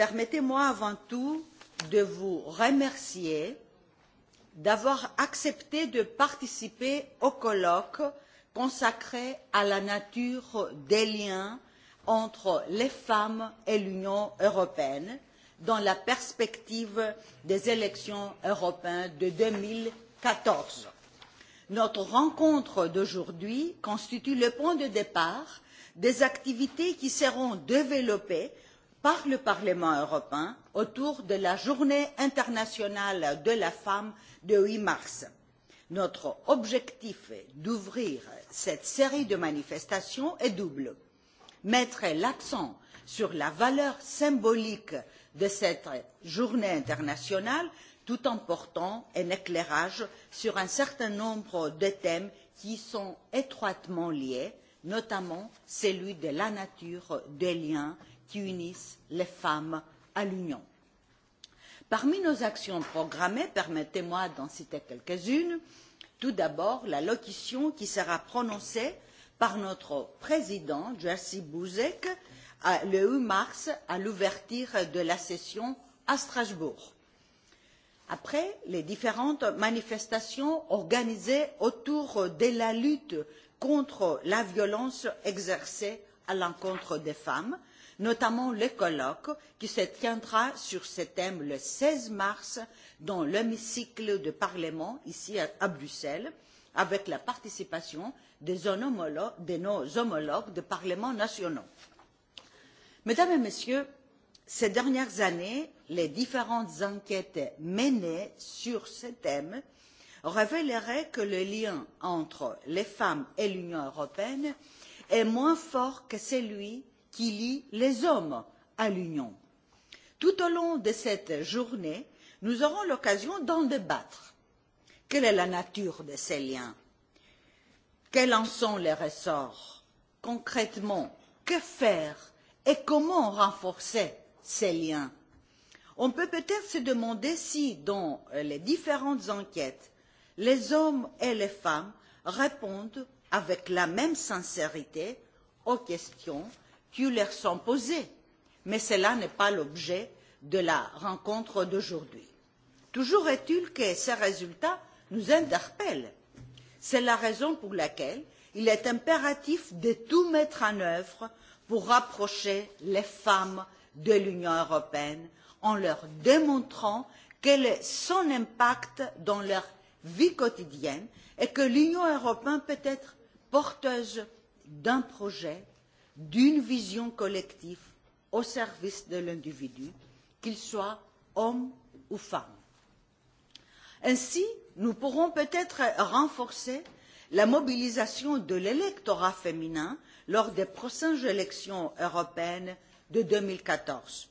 Permettez-moi avant tout de vous remercier d'avoir accepté de participer au colloque consacré à la nature des liens entre les femmes et l'Union européenne dans la perspective des élections européennes de deux mille quatorze Notre rencontre d'aujourd'hui constitue le point de départ des activités qui seront développées par le Parlement européen autour de la journée internationale de la femme du huit mars. Notre objectif d'ouvrir cette série de manifestations est double. Mettre l'accent sur la valeur symbolique de cette journée internationale tout en portant un éclairage sur un certain nombre de thèmes qui sont étroitement liés, notamment celui de la nature des liens qui unissent les femmes à l'union. Parmi nos actions programmées, permettez-moi d'en citer quelques-unes. Tout d'abord, la locution qui sera prononcée par notre président, Jerzy Buzek, le 8 mars à l'ouverture de la session à Strasbourg. Après les différentes manifestations organisées autour de la lutte contre la violence exercée à l'encontre des femmes, notamment le colloque qui se tiendra sur ce thème le seize mars dans l'hémicycle du Parlement, ici à, Bruxelles, avec la participation de nos homologues des parlements nationaux. Mesdames et Messieurs, ces dernières années, les différentes enquêtes menées sur ce thème révéleraient que le lien entre les femmes et l'Union européenne est moins fort que celui qui lie les hommes à l'union. tout au long de cette journée nous aurons l'occasion d'en débattre. quelle est la nature de ces liens? quels en sont les ressorts? concrètement que faire et comment renforcer ces liens? on peut peut être se demander si dans les différentes enquêtes les hommes et les femmes répondent avec la même sincérité aux questions qui leur sont posées. Mais cela n'est pas l'objet de la rencontre d'aujourd'hui. Toujours est-il que ces résultats nous interpellent. C'est la raison pour laquelle il est impératif de tout mettre en œuvre pour rapprocher les femmes de l'Union européenne en leur démontrant quel est son impact dans leur vie quotidienne et que l'Union européenne peut être porteuse d'un projet d'une vision collective au service de l'individu, qu'il soit homme ou femme. Ainsi, nous pourrons peut-être renforcer la mobilisation de l'électorat féminin lors des prochaines élections européennes de deux mille quatorze.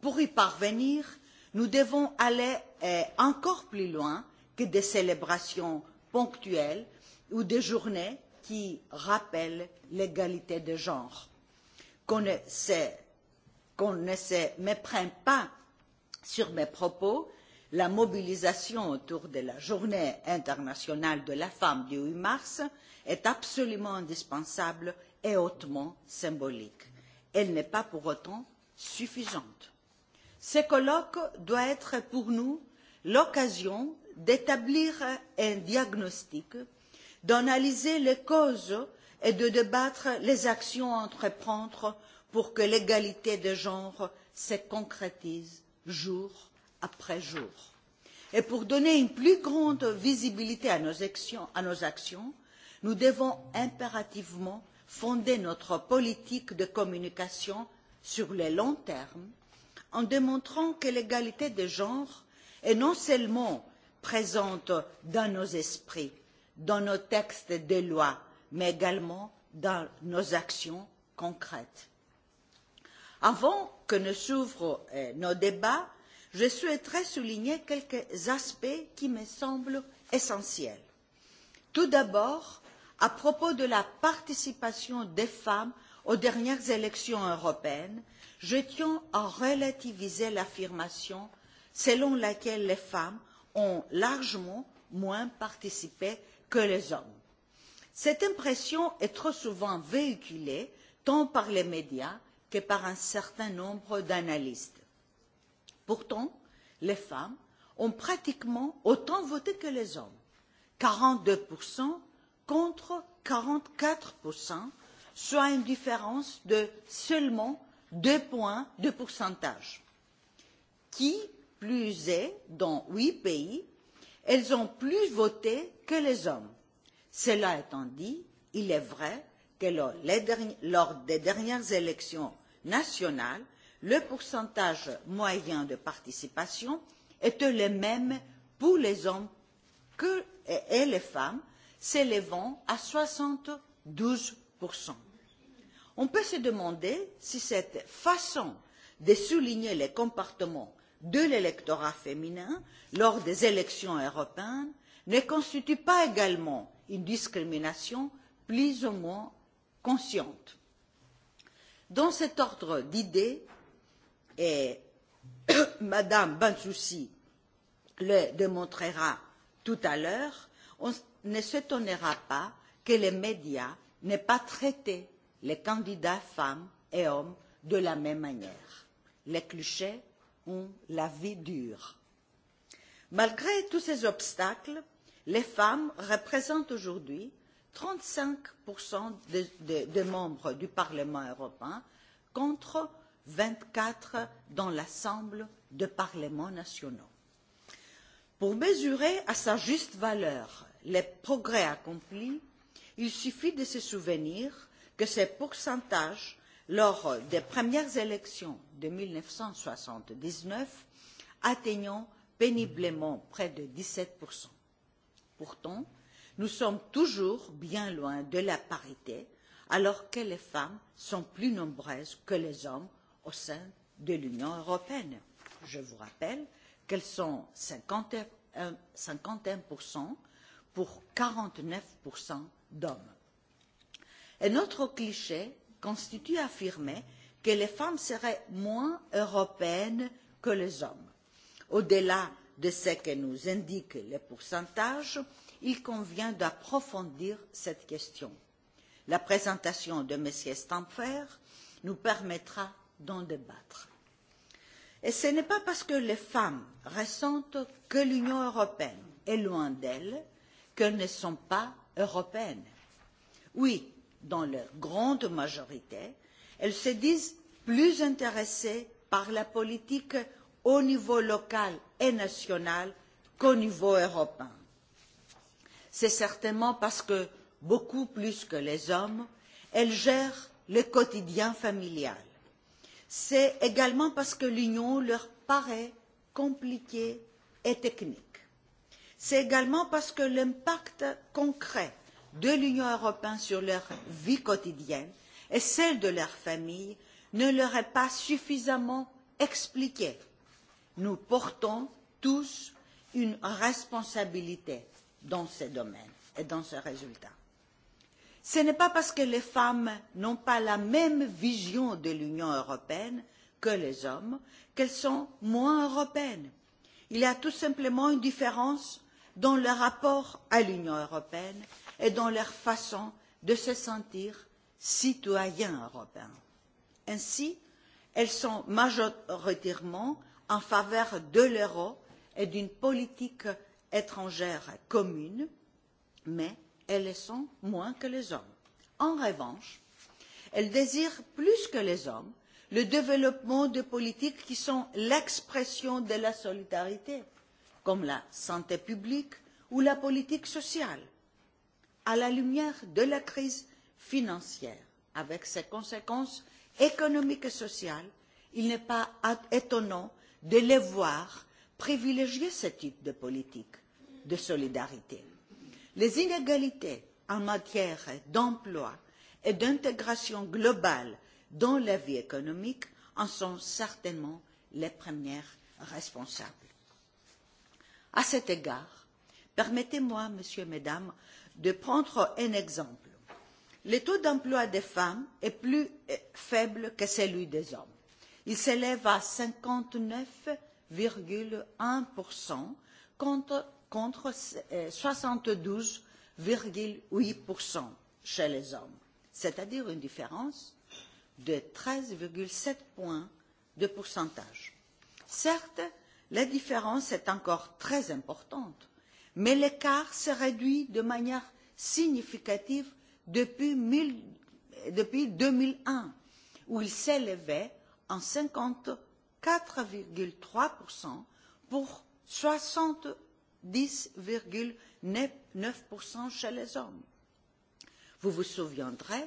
Pour y parvenir, nous devons aller eh, encore plus loin que des célébrations ponctuelles ou des journées qui rappelle l'égalité de genre, qu'on ne, qu'on ne se méprenne pas sur mes propos, la mobilisation autour de la journée internationale de la femme du 8 mars est absolument indispensable et hautement symbolique. Elle n'est pas pour autant suffisante. Ce colloque doit être pour nous l'occasion d'établir un diagnostic d'analyser les causes et de débattre les actions à entreprendre pour que l'égalité des genres se concrétise jour après jour. Et pour donner une plus grande visibilité à nos actions, à nos actions nous devons impérativement fonder notre politique de communication sur le long terme en démontrant que l'égalité des genres est non seulement présente dans nos esprits dans nos textes de loi, mais également dans nos actions concrètes. Avant que ne s'ouvrent eh, nos débats, je souhaiterais souligner quelques aspects qui me semblent essentiels. Tout d'abord, à propos de la participation des femmes aux dernières élections européennes, je tiens à relativiser l'affirmation selon laquelle les femmes ont largement moins participé que les hommes. Cette impression est trop souvent véhiculée tant par les médias que par un certain nombre d'analystes. Pourtant, les femmes ont pratiquement autant voté que les hommes, 42 contre 44 soit une différence de seulement deux points de pourcentage. Qui plus est, dans huit pays, elles ont plus voté que les hommes. Cela étant dit, il est vrai que lors, les derni... lors des dernières élections nationales, le pourcentage moyen de participation était le même pour les hommes que, et les femmes, s'élevant à 72 On peut se demander si cette façon de souligner les comportements de l'électorat féminin lors des élections européennes ne constitue pas également une discrimination plus ou moins consciente. Dans cet ordre d'idées, et Madame Bansoussi le démontrera tout à l'heure, on ne s'étonnera pas que les médias n'aient pas traité les candidats femmes et hommes de la même manière. Les clichés ont la vie dure. Malgré tous ces obstacles, les femmes représentent aujourd'hui trente cinq des de, de membres du parlement européen contre vingt quatre dans l'ensemble des parlements nationaux. pour mesurer à sa juste valeur les progrès accomplis il suffit de se souvenir que ce pourcentage lors des premières élections de mille neuf cent soixante dix neuf atteignant péniblement près de dix sept Pourtant, nous sommes toujours bien loin de la parité, alors que les femmes sont plus nombreuses que les hommes au sein de l'Union européenne. Je vous rappelle qu'elles sont 51%, pour 49% d'hommes. Un autre cliché constitue à affirmer que les femmes seraient moins européennes que les hommes. Au-delà de ce que nous indiquent les pourcentages, il convient d'approfondir cette question. La présentation de M. Stamfer nous permettra d'en débattre. Et ce n'est pas parce que les femmes ressentent que l'Union européenne est loin d'elles qu'elles ne sont pas européennes. Oui, dans leur grande majorité, elles se disent plus intéressées par la politique au niveau local et national qu'au niveau européen. C'est certainement parce que, beaucoup plus que les hommes, elles gèrent le quotidien familial. C'est également parce que l'union leur paraît compliquée et technique. C'est également parce que l'impact concret de l'Union européenne sur leur vie quotidienne et celle de leur famille ne leur est pas suffisamment expliqué nous portons tous une responsabilité dans ce domaine et dans ce résultat. Ce n'est pas parce que les femmes n'ont pas la même vision de l'Union européenne que les hommes qu'elles sont moins européennes. Il y a tout simplement une différence dans leur rapport à l'Union européenne et dans leur façon de se sentir citoyens européens. Ainsi, elles sont majoritairement en faveur de l'euro et d'une politique étrangère commune, mais elles le sont moins que les hommes. En revanche, elles désirent plus que les hommes le développement de politiques qui sont l'expression de la solidarité, comme la santé publique ou la politique sociale, à la lumière de la crise financière, avec ses conséquences économiques et sociales, il n'est pas étonnant de les voir privilégier ce type de politique de solidarité. Les inégalités en matière d'emploi et d'intégration globale dans la vie économique en sont certainement les premières responsables. À cet égard, permettez-moi, messieurs, et mesdames, de prendre un exemple. Le taux d'emploi des femmes est plus faible que celui des hommes Il s'élève à 59,1% contre, contre 72,8% euh, chez les hommes, c'est-à-dire une différence de 13,7 points de pourcentage. Certes, la différence est encore très importante, mais l'écart se réduit de manière significative depuis, 1000, depuis 2001, où il s'élevait en 54,3% pour 70,9% chez les hommes. Vous vous souviendrez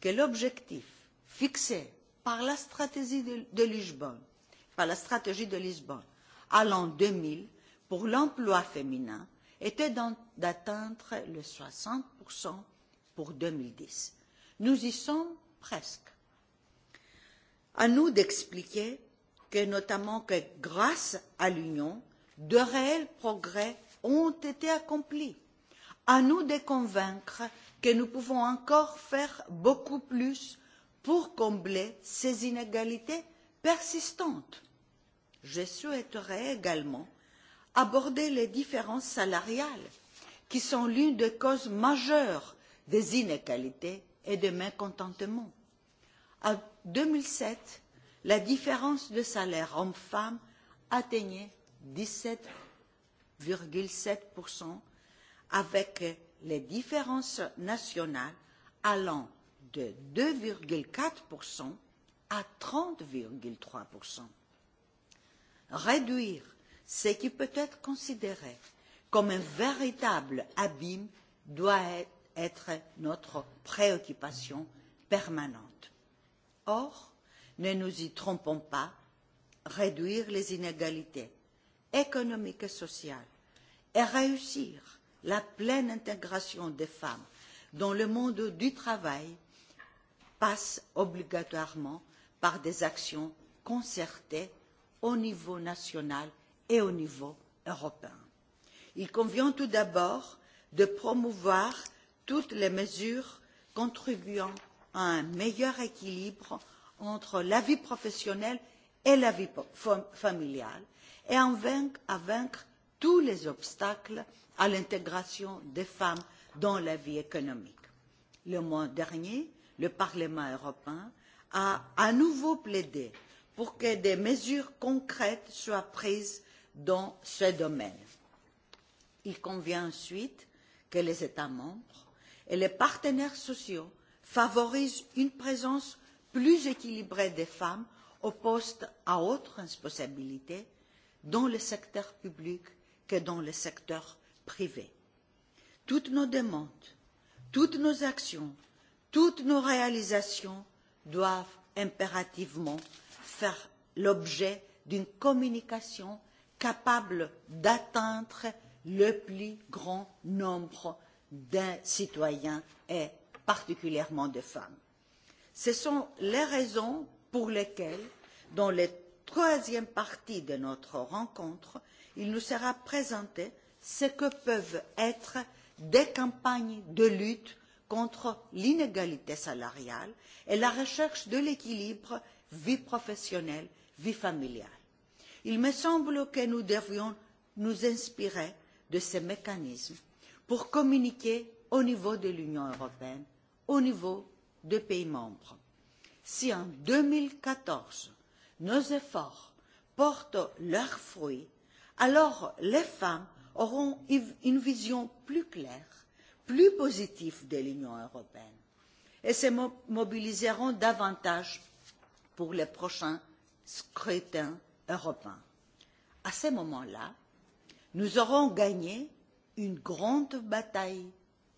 que l'objectif fixé par la stratégie de, de Lisbonne, par la stratégie de Lisbonne, à l'an 2000 pour l'emploi féminin était d'atteindre le 60% pour 2010. Nous y sommes presque à nous d'expliquer que notamment que grâce à l'union de réels progrès ont été accomplis à nous de convaincre que nous pouvons encore faire beaucoup plus pour combler ces inégalités persistantes. je souhaiterais également aborder les différences salariales qui sont l'une des causes majeures des inégalités et des mécontentements. à deux mille sept la différence de salaire hommes femmes atteignait dix sept sept avec les différences nationales allant de deux quatre à trente trois réduire ce qui peut être considéré comme un véritable abîme doit être notre préoccupation permanente. Or, ne nous y trompons pas, réduire les inégalités économiques et sociales et réussir la pleine intégration des femmes dans le monde du travail passe obligatoirement par des actions concertées au niveau national et au niveau européen. Il convient tout d'abord de promouvoir toutes les mesures contribuant à un meilleur équilibre entre la vie professionnelle et la vie familiale et enfin à vaincre tous les obstacles à l'intégration des femmes dans la vie économique. Le mois dernier, le Parlement européen a à nouveau plaidé pour que des mesures concrètes soient prises dans ce domaine. Il convient ensuite que les États membres et les partenaires sociaux favorise une présence plus équilibrée des femmes aux postes à haute responsabilité dans le secteur public que dans le secteur privé. Toutes nos demandes, toutes nos actions, toutes nos réalisations doivent impérativement faire l'objet d'une communication capable d'atteindre le plus grand nombre de citoyens et particulièrement des femmes. ce sont les raisons pour lesquelles dans la troisième partie de notre rencontre il nous sera présenté ce que peuvent être des campagnes de lutte contre l'inégalité salariale et la recherche de l'équilibre vie professionnelle vie familiale. il me semble que nous devrions nous inspirer de ces mécanismes pour communiquer au niveau de l'union européenne au niveau des pays membres. Si en deux mille quatorze nos efforts portent leurs fruits, alors les femmes auront une vision plus claire, plus positive de l'Union européenne et se mobiliseront davantage pour les prochains scrutins européens. À ce moment-là, nous aurons gagné une grande bataille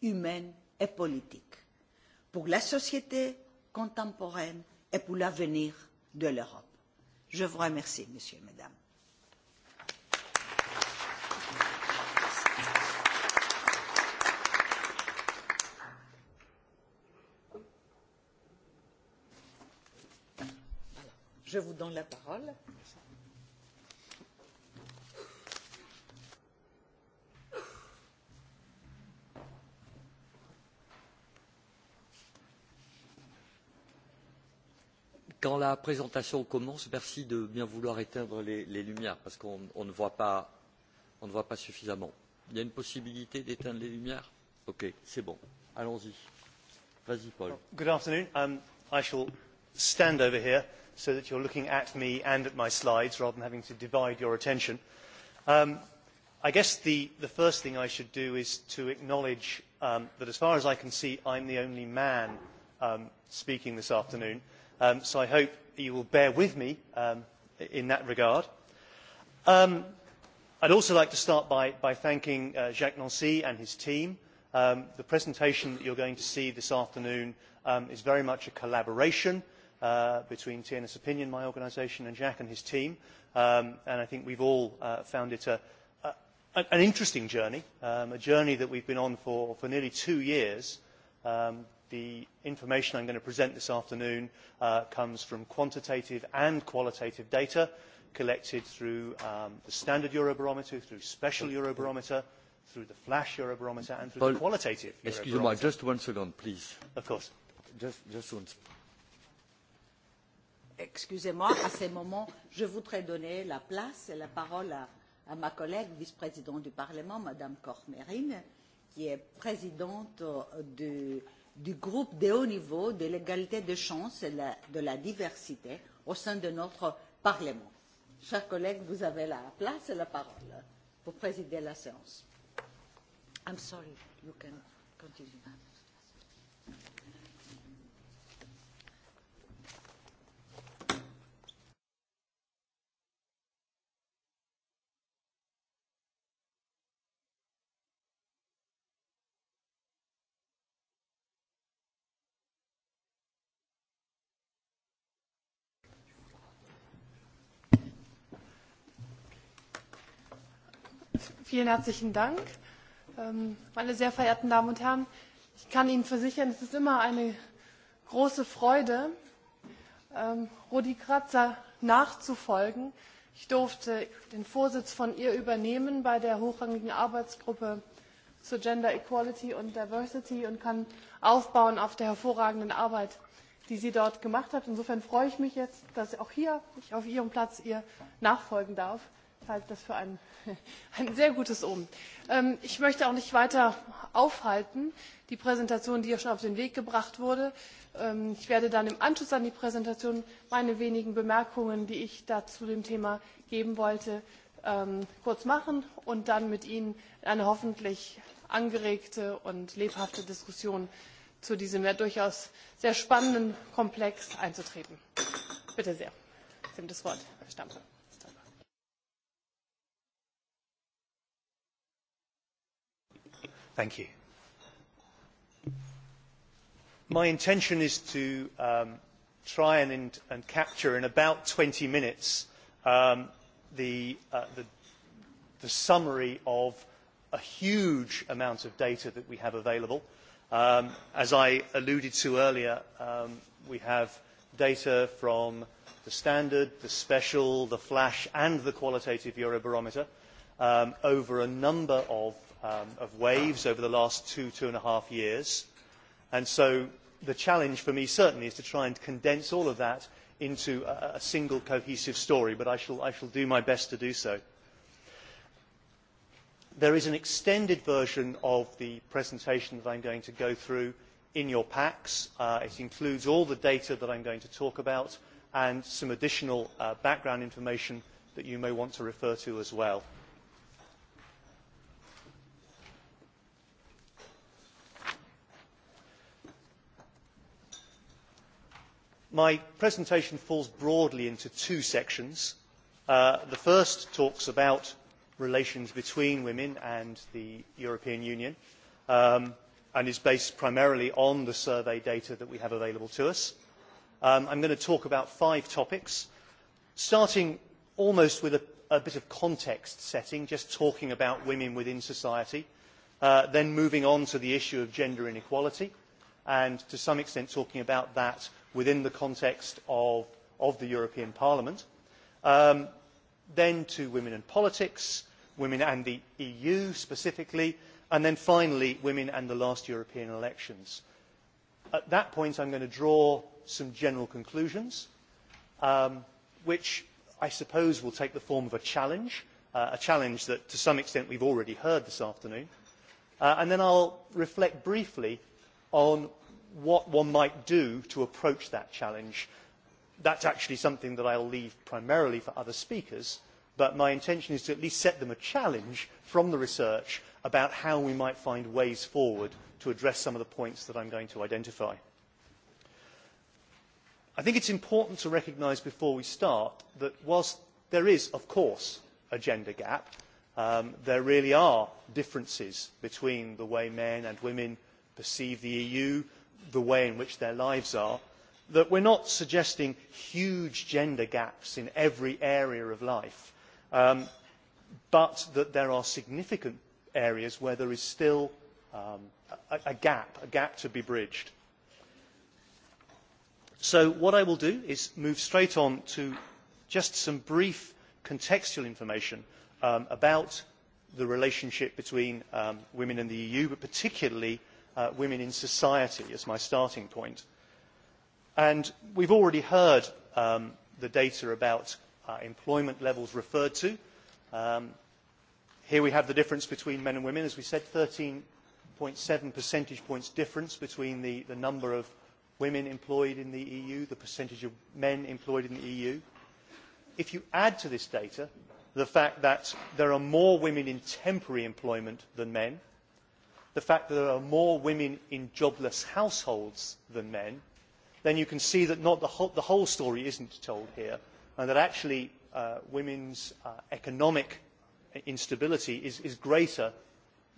humaine et politique pour la société contemporaine et pour l'avenir de l'Europe. Je vous remercie, Monsieur et Madame. Je vous donne la parole. Merci. quand la présentation commence merci de bien vouloir éteindre les, les lumières parce qu'on ne voit pas on ne voit pas suffisamment. il y a une possibilité d'éteindre les lumières? ok c'est bon allons y. vas y paul. good afternoon. Um, i shall stand over here so that you're looking at me and at my slides rather than having to divide your attention. Um, i guess the, the first thing i should do is to acknowledge um, that as far as i can see i'm the only man um, speaking this afternoon Um, so I hope you will bear with me um, in that regard. Um, i would also like to start by, thanking uh, Jacques Nancy and his team. the presentation that you are going to see this afternoon is very much a collaboration uh, between TNS Opinion, my organisation, and jacques and his team. and I think we have all uh, found it an interesting journey, a journey that we have been on for, nearly two years, um, the information i am going to present this afternoon uh, comes from quantitative and qualitative data collected through um, the standard eurobarometer through special eurobarometer through the flash eurobarometer and through Paul, the qualitative excuse me just one second please. of course. Just, just one Excusez-moi, à ce moment, je voudrais donner la place et la parole à, à ma collègue vice-présidente du Parlement, Madame Cormerine, qui est présidente euh, du du groupe de haut niveau de l'égalité des chances et de la diversité au sein de notre Parlement. Chers collègues, vous avez la place et la parole pour présider la séance. I'm sorry, you can continue. Vielen herzlichen Dank. Ähm, meine sehr verehrten Damen und Herren, ich kann Ihnen versichern, es ist immer eine große Freude, ähm, Rudi Kratzer nachzufolgen. Ich durfte den Vorsitz von ihr übernehmen bei der hochrangigen Arbeitsgruppe zu Gender Equality und Diversity und kann aufbauen auf der hervorragenden Arbeit, die sie dort gemacht hat. Insofern freue ich mich jetzt, dass auch hier ich auf ihrem Platz ihr nachfolgen darf halte das für ein, ein sehr gutes Omen. Ähm, ich möchte auch nicht weiter aufhalten, die Präsentation, die ja schon auf den Weg gebracht wurde. Ähm, ich werde dann im Anschluss an die Präsentation meine wenigen Bemerkungen, die ich zu dem Thema geben wollte, ähm, kurz machen und dann mit Ihnen eine hoffentlich angeregte und lebhafte Diskussion zu diesem ja durchaus sehr spannenden Komplex einzutreten. Bitte sehr, Sie haben das Wort, Herr Stampe. Thank you. My intention is to um, try and, and capture in about 20 minutes um, the, uh, the, the summary of a huge amount of data that we have available. Um, as I alluded to earlier, um, we have data from the standard, the special, the flash and the qualitative Eurobarometer um, over a number of Um, of waves over the last two, two and a half years. And so the challenge for me certainly is to try and condense all of that into a, a single cohesive story, but I shall, I shall do my best to do so. There is an extended version of the presentation that I'm going to go through in your packs. Uh, it includes all the data that I'm going to talk about and some additional uh, background information that you may want to refer to as well. my presentation falls broadly into two sections. Uh, the first talks about relations between women and the European Union um, and is based primarily on the survey data that we have available to us. Um, i am going to talk about five topics, starting almost with a, a bit of context setting, just talking about women within society, uh, then moving on to the issue of gender inequality, and to some extent talking about that within the context of, the European Parliament. Um, then to women in politics, women and the EU specifically, and then finally women and the last European elections. At that point, I'm going to draw some general conclusions, um, which I suppose will take the form of a challenge, uh, a challenge that to some extent we've already heard this afternoon. Uh, and then I'll reflect briefly on what one might do to approach that challenge that is actually something that i will leave primarily for other speakers but my intention is to at least set them a challenge from the research about how we might find ways forward to address some of the points that i am going to identify. i think it is important to recognise before we start that whilst there is of course a gender gap um, there really are differences between the way men and women perceive the eu the way in which their lives are, that we're not suggesting huge gender gaps in every area of life, um, but that there are significant areas where there is still um, a, a gap, a gap to be bridged. So what I will do is move straight on to just some brief contextual information um, about the relationship between um, women and the EU, but particularly Uh, women in society as my starting point. And we've already heard um, the data about uh, employment levels referred to. Um, here we have the difference between men and women, as we said, 13.7 percentage points difference between the, the number of women employed in the EU, the percentage of men employed in the EU. If you add to this data the fact that there are more women in temporary employment than men, the fact that there are more women in jobless households than men then you can see that the whole story is not told here and that actually uh, women's uh, economic instability is greater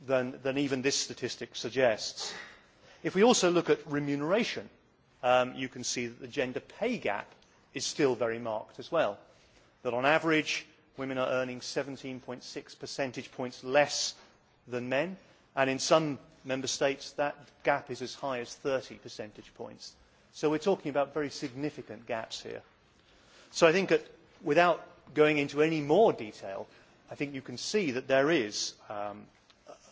than even this statistic suggests. if we also look at remuneration um, you can see that the gender pay gap is still very marked as well that on average women are earning seventeen six percentage points less than men and in some member states that gap is as high as thirty percentage points so we are talking about very significant gaps here. so i think that without going into any more detail i think you can see that there is um,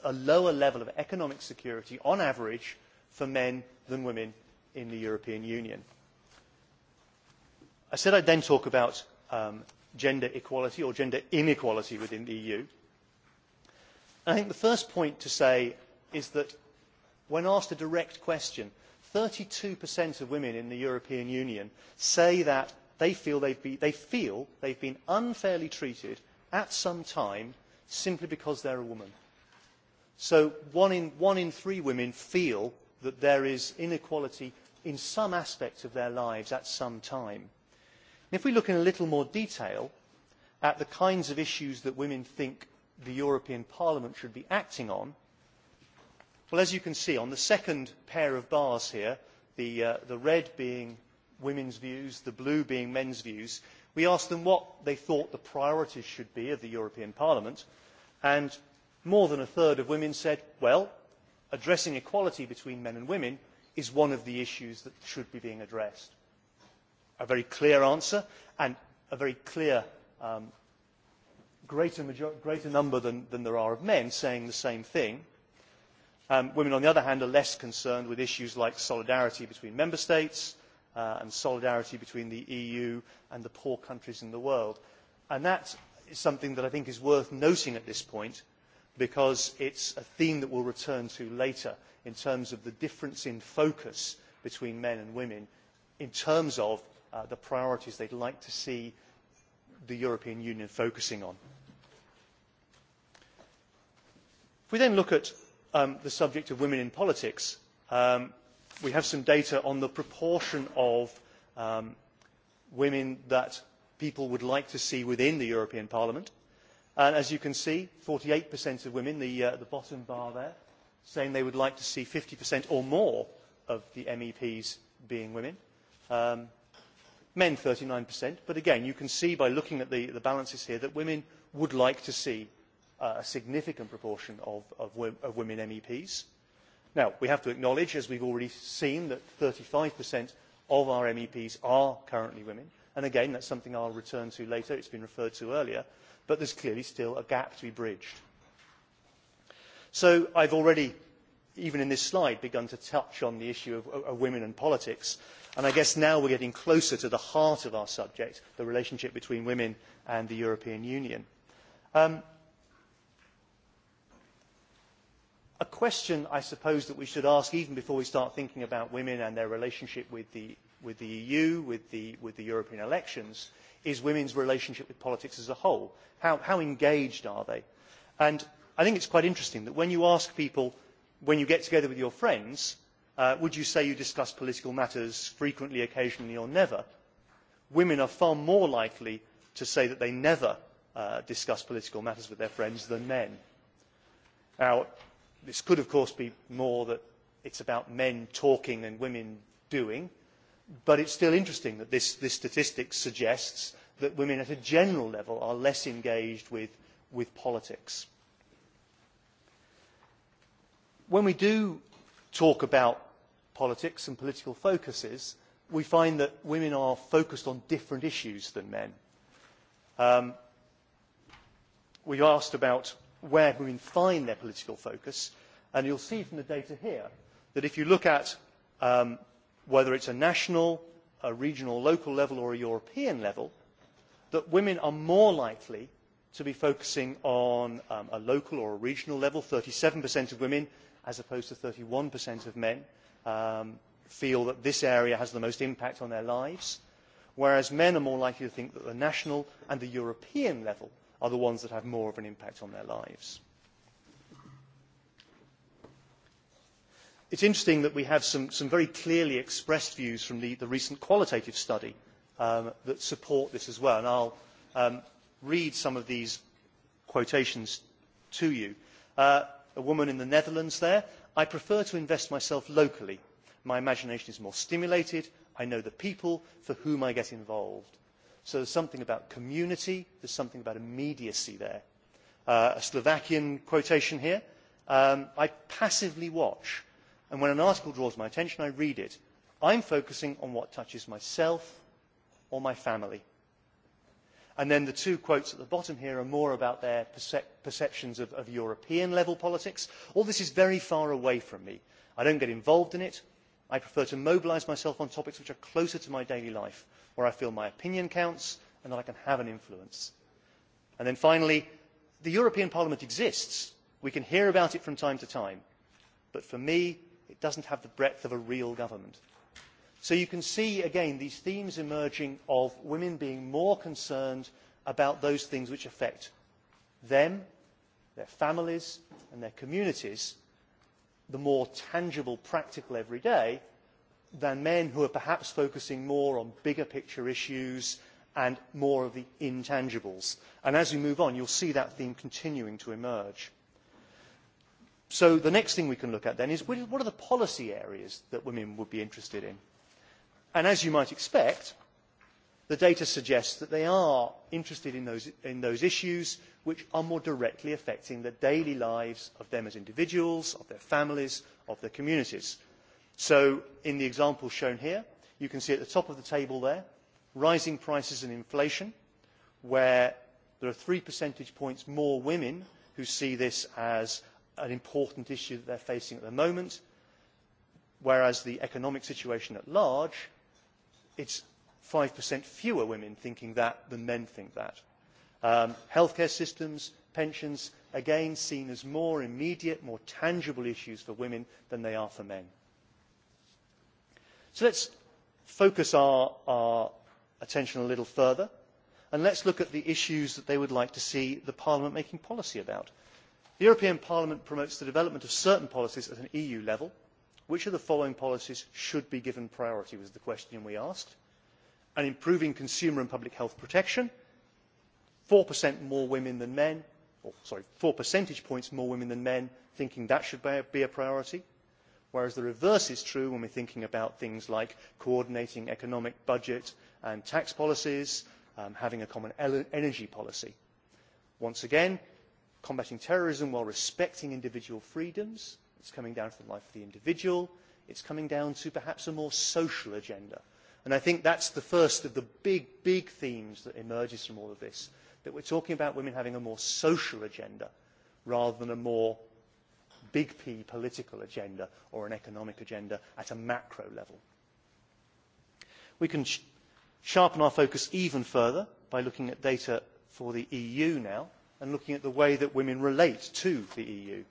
a lower level of economic security on average for men than women in the european union. i said i would then talk about um, gender equality or gender inequality within the eu i think the first point to say is that when asked a direct question thirty two of women in the european union say that they feel they have been unfairly treated at some time simply because they are a woman. so one in three women feel that there is inequality in some aspect of their lives at some time. if we look in a little more detail at the kinds of issues that women think the European Parliament should be acting on, well, as you can see on the second pair of bars here, the, uh, the red being women's views, the blue being men's views, we asked them what they thought the priorities should be of the European Parliament, and more than a third of women said, well, addressing equality between men and women is one of the issues that should be being addressed. A very clear answer and a very clear um, greater, major- greater number than, than there are of men saying the same thing. Um, women, on the other hand, are less concerned with issues like solidarity between member states uh, and solidarity between the EU and the poor countries in the world. And that is something that I think is worth noting at this point because it's a theme that we'll return to later in terms of the difference in focus between men and women in terms of uh, the priorities they'd like to see the European Union focusing on. if we then look at um, the subject of women in politics um, we have some data on the proportion of um, women that people would like to see within the european parliament and as you can see forty eight of women uh, the bottom bar there saying they would like to see fifty or more of the meps being women men thirty nine but again you can see by looking at the balances here that women would like to see uh, a significant proportion of, of, of women MEPs. Now, we have to acknowledge, as we've already seen, that 35% of our MEPs are currently women. And again, that's something I'll return to later. It's been referred to earlier. But there's clearly still a gap to be bridged. So I've already, even in this slide, begun to touch on the issue of, of women and politics. And I guess now we're getting closer to the heart of our subject, the relationship between women and the European Union. Um, a question i suppose that we should ask even before we start thinking about women and their relationship with the, with the eu with the, with the european elections is women's relationship with politics as a whole how, how engaged are they? and i think it is quite interesting that when you ask people when you get together with your friends uh, would you say you discuss political matters frequently occasionally or never women are far more likely to say that they never uh, discuss political matters with their friends than men. now this could of course be more that it is about men talking and women doing but it is still interesting that this, statistic suggests that women at a general level are less engaged with, with politics. When we do talk about politics and political focuses, we find that women are focused on different issues than men. Um, we asked about where women find their political focus. And you'll see from the data here that if you look at um, whether it's a national, a regional, local level or a European level, that women are more likely to be focusing on um, a local or a regional level. 37% of women, as opposed to 31% of men, um, feel that this area has the most impact on their lives, whereas men are more likely to think that the national and the European level are the ones that have more of an impact on their lives. It's interesting that we have some, some very clearly expressed views from the, the recent qualitative study um, that support this as well. And I'll um, read some of these quotations to you. Uh, a woman in the Netherlands there, I prefer to invest myself locally. My imagination is more stimulated. I know the people for whom I get involved So there's something about community, there's something about immediacy there. Uh, a Slovakian quotation here. Um, I passively watch, and when an article draws my attention, I read it. I'm focusing on what touches myself or my family. And then the two quotes at the bottom here are more about their perceptions of, of European level politics. All this is very far away from me. I don't get involved in it. I prefer to mobilise myself on topics which are closer to my daily life where I feel my opinion counts and that I can have an influence. And then finally, the European Parliament exists. We can hear about it from time to time. But for me, it doesn't have the breadth of a real government. So you can see, again, these themes emerging of women being more concerned about those things which affect them, their families and their communities, the more tangible, practical everyday, than men who are perhaps focusing more on bigger picture issues and more of the intangibles. as we move on, you'll see that theme continuing to emerge. So the next thing we can look at then is what are the policy areas that women would be interested in? And as you might expect, the data suggests that they are interested in those, in those issues which are more directly affecting the daily lives of them as individuals, of their families, of their communities so in the example shown here you can see at the top of the table there rising prices and inflation where there are three percentage points more women who see this as an important issue that they're facing at the moment whereas the economic situation at large it's 5% fewer women thinking that than men think that. Um, healthcare systems, pensions, again seen as more immediate, more tangible issues for women than they are for men so let us focus our attention a little further and let us look at the issues that they would like to see parliament making policy about. the european parliament promotes the development of certain policies at an eu level. which of the following policies should be given priority was the question we asked and improving consumer and public health protection four more women than men or oh, sorry four percentage points more women than men thinking that should be a priority; whereas the reverse is true when we are thinking about things like coordinating economic budget and tax policies and um, having a common energy policy. once again combating terrorism while respecting individual freedoms is coming down to the life of the individual it is coming down to perhaps a more social agenda and i think that is the first of the big big themes that emerges from all of this that we are talking about women having a more social agenda rather than a more big P political agenda or an economic agenda at a macro level. We can sh sharpen our focus even further by looking at data for the EU now and looking at the way that women relate to the EU.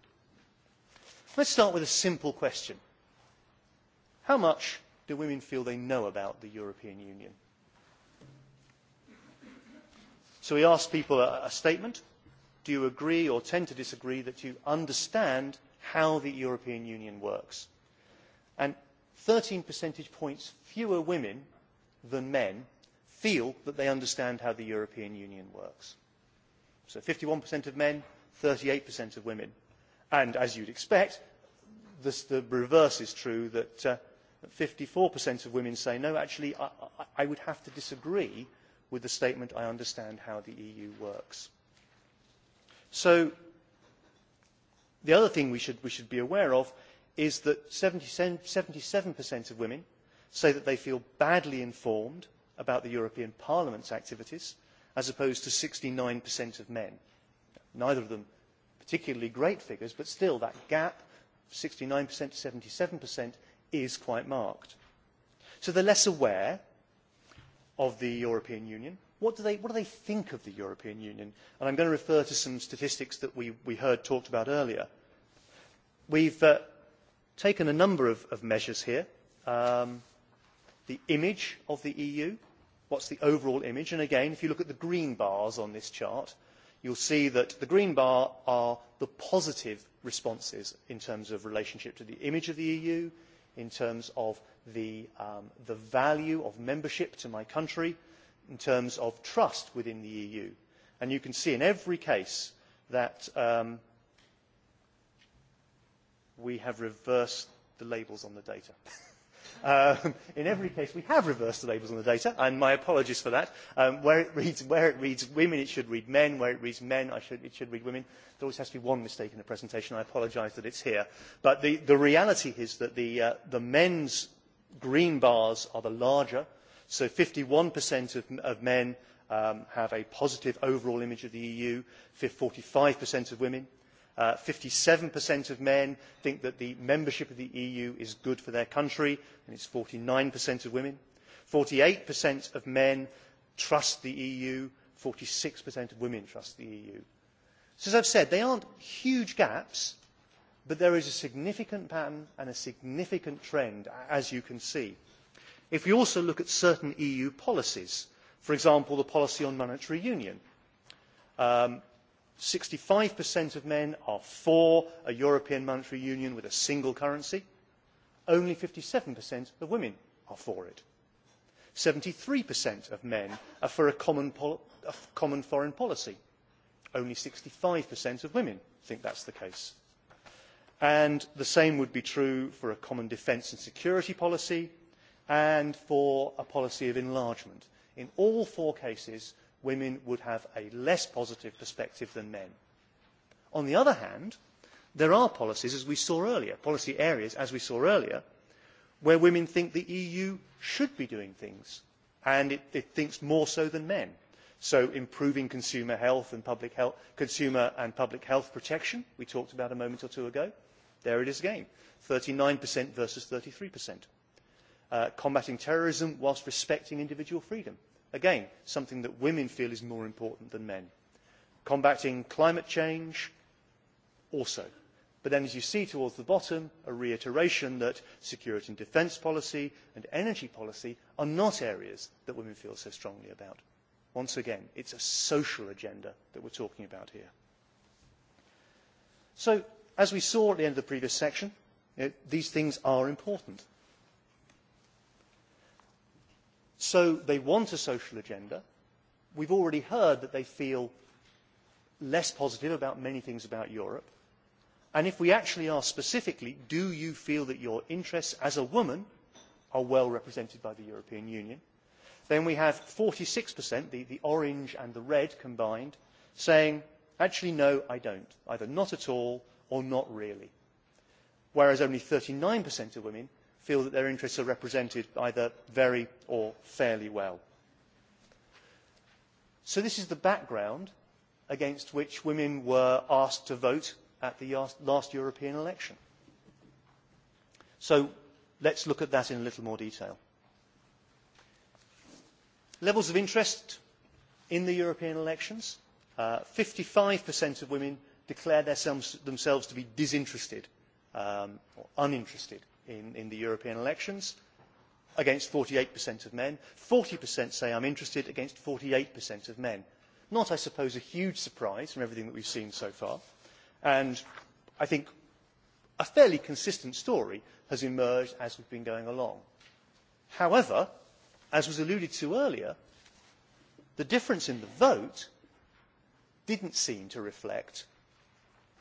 Let's start with a simple question. How much do women feel they know about the European Union? So we ask people a, a statement. Do you agree or tend to disagree that you understand how the european union works and thirteen percentage points fewer women than men feel that they understand how the european union works so fifty one of men thirty eight of women and as you would expect this, the reverse is true that uh, fifty four of women say no actually I, I would have to disagree with the statement i understand how the eu works. so the other thing we should, be aware of is that seventy seven of women say that they feel badly informed about the european parliament's activities as opposed to sixty nine of men. neither of them particularly great figures but still that gap sixty nine to seventy seven is quite marked. so they are less aware of the european union What do, they, what do they think of the European Union? And I'm going to refer to some statistics that we, we heard talked about earlier. We've uh, taken a number of, of measures here. Um, the image of the EU, what's the overall image? And again, if you look at the green bars on this chart, you'll see that the green bar are the positive responses in terms of relationship to the image of the EU, in terms of the, um, the value of membership to my country, in terms of trust within the eu and you can see in every case that um, we have reversed the labels on the data. um, in every case, we have reversed the labels on the data, and my apologies for that. Um, where, it reads, where it reads women, it should read men. Where it reads men, I should, it should read women. There always has to be one mistake in the presentation. I apologise that it's here. But the, the reality is that the, uh, the men's green bars are the larger so fifty one of men um, have a positive overall image of the eu forty five of women uh, fifty seven of men think that the membership of the eu is good for their country and it is forty nine of women forty eight of men trust the eu forty six of women trust the eu. so as i have said they are not huge gaps but there is a significant pattern and a significant trend as you can see if we also look at certain eu policies for example the policy on monetary union um, sixty five of men are for a european monetary union with a single currency only fifty seven of women are for it seventy three of men are for a common foreign policy only sixty five of women think that is the case and the same would be true for a common defence and security policy and for a policy of enlargement. in all four cases women would have a less positive perspective than men. on the other hand there are policies as we saw earlier policy areas as we saw earlier where women think the eu should be doing things and it, it thinks more so than men so improving consumer health and public health consumer and public health protection we talked about a moment or two ago there it is again 39% versus 33% Uh, combating terrorism whilst respecting individual freedom. Again, something that women feel is more important than men. Combating climate change, also. But then as you see towards the bottom, a reiteration that security and defence policy and energy policy are not areas that women feel so strongly about. Once again, it's a social agenda that we're talking about here. So, as we saw at the end of the previous section, you these things are important So they want a social agenda. We've already heard that they feel less positive about many things about Europe. And if we actually ask specifically, do you feel that your interests as a woman are well represented by the European Union? Then we have 46%, the, the orange and the red combined, saying, actually, no, I don't. Either not at all or not really. Whereas only 39% of women feel that their interests are represented either very or fairly well. so this is the background against which women were asked to vote at the last european election. so let us look at that in a little more detail. levels of interest in the european elections uh, fifty five of women declare themselves to be disinterested um, or uninterested in, in the European elections against 48% of men. 40% say I'm interested against 48% of men. Not, I suppose, a huge surprise from everything that we've seen so far. And I think a fairly consistent story has emerged as we've been going along. However, as was alluded to earlier, the difference in the vote didn't seem to reflect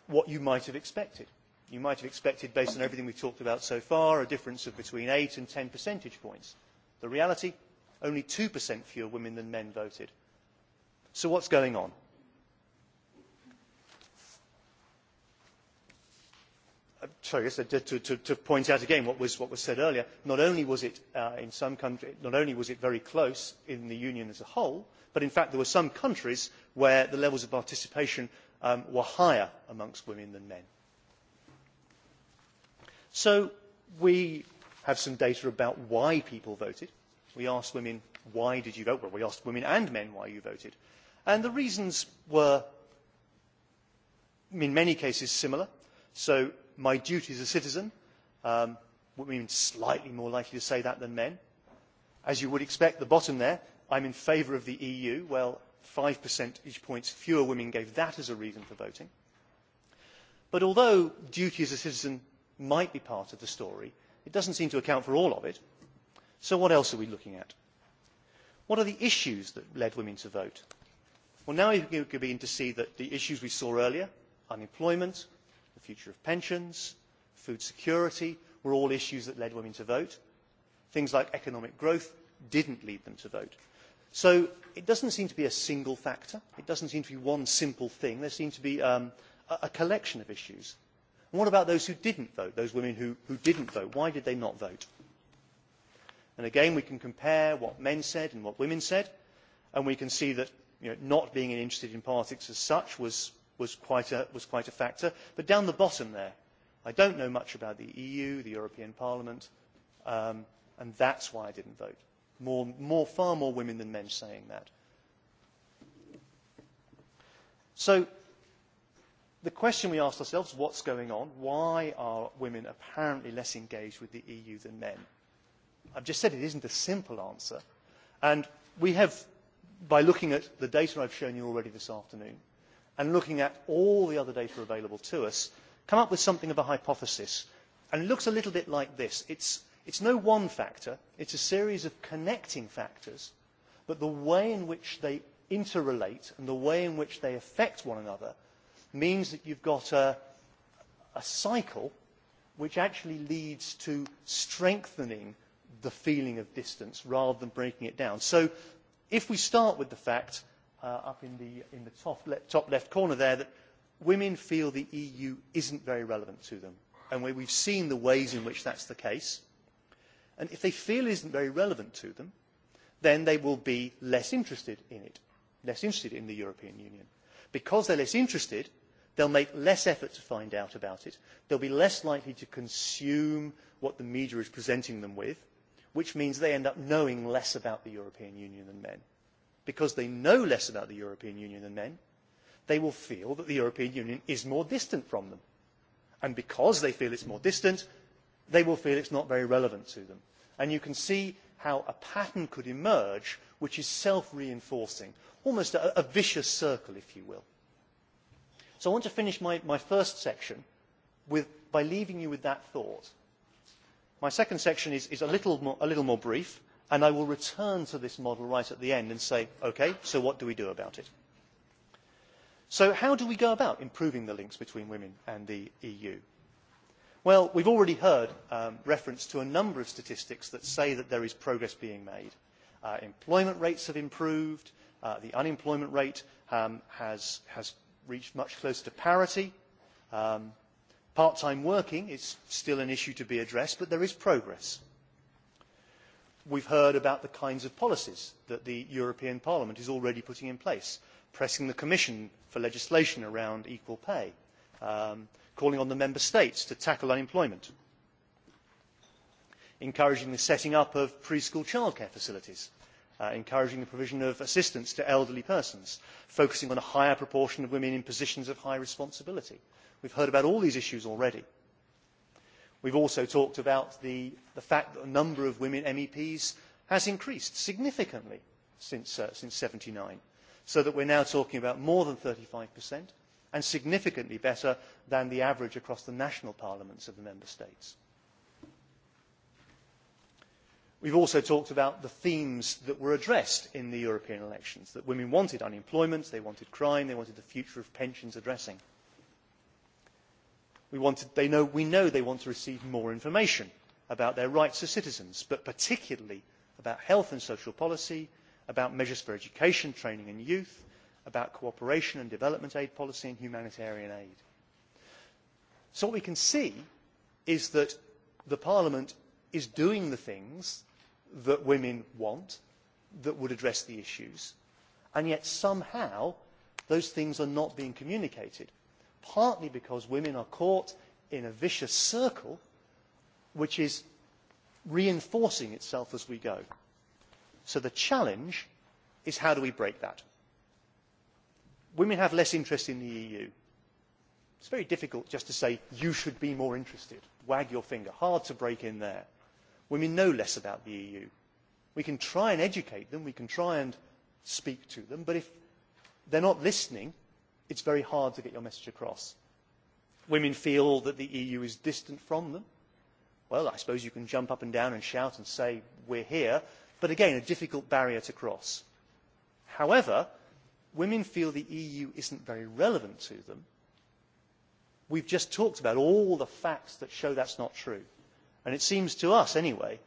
what you might have expected you might have expected, based on everything we have talked about so far, a difference of between eight and ten percentage points. The reality, only 2% fewer women than men voted. So what is going on? Uh, sorry, yes, uh, to, to, to point out again what was, what was said earlier, not only was it uh, in some countries, not only was it very close in the union as a whole, but in fact there were some countries where the levels of participation um, were higher amongst women than men so we have some data about why people voted we asked women why did you vote? well we asked women and men why you voted and the reasons were in many cases similar so my duty as a citizen um, women slightly more likely to say that than men as you would expect the bottom there i'm in favour of the eu well 5% percentage points fewer women gave that as a reason for voting but although duty as a citizen might be part of the story. It doesn't seem to account for all of it. So what else are we looking at? What are the issues that led women to vote? Well, now you can begin to see that the issues we saw earlier, unemployment, the future of pensions, food security, were all issues that led women to vote. Things like economic growth didn't lead them to vote. So it doesn't seem to be a single factor. It doesn't seem to be one simple thing. There seems to be um, a, a collection of issues and what about those who did not vote those women who, who did not vote? why did they not vote? and again we can compare what men said and what women said and we can see that you know, not being interested in politics as such was, was, quite a, was quite a factor. but down the bottom there i do not know much about the eu the european parliament um, and that is why i did not vote. More, more, far more women than men saying that. so the question we asked ourselves, what's going on? Why are women apparently less engaged with the EU than men? I've just said it isn't a simple answer. And we have, by looking at the data I've shown you already this afternoon, and looking at all the other data available to us, come up with something of a hypothesis. And it looks a little bit like this. It's, it's no one factor, it's a series of connecting factors, but the way in which they interrelate and the way in which they affect one another means that you have got a, a cycle which actually leads to strengthening the feeling of distance rather than breaking it down. So if we start with the fact uh, up in the, in the top, le- top left corner there that women feel the EU isn't very relevant to them, and we, we've seen the ways in which that's the case, and if they feel it isn't very relevant to them, then they will be less interested in it, less interested in the European Union. Because they're less interested, they will make less effort to find out about it they will be less likely to consume what the media is presenting them with which means they end up knowing less about the european union than men. because they know less about the european union than men they will feel that the european union is more distant from them and because they feel it is more distant they will feel it is not very relevant to them. And you can see how a pattern could emerge which is self reinforcing almost a, a vicious circle if you will so i want to finish my, my first section with, by leaving you with that thought. my second section is, is a, little more, a little more brief and i will return to this model right at the end and say okay, so what do we do about it? so how do we go about improving the links between women and the eu? well we've already heard um, reference to a number of statistics that say that there is progress being made. Uh, employment rates have improved uh, the unemployment rate um, has, has reached much closer to parity. Um, Part-time working is still an issue to be addressed, but there is progress. We've heard about the kinds of policies that the European Parliament is already putting in place, pressing the Commission for legislation around equal pay, um, calling on the Member States to tackle unemployment, encouraging the setting up of preschool childcare facilities Uh, encouraging the provision of assistance to elderly persons focusing on a higher proportion of women in positions of high responsibility. we have heard about all these issues already. we have also talked about the fact that the number of women meps has increased significantly since one uh, thousand nine hundred and seventy nine so that we are now talking about more than thirty five and significantly better than the average across the national parliaments of the member states we have also talked about the themes that were addressed in the european elections that women wanted unemployment they wanted crime they wanted the future of pensions addressing. we know, we know they want to receive more information about their rights as citizens but particularly about health and social policy about measures for education training and youth about cooperation and development aid policy and humanitarian aid. so what we can see is that the parliament is doing the things that women want that would address the issues, and yet somehow those things are not being communicated, partly because women are caught in a vicious circle which is reinforcing itself as we go. So the challenge is how do we break that? Women have less interest in the EU. It's very difficult just to say, you should be more interested. Wag your finger. Hard to break in there women know less about the eu. we can try and educate them we can try and speak to them but if they are not listening it is very hard to get your message across. women feel that the eu is distant from them. well i suppose you can jump up and down and shout and say we are here but again a difficult barrier to cross. however women feel the eu is not very relevant to them. we have just talked about all the facts that show that is not true it seems to us anyway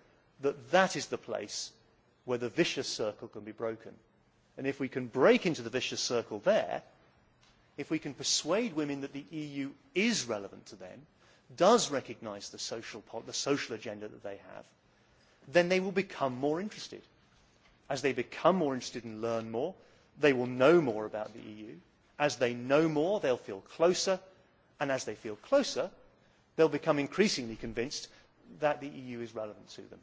that that is the place where the vicious circle can be broken and if we can break into the vicious circle there if we can persuade women that the eu is relevant to them does recognise the social agenda that they have then they will become more interested. as they become more interested and learn more they will know more about the eu. as they know more they will feel closer and as they feel closer they will become increasingly convinced that the EU is relevant to them.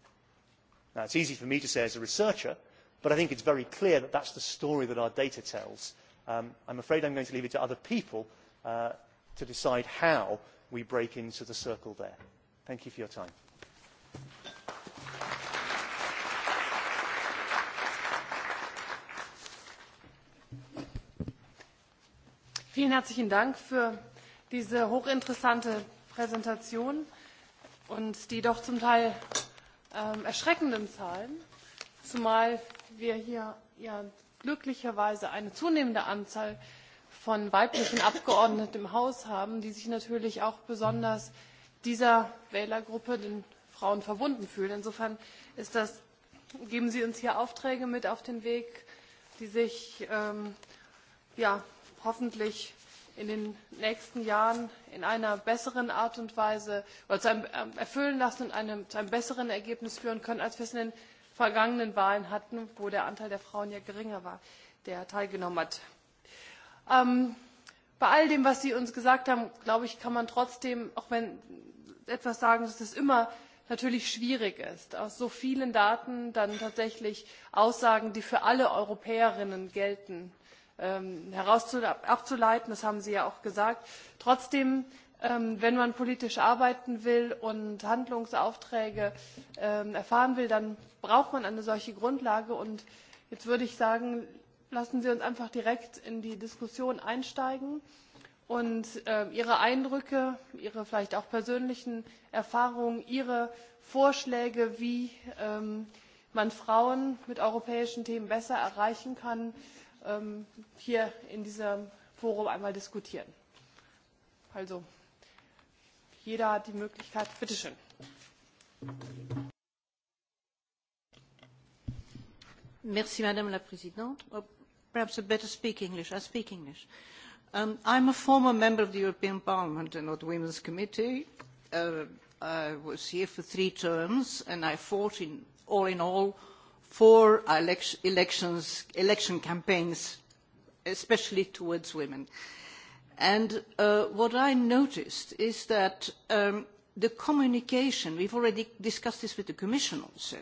Now, it's easy for me to say as a researcher, but I think it's very clear that that's the story that our data tells. Um, I'm afraid I'm going to leave it to other people uh, to decide how we break into the circle there. Thank you for your time. Vielen herzlichen Dank für diese hochinteressante Präsentation und die doch zum Teil ähm, erschreckenden Zahlen, zumal wir hier ja glücklicherweise eine zunehmende Anzahl von weiblichen Abgeordneten im Haus haben, die sich natürlich auch besonders dieser Wählergruppe, den Frauen, verbunden fühlen. Insofern ist das, geben Sie uns hier Aufträge mit auf den Weg, die sich ähm, ja, hoffentlich in den nächsten Jahren in einer besseren Art und Weise zu einem ähm, erfüllen lassen und zu einem besseren Ergebnis führen können, als wir es in den vergangenen Wahlen hatten, wo der Anteil der Frauen ja geringer war, der teilgenommen hat. Ähm, bei all dem, was Sie uns gesagt haben, glaube ich, kann man trotzdem, auch wenn etwas sagen, dass es immer natürlich schwierig ist, aus so vielen Daten dann tatsächlich Aussagen, die für alle Europäerinnen gelten, Ähm, abzuleiten. Das haben Sie ja auch gesagt. Trotzdem, ähm, wenn man politisch arbeiten will und Handlungsaufträge ähm, erfahren will, dann braucht man eine solche Grundlage. Und jetzt würde ich sagen, lassen Sie uns einfach direkt in die Diskussion einsteigen und Ihre Eindrücke, Ihre vielleicht auch persönlichen Erfahrungen, Ihre Vorschläge, wie man Frauen mit europäischen Themen besser erreichen kann, Ähm, hier in diesem Forum einmal diskutieren. Also jeder hat die Möglichkeit. Bitte schön. Merci, Madame la Présidente. Or perhaps I better speak English. I speak English. Um, I'm a former member of the European Parliament and of the Women's Committee. Uh, I was here for three terms and I fought in all in all for elections, election campaigns, especially towards women. And uh, what I noticed is that um, the communication, we've already discussed this with the Commission also,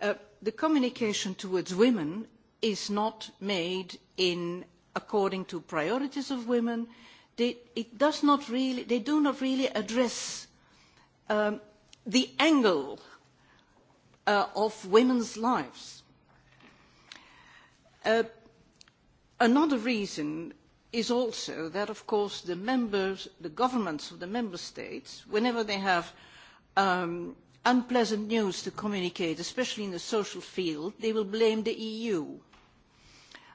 uh, the communication towards women is not made in according to priorities of women. They, it does not really, they do not really address um, the angle uh, of women's lives. Uh, another reason is also that, of course, the members, the governments of the member states, whenever they have um, unpleasant news to communicate, especially in the social field, they will blame the EU.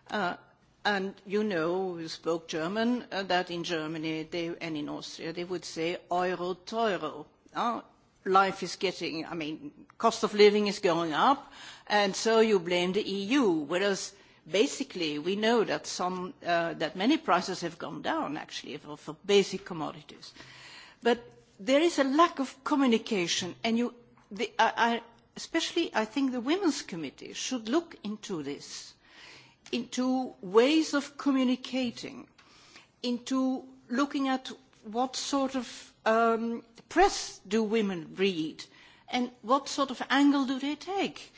Uh, and you know, we spoke German, uh, that in Germany they, and in Austria they would say Euro Teuro. Uh, life is getting, I mean, cost of living is going up, and so you blame the EU, whereas basically we know that, some, uh, that many prices have gone down, actually, for, for basic commodities. But there is a lack of communication, and you, the, I, I, especially I think the Women's Committee should look into this, into ways of communicating, into looking at what sort of um, press do women read? And what sort of angle do they take?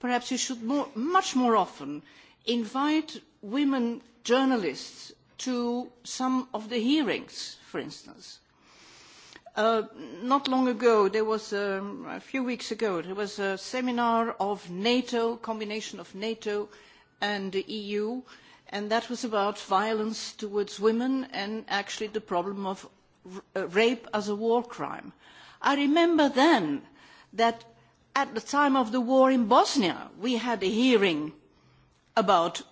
Perhaps you should more, much more often invite women journalists to some of the hearings, for instance. Uh, not long ago, there was um, a few weeks ago, there was a seminar of NATO, combination of NATO and the EU, and that was about violence towards women and actually the problem of Uh, rape as a war crime. I remember then that at the time of the war in Bosnia, we had a hearing about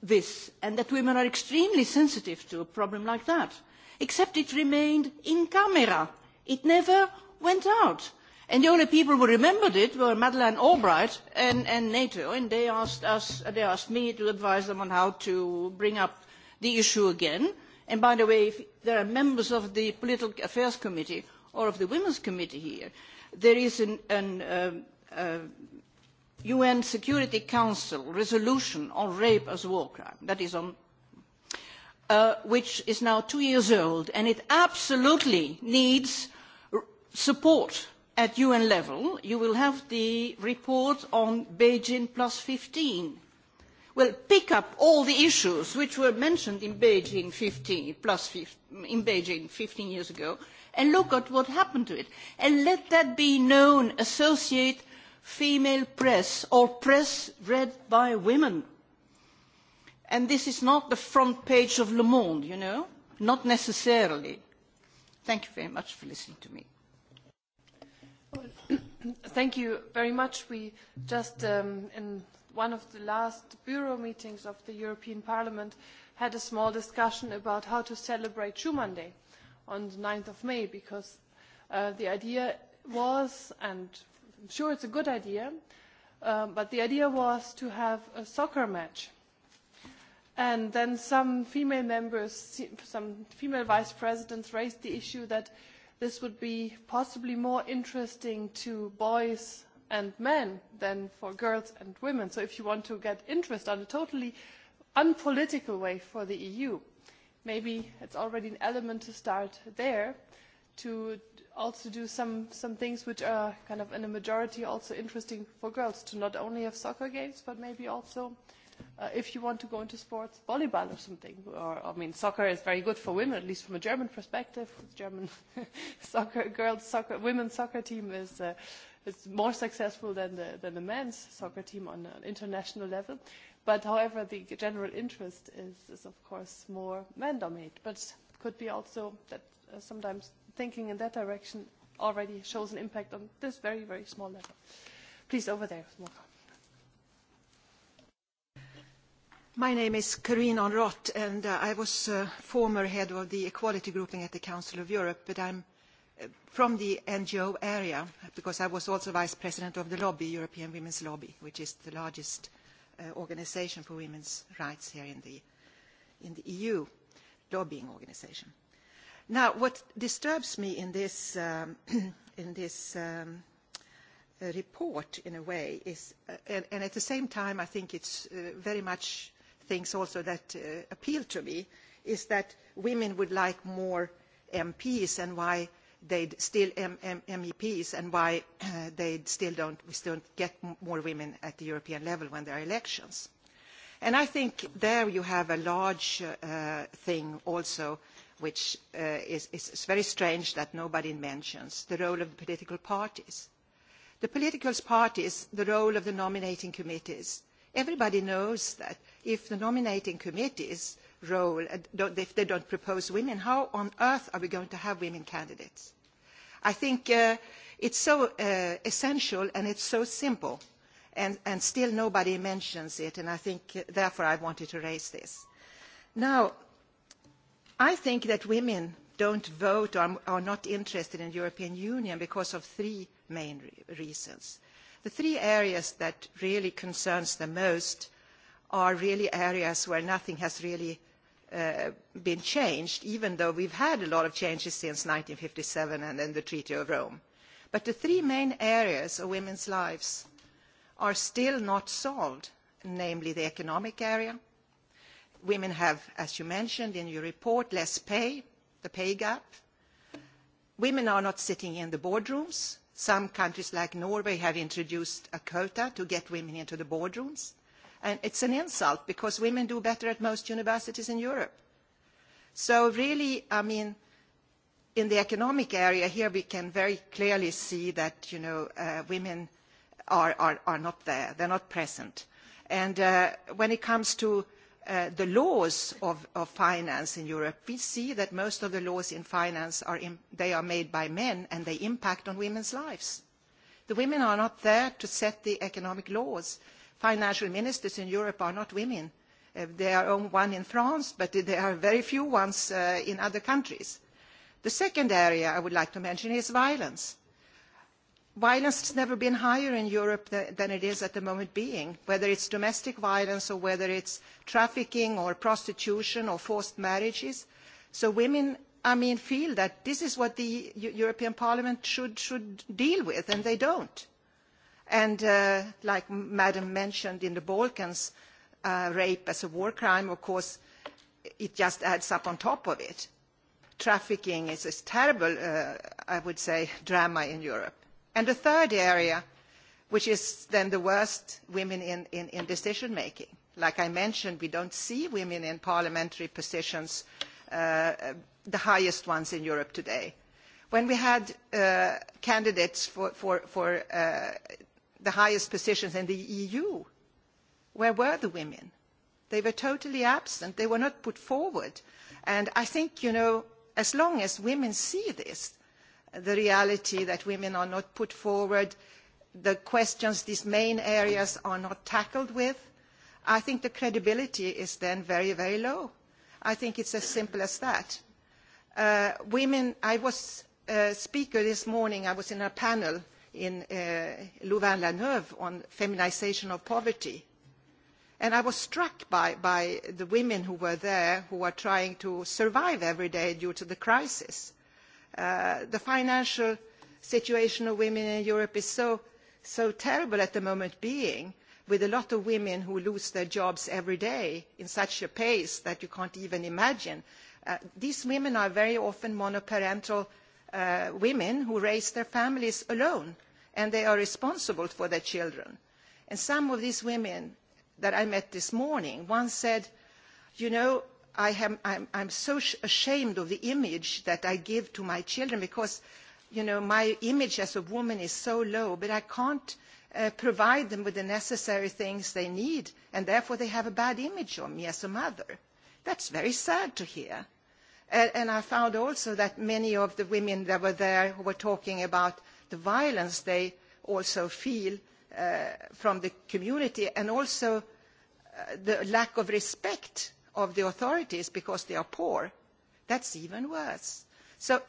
this and that women are extremely sensitive to a problem like that. Except it remained in camera. It never went out. And the only people who remembered it were Madeleine Albright and, and NATO, and they asked, us, they asked me to advise them on how to bring up the issue again. And by the way, if there are members of the Political Affairs Committee or of the Women's Committee here. There is an, an um, uh, UN Security Council resolution on rape as a war crime. That is on uh, which is now two years old, and it absolutely needs support at UN level. You will have the report on Beijing plus 15 will pick up all the issues which were mentioned in Beijing 15, plus 15, in Beijing 15 years ago, and look at what happened to it. And let that be known, associate female press or press read by women. And this is not the front page of Le Monde, you know, not necessarily. Thank you very much for listening to me. Well, thank you very much. We just, um, in one of the last bureau meetings of the European Parliament had a small discussion about how to celebrate Schuman Day on nine May because uh, the idea was, and I'm sure it's a good idea, uh, but the idea was to have a soccer match. And then some female members, some female vice presidents raised the issue that this would be possibly more interesting to boys and men than for girls and women. So if you want to get interest on a totally unpolitical way for the EU, maybe it's already an element to start there to also do some, some things which are kind of in a majority also interesting for girls to not only have soccer games, but maybe also uh, if you want to go into sports, volleyball or something. Or, I mean, soccer is very good for women, at least from a German perspective. The German soccer, girls soccer, women's soccer team is uh, it's more successful than the, than the men's soccer team on an international level. But however, the general interest is, is of course more man-dominated. But could be also that uh, sometimes thinking in that direction already shows an impact on this very, very small level. Please, over there. My name is Corinne Onrot, and uh, I was uh, former head of the equality grouping at the Council of Europe, but I'm from the NGO area, because I was also vice president of the lobby, European Women's Lobby, which is the largest uh, organization for women's rights here in the, in the EU, lobbying organization. Now, what disturbs me in this, um, in this um, uh, report, in a way, is, uh, and, and at the same time, I think it's uh, very much things also that uh, appeal to me, is that women would like more MPs and why they are still MEPs and why they still do not get more women at the European level when there are elections. I think there you have a large uh, thing also which uh, is, is very strange that nobody mentions, the role of the political parties. The political parties, the role of the nominating committees. Everybody knows that if the nominating committees role uh, if they don't propose women. How on earth are we going to have women candidates? I think uh, it's so uh, essential and it's so simple, and, and still nobody mentions it, and I think uh, therefore I wanted to raise this. Now, I think that women don't vote or are not interested in the European Union because of three main re reasons. The three areas that really concerns the most are really areas where nothing has really Uh, been changed, even though we've had a lot of changes since 1957 and then the Treaty of Rome. But the three main areas of women's lives are still not solved, namely the economic area. Women have, as you mentioned in your report, less pay, the pay gap. Women are not sitting in the boardrooms. Some countries like Norway have introduced a quota to get women into the boardrooms. Uh, And it's an insult because women do better at most universities in Europe. So really, I mean, in the economic area here, we can very clearly see that, you know, uh, women are, are, are not there. They're not present. And uh, when it comes to uh, the laws of, of finance in Europe, we see that most of the laws in finance are, in, they are made by men and they impact on women's lives. The women are not there to set the economic laws financial ministers in Europe are not women. Uh, there are only one in France, but there are very few ones uh, in other countries. The second area I would like to mention is violence. Violence has never been higher in Europe th than it is at the moment being, whether it's domestic violence or whether it's trafficking or prostitution or forced marriages. So women I mean, feel that this is what the European Parliament should, should deal with, and they don't. And uh, like Madam mentioned in the Balkans, uh, rape as a war crime, of course, it just adds up on top of it. Trafficking is a terrible, uh, I would say, drama in Europe. And the third area, which is then the worst, women in, in, in decision making. Like I mentioned, we don't see women in parliamentary positions, uh, the highest ones in Europe today. When we had uh, candidates for, for, for uh, the highest positions in the EU. Where were the women? They were totally absent. They were not put forward. And I think, you know, as long as women see this, the reality that women are not put forward, the questions these main areas are not tackled with, I think the credibility is then very, very low. I think it's as simple as that. Uh, women, I was a uh, speaker this morning, I was in a panel uh, in uh, Louvain-la-Neuve on feminization of poverty. And I was struck by, by the women who were there who were trying to survive every day due to the crisis. Uh, the financial situation of women in Europe is so, so terrible at the moment being, with a lot of women who lose their jobs every day in such a pace that you can't even imagine. Uh, these women are very often monoparental uh, women who raise their families alone and they are responsible for their children. And some of these women that I met this morning, one said, you know, I am, I'm, I'm so ashamed of the image that I give to my children because, you know, my image as a woman is so low, but I can't uh, provide them with the necessary things they need, and therefore they have a bad image of me as a mother. That's very sad to hear. And, and I found also that many of the women that were there who were talking about the violence they also feel uh, from the community and also uh, the lack of respect of the authorities because they are poor. That's even worse. So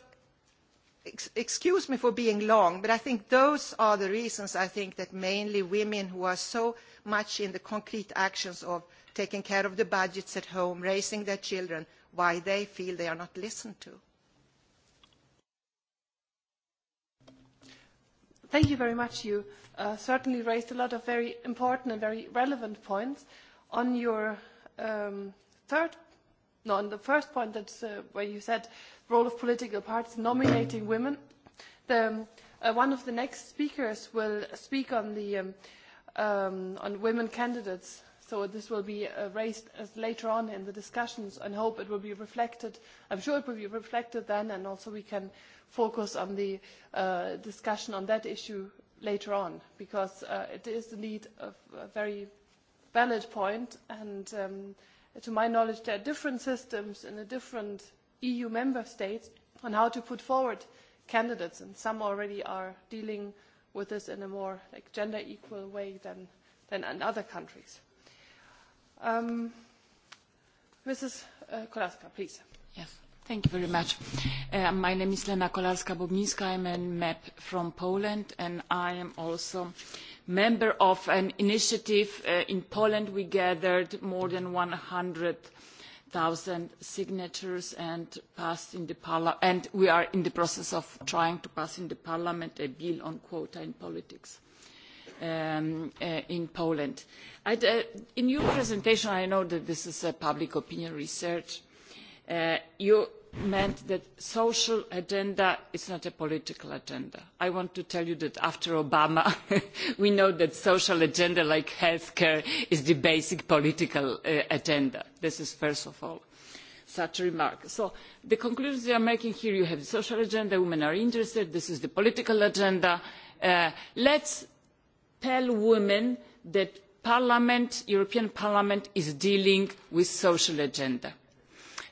ex excuse me for being long, but I think those are the reasons I think that mainly women who are so much in the concrete actions of taking care of the budgets at home, raising their children, why they feel they are not listened to. Thank you very much. You uh, certainly raised a lot of very important and very relevant points. On your um, third, no, on the first point that's uh, where you said role of political parties nominating women, the, um, uh, one of the next speakers will speak on the um, um, on women candidates So this will be uh, raised uh, later on in the discussions and hope it will be reflected. i am sure it will be reflected then and also we can focus on the uh, discussion on that issue later on because it is indeed a, very valid point and um, to my knowledge there are different systems in the different EU member states on how to put forward candidates and some already are dealing with this in a more gender equal way than in other countries. Um, Mrs. Uh, Kolarska, please. Yes. Thank you very much. Uh, my name is Lena Kolarska-Bobniska. I'm a MEP from Poland, and I am also member of an initiative uh, in Poland. We gathered more than 100,000 signatures and passed in the parliament, and we are in the process of trying to pass in the parliament a bill on quota in politics Um, uh, in Poland. I'd, uh, in your presentation, I know that this is a public opinion research. Uh, you meant that social agenda is not a political agenda. I want to tell you that after Obama, we know that social agenda like healthcare is the basic political uh, agenda. This is first of all such a remark. So the conclusions you are making here, you have the social agenda, women are interested, this is the political agenda. Uh, let's tell women that parliament european parliament is dealing with social agenda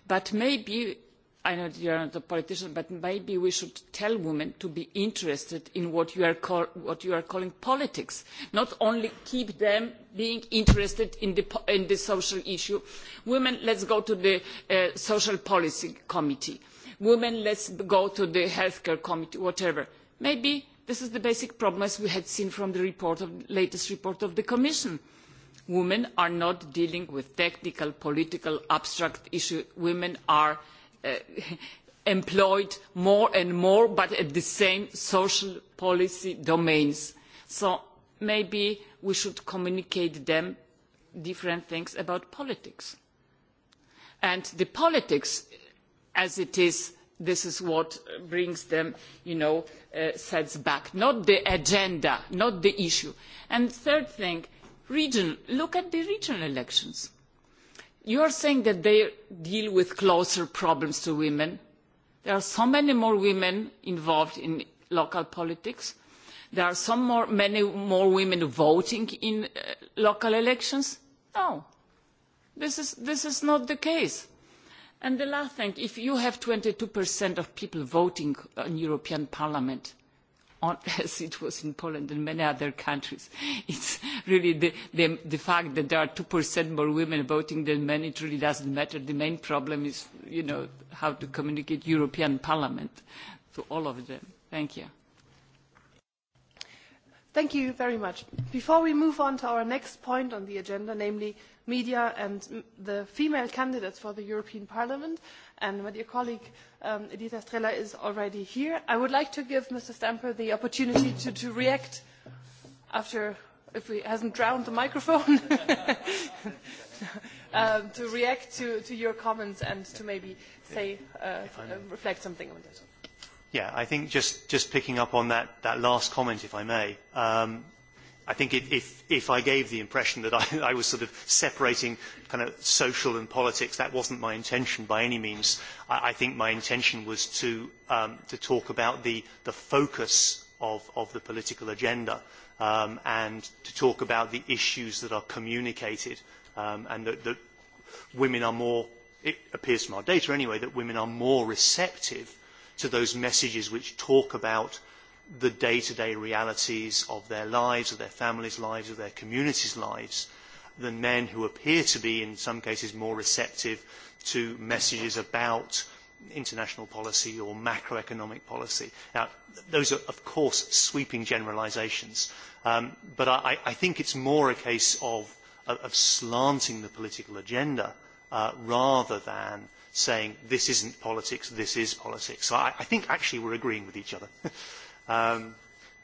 but maybe i know you are not a politician but maybe we should tell women to be interested in what you are, call, what you are calling politics not only keep them being interested in the, in the social issue women let's go to the uh, social policy committee women let's go to the healthcare committee whatever maybe This is the basic problem as we had seen from the report of, latest report of the Commission. Women are not dealing with technical, political, abstract issues. Women are uh, employed more and more, but at the same social policy domains. So maybe we should communicate them different things about politics. And the politics, as it is this is what brings them, you know, uh, sets back, not the agenda, not the issue. And third thing, region, look at the regional elections. You are saying that they deal with closer problems to women. There are so many more women involved in local politics. There are so more, many more women voting in uh, local elections. No, this is, this is not the case And the last thing, if you have 22% of people voting in European Parliament, as it was in Poland and many other countries, it's really the, the, fact that there are 2% more women voting than men, it really doesn't matter. The main problem is, you know, how to communicate European Parliament to all of them. Thank you. Thank you very much. Before we move on to our next point on the agenda, namely media and the female candidates for the European Parliament. And my dear colleague um, estrela is already here. I would like to give Mr. Stamper the opportunity to, react after, if he has not drowned the microphone, um, to react to, your comments and to maybe say, uh, uh, reflect something on this. I think just, picking up on that, last comment, if I may, um, I think if, if, if I gave the impression that I, I was sort of separating kind of social and politics, that wasn't my intention by any means. I, I think my intention was to, um, to talk about the, the focus of, of the political agenda um, and to talk about the issues that are communicated um, and that, that women are more, it appears from our data anyway, that women are more receptive to those messages which talk about – the day-to-day realities of their lives, of their families' lives, of their communities' lives, than men who appear to be, in some cases, more receptive to messages about international policy or macroeconomic policy. Now, those are, of course, sweeping generalizations, um, but I, I think it's more a case of, of, of slanting the political agenda uh, rather than saying this isn't politics, this is politics. So I, I think actually we're agreeing with each other. Um,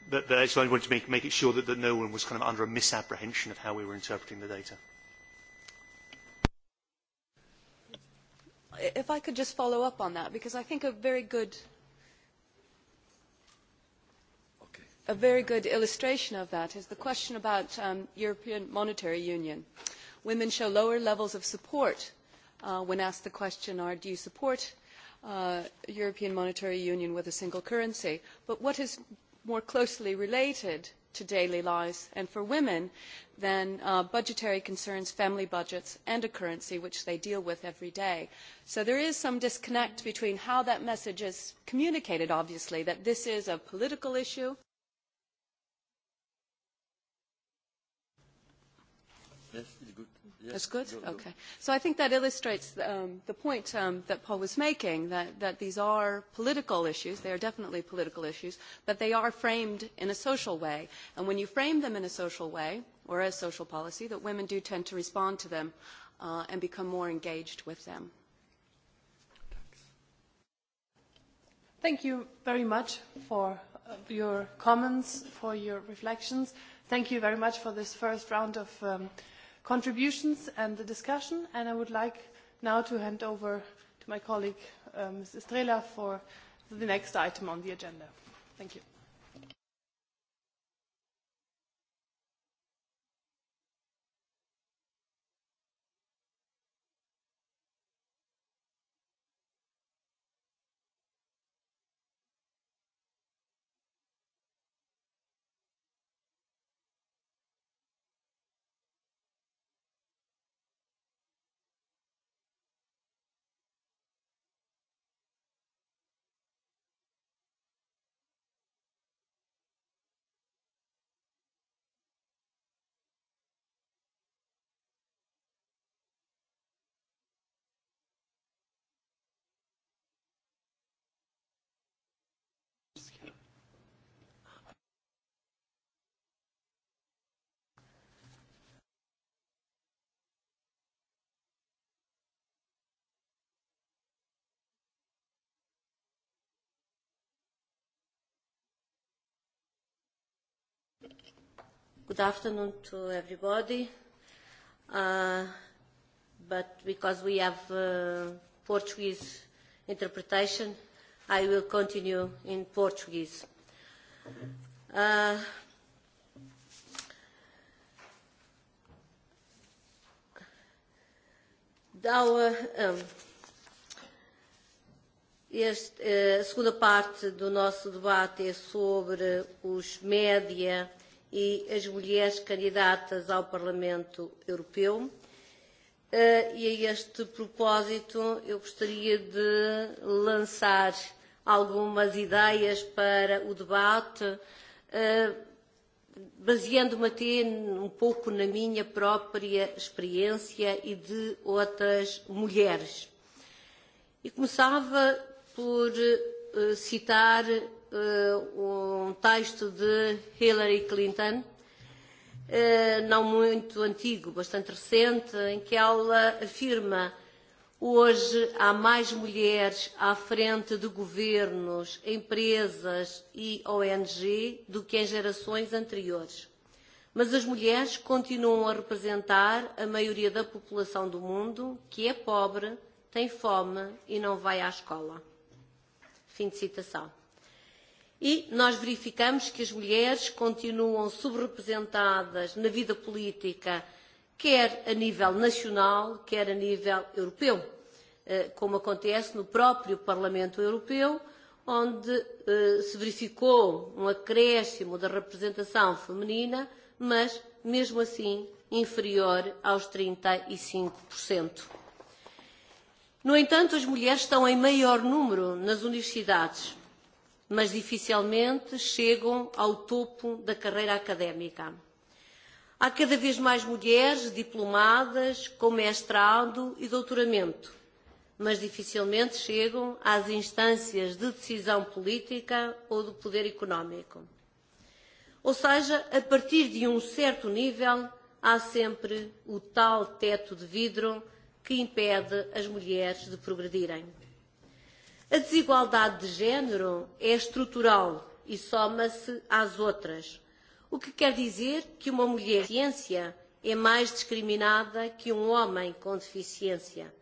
but, but actually I wanted to make, make it sure that, that no one was kind of under a misapprehension of how we were interpreting the data. If I could just follow up on that, because I think a very good a very good illustration of that is the question about um, European Monetary Union. Women show lower levels of support uh, when asked the question, are, do you support uh, European Monetary Union with a single currency. But what is more closely related to daily lives and for women than uh, budgetary concerns, family budgets, and a currency which they deal with every day. So there is some disconnect between how that message is communicated, obviously, that this is a political issue Yes, That's good? The, the okay. So I think that illustrates the, um, the point um, that Paul was making, that, that these are political issues. They are definitely political issues, but they are framed in a social way. And when you frame them in a social way, or as social policy, that women do tend to respond to them uh, and become more engaged with them. Thank you very much for uh, your comments, for your reflections. Thank you very much for this first round of um, contributions and the discussion, and I would like now to hand over to my colleague, uh, Ms. Estrela, for the next item on the agenda. Thank you. Good afternoon to everybody. Uh, but because we have uh, Portuguese interpretation, I will continue in Portuguese. Uh, Our, um, este, uh, a segunda parte do nosso debate é sobre os média e as mulheres candidatas ao Parlamento Europeu. Eh, e a este propósito, eu gostaria de lançar algumas ideias para o debate, eh, baseando-me até um pouco na minha própria experiência e de outras mulheres. E começava por eh, citar uh, um texto de Hillary Clinton, eh, não muito antigo, bastante recente, em que ela afirma hoje há mais mulheres à frente de governos, empresas e ONG do que em gerações anteriores. Mas as mulheres continuam a representar a maioria da população do mundo, que é pobre, tem fome e não vai à escola. Fim de citação. E nós verificamos que as mulheres continuam subrepresentadas na vida política, quer a nível nacional, quer a nível europeu, eh, como acontece no próprio Parlamento Europeu, onde eh, se verificou um acréscimo da representação feminina, mas mesmo assim inferior aos 35%. E no entanto, as mulheres estão em maior número nas universidades mas dificilmente chegam ao topo da carreira académica. Há cada vez mais mulheres diplomadas com mestrado e doutoramento, mas dificilmente chegam às instâncias de decisão política ou do poder económico. Ou seja, a partir de um certo nível, há sempre o tal teto de vidro que impede as mulheres de progredirem. A desigualdade de género é estrutural e soma-se às outras, o que quer dizer que uma mulher com deficiência é mais discriminada que um homem com deficiência.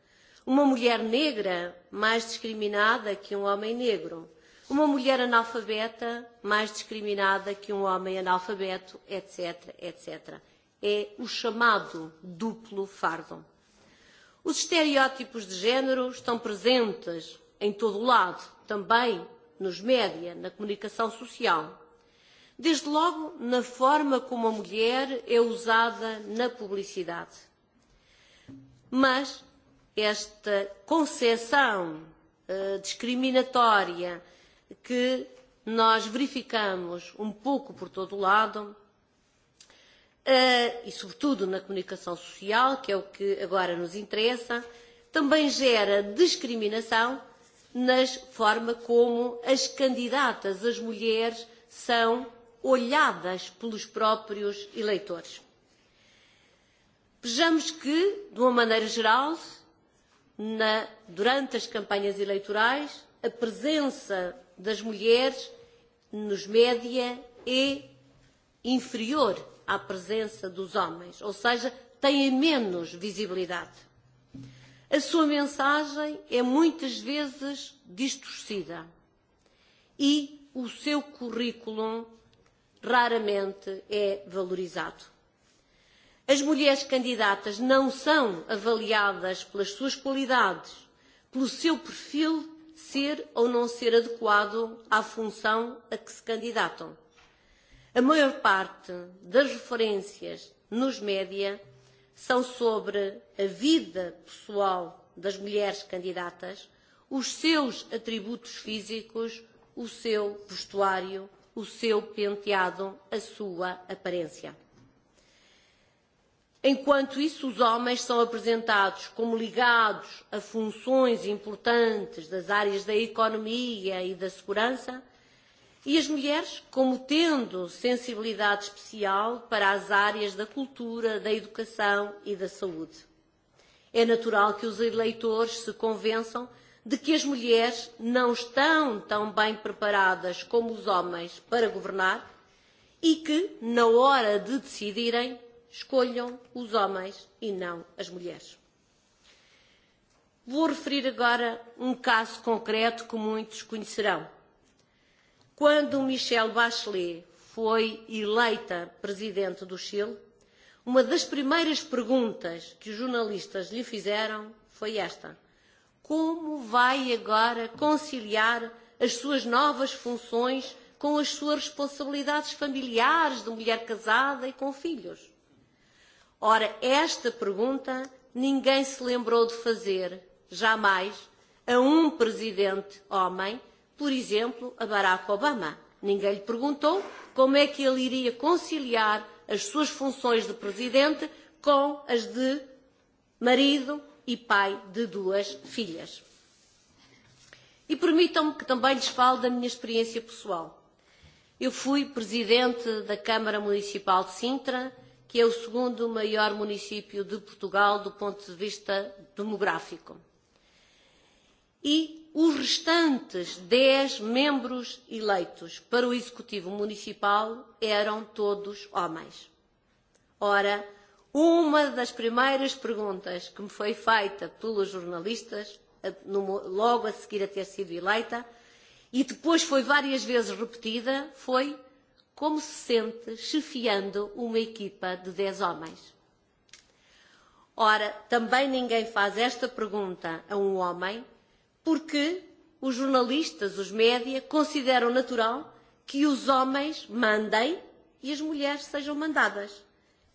Uma mulher negra, mais discriminada que um homem negro. Uma mulher analfabeta, mais discriminada que um homem analfabeto, etc, etc. É o chamado duplo fardo. Os estereótipos de género estão presentes em todo o lado, também nos média, na comunicação social. Desde logo, na forma como a mulher é usada na publicidade. Mas esta concessão uh, eh, discriminatória que nós verificamos um pouco por todo o lado, uh, e sobretudo na comunicação social, que é o que agora nos interessa, também gera discriminação na forma como as candidatas, as mulheres, são olhadas pelos próprios eleitores. Vejamos que, de uma maneira geral, na, durante as campanhas eleitorais, a presença das mulheres nos média é inferior à presença dos homens, ou seja, têm menos visibilidade a sua mensagem é muitas vezes distorcida e o seu currículo raramente é valorizado. As mulheres candidatas não são avaliadas pelas suas qualidades, pelo seu perfil ser ou não ser adequado à função a que se candidatam. A maior parte das referências nos média são sobre a vida pessoal das mulheres candidatas, os seus atributos físicos, o seu vestuário, o seu penteado, a sua aparência. Enquanto isso, os homens são apresentados como ligados a funções importantes das áreas da economia e da segurança, e as mulheres como tendo sensibilidade especial para as áreas da cultura, da educação e da saúde. É natural que os eleitores se convençam de que as mulheres não estão tão bem preparadas como os homens para governar e que, na hora de decidirem, escolham os homens e não as mulheres. Vou referir agora um caso concreto que muitos conhecerão Quando Michelle Bachelet foi eleita presidente do Chile, uma das primeiras perguntas que os jornalistas lhe fizeram foi esta: Como vai agora conciliar as suas novas funções com as suas responsabilidades familiares de mulher casada e com filhos? Ora, esta pergunta ninguém se lembrou de fazer jamais a um presidente homem por exemplo, a Barack Obama. Ninguém lhe perguntou como é que ele iria conciliar as suas funções de presidente com as de marido e pai de duas filhas. E permitam-me que também lhes fale da minha experiência pessoal. Eu fui presidente da Câmara Municipal de Sintra, que é o segundo maior município de Portugal do ponto de vista demográfico. E os restantes 10 membros eleitos para o Executivo Municipal eram todos homens. Ora, uma das primeiras perguntas que me foi feita pelos jornalistas, no logo a seguir a ter sido eleita, e depois foi várias vezes repetida, foi como se sente chefiando uma equipa de 10 homens. Ora, também ninguém faz esta pergunta a um homem porque os jornalistas, os média, consideram natural que os homens mandem e as mulheres sejam mandadas.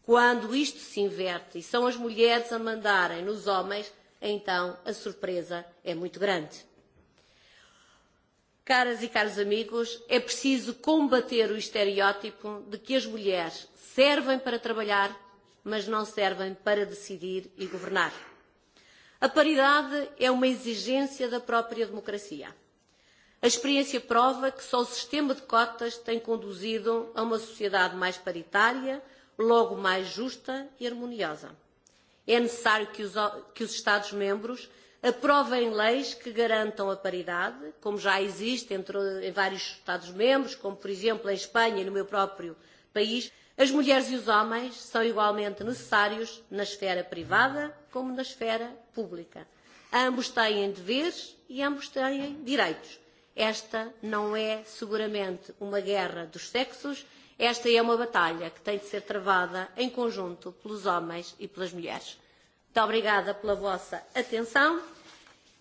Quando isto se inverte e são as mulheres a mandarem nos homens, então a surpresa é muito grande. Caras e caros amigos, é preciso combater o estereótipo de que as mulheres servem para trabalhar, mas não servem para decidir e governar. A paridade é uma exigência da própria democracia. A experiência prova que só o sistema de cotas tem conduzido a uma sociedade mais paritária, logo mais justa e harmoniosa. É necessário que os, que os Estados-membros aprovem leis que garantam a paridade, como já existe entre, em vários Estados-membros, como por exemplo em Espanha e no meu próprio país, As mulheres e os homens são igualmente necessários na esfera privada como na esfera pública. Ambos têm deveres e ambos têm direitos. Esta não é seguramente uma guerra dos sexos, esta é uma batalha que tem de ser travada em conjunto pelos homens e pelas mulheres. Muito obrigada pela vossa atenção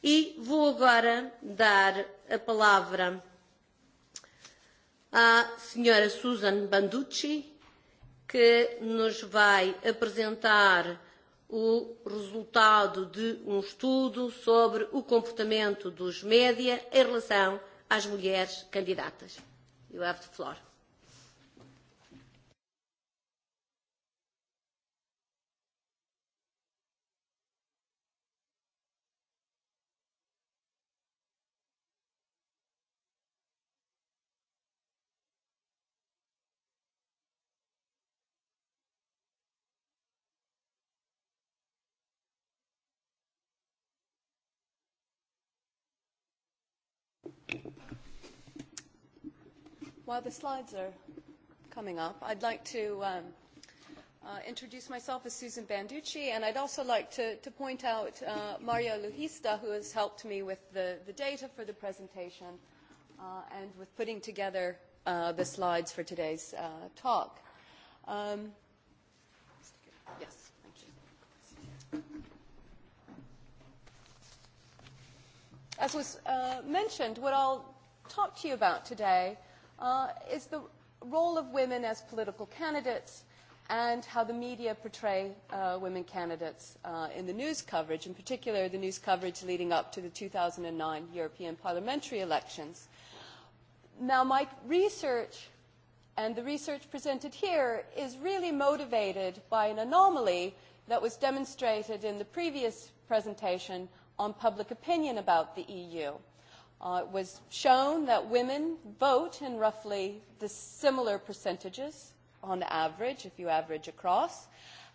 e vou agora dar a palavra à senhora Susan Banducci, que nos vai apresentar o resultado de um estudo sobre o comportamento dos média em relação às mulheres candidatas. You have the floor. While the slides are coming up, I'd like to um, uh, introduce myself as Susan Banducci, and I'd also like to, to point out uh, Mario Lujista, who has helped me with the, the data for the presentation uh, and with putting together uh, the slides for today's uh, talk. Um, yes, thank you. As was uh, mentioned, what I'll talk to you about today – uh, is the role of women as political candidates and how the media portray uh, women candidates uh, in the news coverage, in particular the news coverage leading up to the 2009 European parliamentary elections. Now, my research and the research presented here is really motivated by an anomaly that was demonstrated in the previous presentation on public opinion about the EU uh, was shown that women vote in roughly the similar percentages on average, if you average across.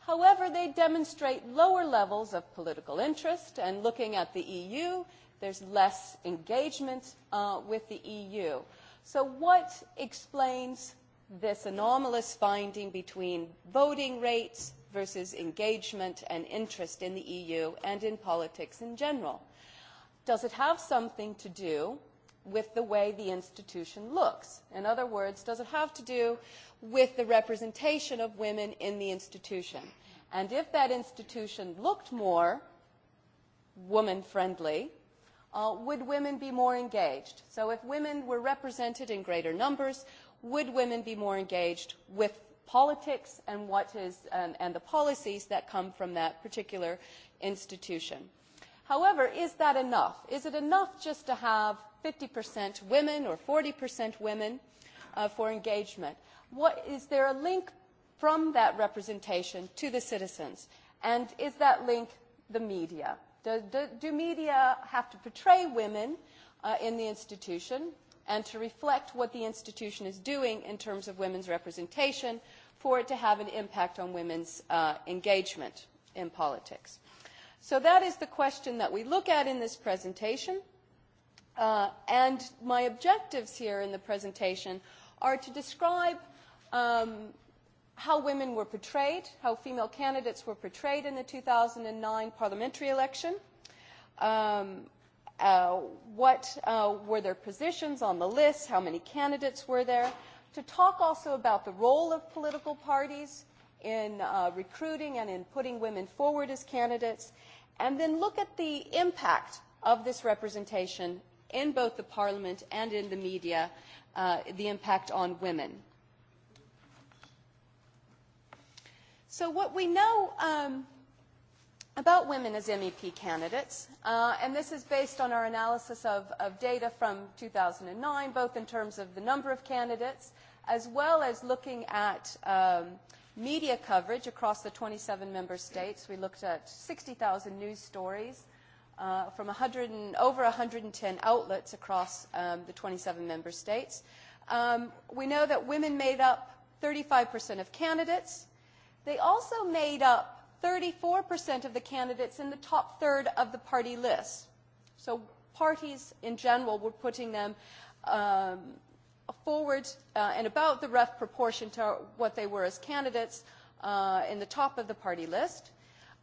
However, they demonstrate lower levels of political interest, and looking at the EU, there's less engagement uh, with the EU. So what explains this anomalous finding between voting rates versus engagement and interest in the EU and in politics in general? does it have something to do with the way the institution looks? In other words, does it have to do with the representation of women in the institution? And if that institution looked more woman friendly, uh, would women be more engaged? So if women were represented in greater numbers, would women be more engaged with politics and, what is, and, and the policies that come from that particular institution? However, is that enough? Is it enough just to have 50% women or 40% women uh, for engagement? What, is there a link from that representation to the citizens? And is that link the media? Do, do, do media have to portray women uh, in the institution and to reflect what the institution is doing in terms of women's representation for it to have an impact on women's uh, engagement in politics? So that is the question that we look at in this presentation. Uh, and my objectives here in the presentation are to describe um, how women were portrayed, how female candidates were portrayed in the 2009 parliamentary election, um, uh, what uh, were their positions on the list, how many candidates were there, to talk also about the role of political parties in uh, recruiting and in putting women forward as candidates, and then look at the impact of this representation in both the parliament and in the media, uh, the impact on women. So what we know um, about women as MEP candidates, uh, and this is based on our analysis of, of data from 2009, both in terms of the number of candidates, as well as looking at um, uh, Media coverage across the 27 member states, we looked at 60,000 news stories uh, from 100 and, over 110 outlets across um, the 27 member states. Um, we know that women made up 35% of candidates. They also made up 34% of the candidates in the top third of the party list. So parties in general were putting them um, forward uh, and about the rough proportion to what they were as candidates uh, in the top of the party list.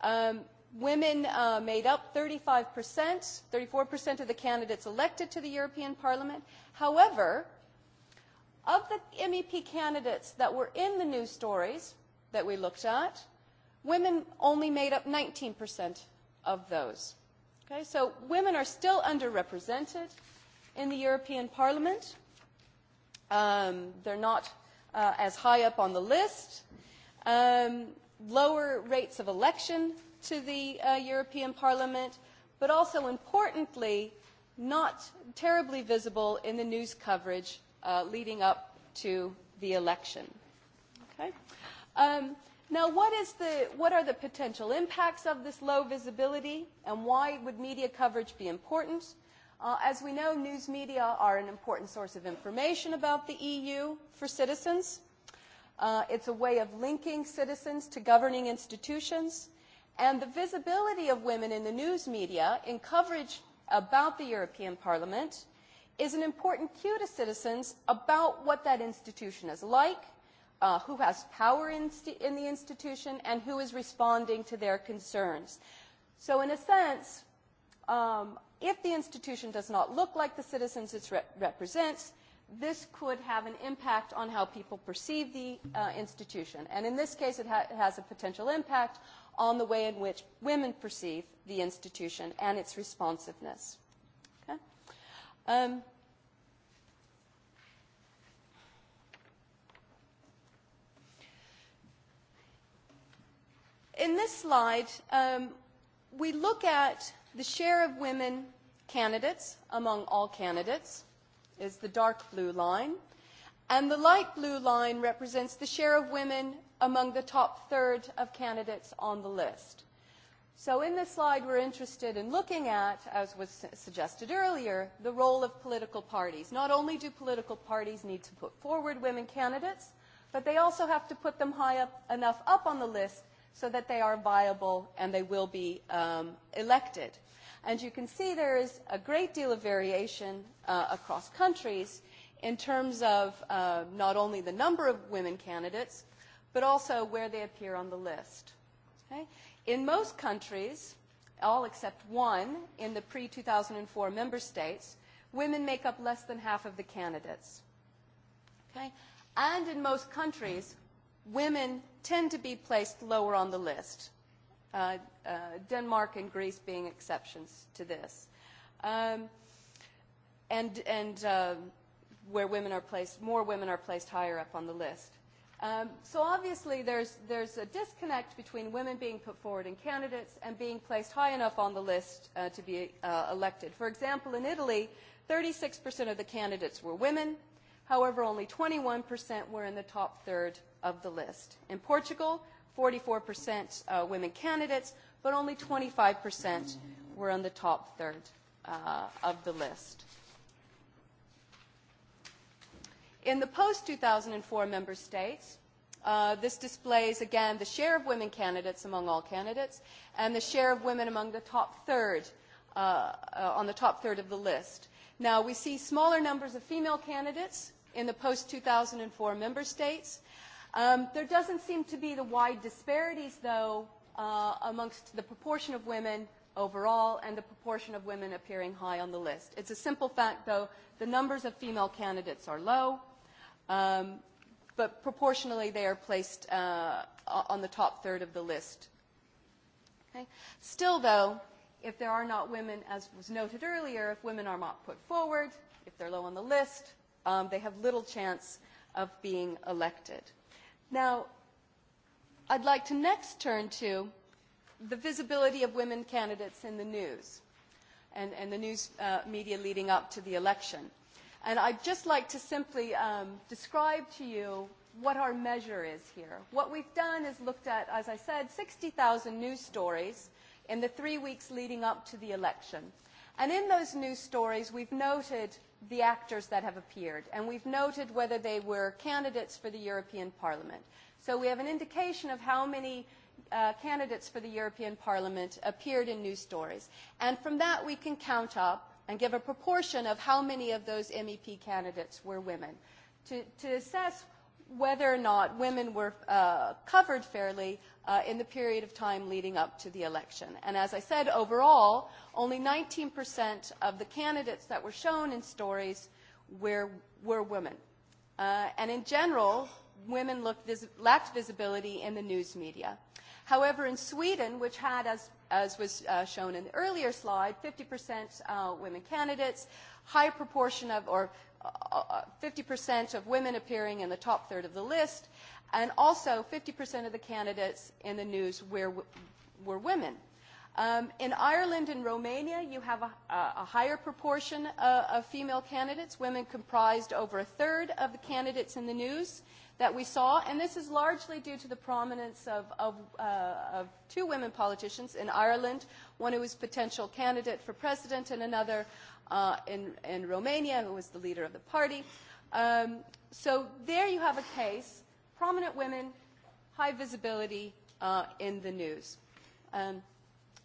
Um, women uh, made up 35%, 34% of the candidates elected to the European Parliament. However, of the MEP candidates that were in the news stories that we looked at, women only made up 19% of those. Okay, so women are still underrepresented in the European Parliament. Um, they're not uh, as high up on the list. Um, lower rates of election to the uh, European Parliament, but also importantly, not terribly visible in the news coverage uh, leading up to the election. Okay? Um, now, what, is the, what are the potential impacts of this low visibility, and why would media coverage be important? Uh, as we know, news media are an important source of information about the EU for citizens. Uh, it's a way of linking citizens to governing institutions. And the visibility of women in the news media in coverage about the European Parliament is an important cue to citizens about what that institution is like, uh, who has power in, in the institution, and who is responding to their concerns. So in a sense, um, if the institution does not look like the citizens it represents, this could have an impact on how people perceive the uh, institution. And in this case, it, ha it has a potential impact on the way in which women perceive the institution and its responsiveness. Okay? Um, in this slide, um, we look at The share of women candidates among all candidates is the dark blue line, and the light blue line represents the share of women among the top third of candidates on the list. So in this slide, we're interested in looking at, as was suggested earlier, the role of political parties. Not only do political parties need to put forward women candidates, but they also have to put them high up, enough up on the list so that they are viable and they will be um, elected. And you can see there is a great deal of variation uh, across countries in terms of uh, not only the number of women candidates, but also where they appear on the list. Okay? In most countries, all except one in the pre-2004 member states, women make up less than half of the candidates. Okay? And in most countries, women tend to be placed lower on the list, uh, uh, Denmark and Greece being exceptions to this. Um, and and uh, where women are placed, more women are placed higher up on the list. Um, so obviously there's, there's a disconnect between women being put forward in candidates and being placed high enough on the list uh, to be uh, elected. For example, in Italy, 36% of the candidates were women. However, only 21% were in the top third of the list. In Portugal, 44% uh, women candidates, but only 25% were on the top third uh, of the list. In the post-2004 member states, uh, this displays again the share of women candidates among all candidates and the share of women among the top third uh, uh, on the top third of the list. Now we see smaller numbers of female candidates in the post-2004 member states, Um, there doesn't seem to be the wide disparities, though, uh, amongst the proportion of women overall and the proportion of women appearing high on the list. It's a simple fact, though, the numbers of female candidates are low, um, but proportionally they are placed uh, on the top third of the list. Okay? Still, though, if there are not women, as was noted earlier, if women are not put forward, if they're low on the list, um, they have little chance of being elected. Now, I'd like to next turn to the visibility of women candidates in the news and, and the news uh, media leading up to the election. And I'd just like to simply um, describe to you what our measure is here. What we've done is looked at, as I said, 60,000 news stories in the three weeks leading up to the election. And in those news stories, we've noted the actors that have appeared, and we've noted whether they were candidates for the European Parliament. So we have an indication of how many uh, candidates for the European Parliament appeared in news stories. And from that, we can count up and give a proportion of how many of those MEP candidates were women. To, to assess whether or not women were uh, covered fairly uh, in the period of time leading up to the election. And as I said, overall, only 19% of the candidates that were shown in stories were, were women. Uh, and in general, women looked vis- lacked visibility in the news media. However, in Sweden, which had, as, as was uh, shown in the earlier slide, 50% uh, women candidates, high proportion of, or 50% uh, uh, of women appearing in the top third of the list, and also 50% of the candidates in the news were, were women. Um, in Ireland and Romania, you have a, a higher proportion of, of female candidates. Women comprised over a third of the candidates in the news that we saw, and this is largely due to the prominence of, of, uh, of two women politicians in Ireland, one who was potential candidate for president and another uh, in, in Romania who was the leader of the party. Um, so there you have a case, prominent women, high visibility uh, in the news. Um,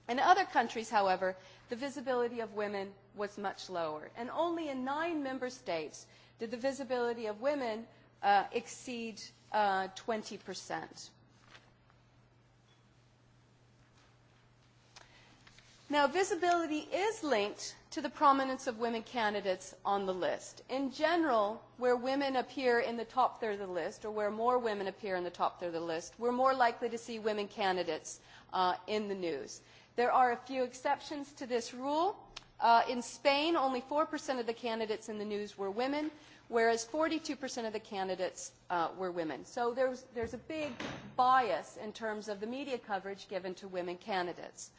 In other countries, however, the visibility of women was much lower, and only in nine member states did the visibility of women uh, exceed uh, 20%. Now, visibility is linked to the prominence of women candidates on the list. In general, where women appear in the top third of the list, or where more women appear in the top third of the list, we're more likely to see women candidates uh, in the news. There are a few exceptions to this rule. Uh, in Spain, only 4% of the candidates in the news were women, whereas 42% of the candidates uh, were women. So there's, there's a big bias in terms of the media coverage given to women candidates.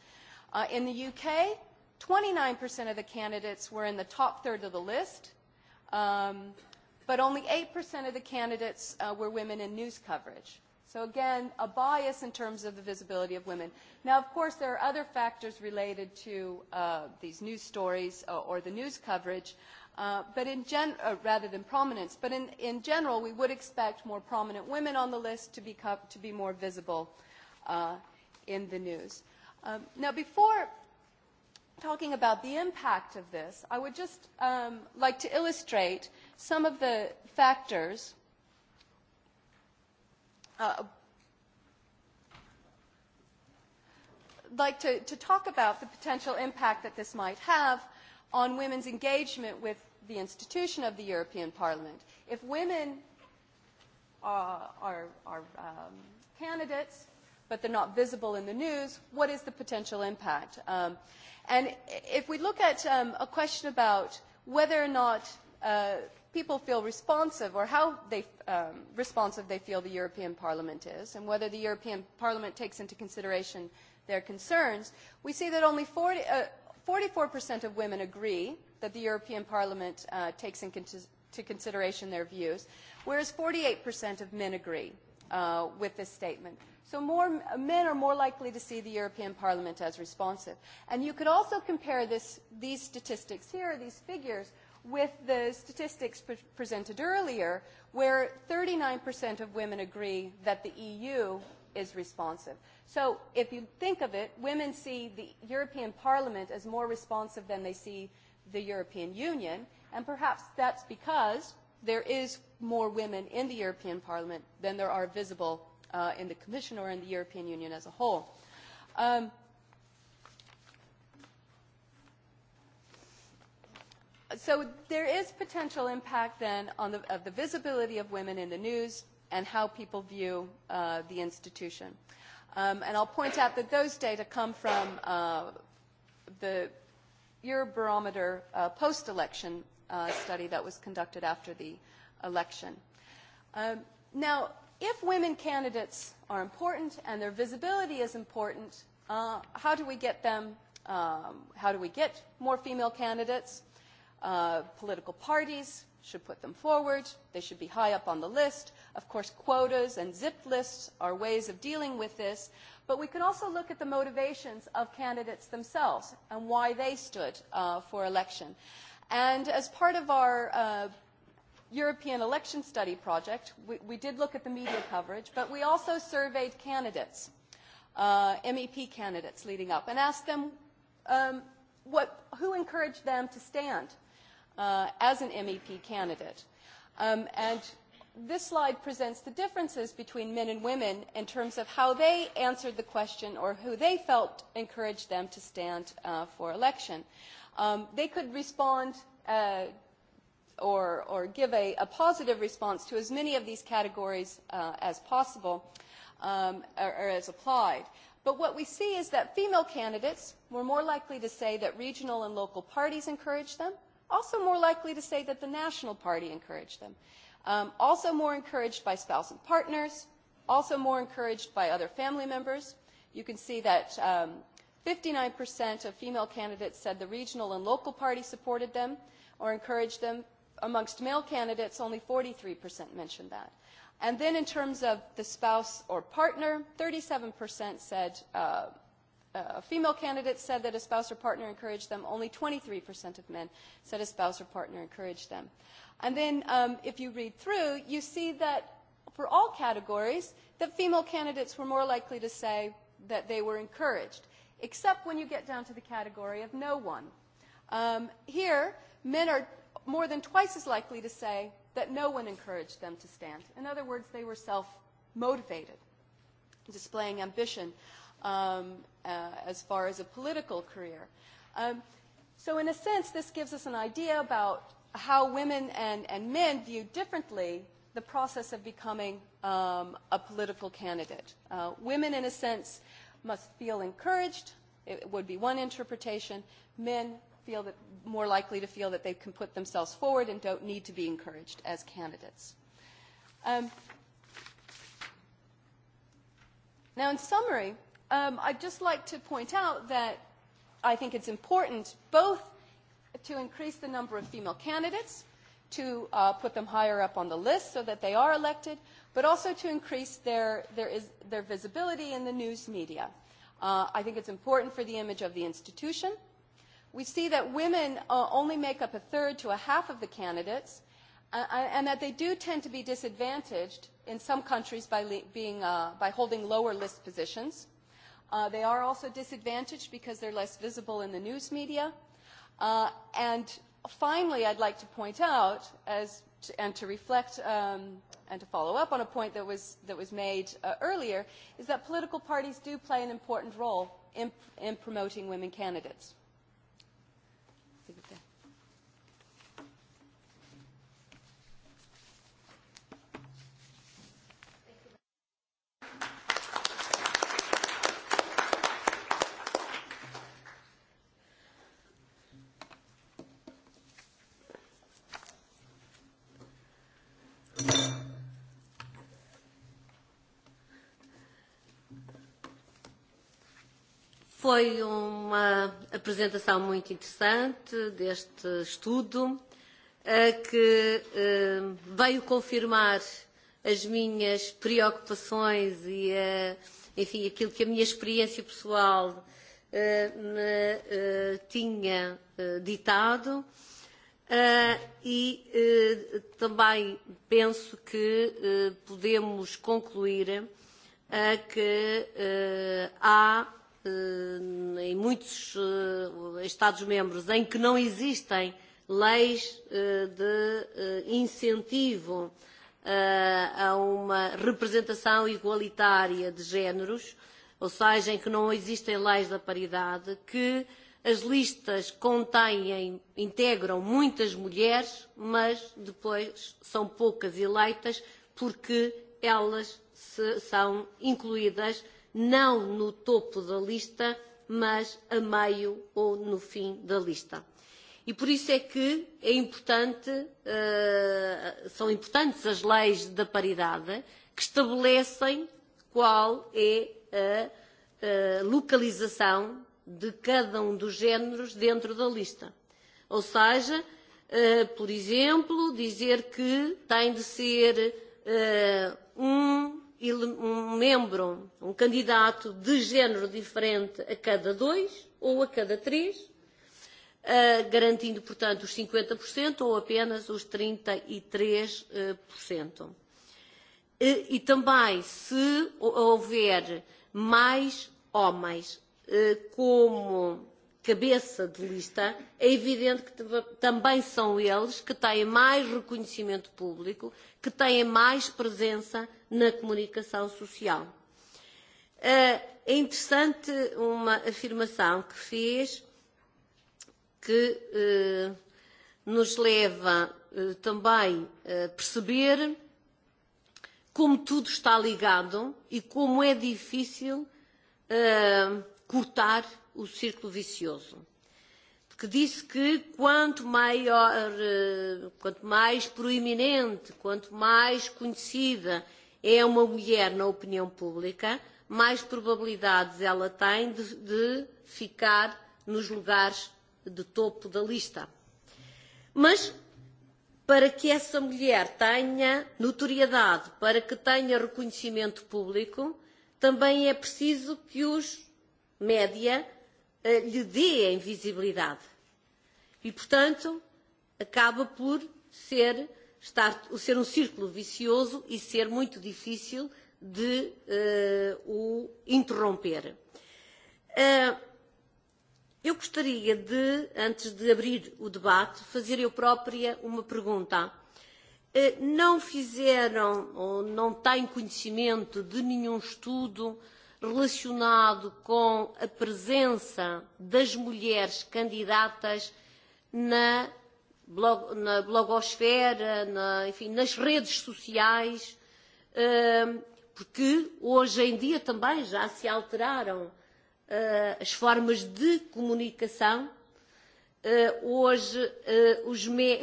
Uh, in the UK, 29% of the candidates were in the top third of the list, um, but only 8% of the candidates uh, were women in news coverage. So again, a bias in terms of the visibility of women. Now, of course, there are other factors related to uh, these news stories uh, or the news coverage, uh, but in gen- uh, rather than prominence. But in, in general, we would expect more prominent women on the list to be, co- to be more visible uh, in the news. Um, now, before talking about the impact of this, I would just um, like to illustrate some of the factors – uh, like to, to talk about the potential impact that this might have on women's engagement with the institution of the European Parliament. If women are, uh, are, are um, candidates, but they're not visible in the news, what is the potential impact? Um, and if we look at um, a question about whether or not uh, people feel responsive or how they, um, responsive they feel the European Parliament is and whether the European Parliament takes into consideration their concerns, we see that only 40, uh, 44% of women agree that the European Parliament uh, takes into consideration their views, whereas 48% of men agree uh, with this statement. So more, men are more likely to see the European Parliament as responsive. And you could also compare this, these statistics here, these figures, with the statistics pre presented earlier, where 39% of women agree that the EU is responsive. So if you think of it, women see the European Parliament as more responsive than they see the European Union, and perhaps that's because there is more women in the European Parliament than there are visible uh, in the Commission or in the European Union as a whole. Um, So there is potential impact then on the, of the visibility of women in the news and how people view uh, the institution. Um, and I'll point out that those data come from uh, the Eurobarometer uh, post-election uh, study that was conducted after the election. Um, now, if women candidates are important and their visibility is important, uh, how do we get them? Um, how do we get more female candidates? Uh, political parties should put them forward. They should be high up on the list. Of course, quotas and zipped lists are ways of dealing with this. But we can also look at the motivations of candidates themselves and why they stood uh, for election. And as part of our uh, European election study project, we, we did look at the media coverage, but we also surveyed candidates, uh, MEP candidates leading up, and asked them um, what, who encouraged them to stand uh, as an MEP candidate. Um, and this slide presents the differences between men and women in terms of how they answered the question or who they felt encouraged them to stand uh, for election. Um, they could respond uh, or, or give a, a positive response to as many of these categories uh, as possible um, or, or as applied. But what we see is that female candidates were more likely to say that regional and local parties encouraged them, also more likely to say that the National Party encouraged them, um, also more encouraged by spouse and partners, also more encouraged by other family members. You can see that um, 59% of female candidates said the regional and local party supported them or encouraged them. Amongst male candidates, only 43% mentioned that. And then in terms of the spouse or partner, 37% said uh, uh, female candidates said that a spouse or partner encouraged them. Only 23% of men said a spouse or partner encouraged them. And then um, if you read through, you see that for all categories, that female candidates were more likely to say that they were encouraged, except when you get down to the category of no one. Um, here, men are more than twice as likely to say that no one encouraged them to stand. In other words, they were self motivated, displaying ambition um, uh, as far as a political career. Um, so in a sense, this gives us an idea about how women and, and men view differently the process of becoming um, a political candidate. Uh, women, in a sense, must feel encouraged. It would be one interpretation. Men feel that more likely to feel that they can put themselves forward and don't need to be encouraged as candidates. Um, now, in summary, um, I'd just like to point out that I think it's important both to increase the number of female candidates, to uh, put them higher up on the list so that they are elected, but also to increase their, their, is, their visibility in the news media. Uh, I think it's important for the image of the institution. We see that women uh, only make up a third to a half of the candidates, uh, uh and that they do tend to be disadvantaged in some countries by, being, uh, by holding lower list positions. Uh, they are also disadvantaged because they're less visible in the news media. Uh, and finally, I'd like to point out, as to, and to reflect um, and to follow up on a point that was, that was made uh, earlier, is that political parties do play an important role in, in promoting women candidates. Foi uma apresentação muito interessante deste estudo, eh, que eh, veio confirmar as minhas preocupações e, eh, enfim, aquilo que a minha experiência pessoal me tinha ditado. E também penso que podemos concluir que há Eh, em muitos eh, Estados-membros em que não existem leis eh, de incentivo a uma representação igualitária de géneros, ou seja, em que não existem leis da paridade, que as listas contêm, integram muitas mulheres, mas depois são poucas eleitas porque elas se, são incluídas não no topo da lista, mas a meio ou no fim da lista. E por isso é que é importante, uh, são importantes as leis da paridade que estabelecem qual é a, a localização de cada um dos géneros dentro da lista. Ou seja, uh, por exemplo, dizer que tem de ser uh, um E um membro, um candidato de género diferente a cada dois ou a cada três, uh, garantindo, portanto, os 50% ou apenas os 33%. Uh, e, e, e também, se houver mais homens uh, como cabeça de lista, é evidente que também são eles que têm mais reconhecimento público, que têm mais presença na comunicação social. Eh, é interessante uma afirmação que fez que eh, nos leva eh, também a perceber como tudo está ligado e como é difícil eh, cortar o círculo vicioso, que disse que quanto maior, eh, quanto mais proeminente, quanto mais conhecida é uma mulher na opinião pública, mais probabilidades ela tem de, de ficar nos lugares de topo da lista. Mas para que essa mulher tenha notoriedade, para que tenha reconhecimento público, também é preciso que os média lhe dê a invisibilidade. E, portanto, acaba por ser, estar, ser um círculo vicioso e ser muito difícil de uh, o interromper. Uh, eu gostaria de, antes de abrir o debate, fazer eu própria uma pergunta. Eh, não fizeram ou não têm conhecimento de nenhum estudo uh, relacionado com a presença das mulheres candidatas na, blog, na blogosfera, na, enfim, nas redes sociais, eh, porque hoje em dia também já se alteraram eh, as formas de comunicação. Eh, hoje os me,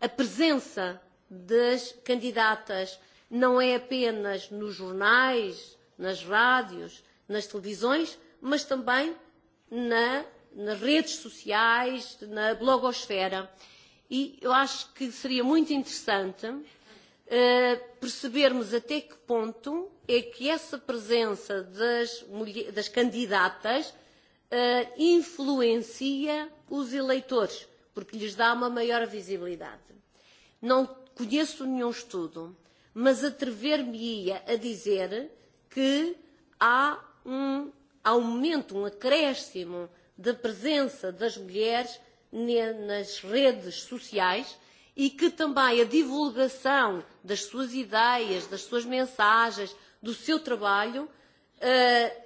a presença das candidatas não é apenas nos jornais, nas rádios, nas televisões, mas também na, nas redes sociais, na blogosfera. E eu acho que seria muito interessante uh, percebermos até que ponto é que essa presença das, mulher, das candidatas uh, influencia os eleitores, porque lhes dá uma maior visibilidade. Não conheço nenhum estudo mas atrever-me-ia a dizer que há um aumento, um, um acréscimo da presença das mulheres nas redes sociais e que também a divulgação das suas ideias, das suas mensagens, do seu trabalho uh,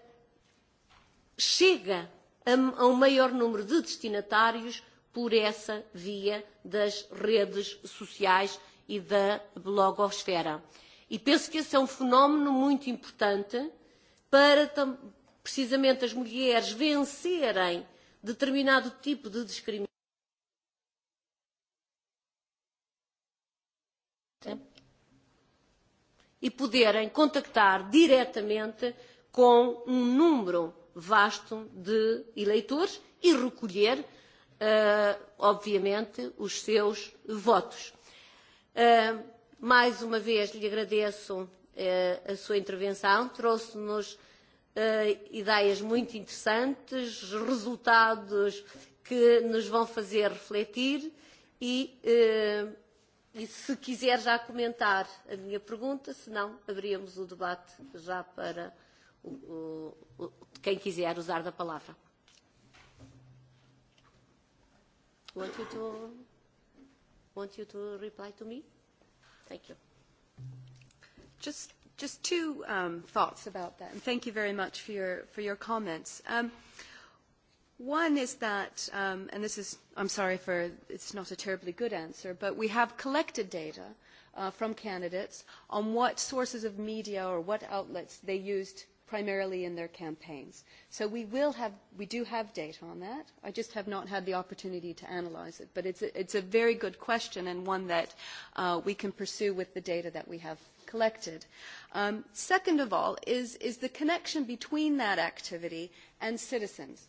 chega a, a um maior número de destinatários por essa via das redes sociais e da blogosfera. E penso que esse é um fenómeno muito importante para precisamente as mulheres vencerem determinado tipo de discriminação. E poderem contactar diretamente com um número vasto de eleitores e recolher, uh, obviamente, os seus votos mais uma vez lhe agradeço uh, a sua intervenção. Trouxe-nos uh, ideias muito interessantes, resultados que nos vão fazer refletir e, uh, e se quiser já comentar a minha pergunta, se não, abrimos o debate já para o, o, o, quem quiser usar da palavra. Want you to want you to reply to me? Thank you. Just, just two um, thoughts about that, and thank you very much for your, for your comments. Um, one is that, um, and this is, I'm sorry for, it's not a terribly good answer, but we have collected data uh, from candidates on what sources of media or what outlets they used primarily in their campaigns. So we will have, we do have data on that. I just have not had the opportunity to analyze it, but it's a, it's a very good question and one that uh, we can pursue with the data that we have collected. Um, second of all is, is the connection between that activity and citizens.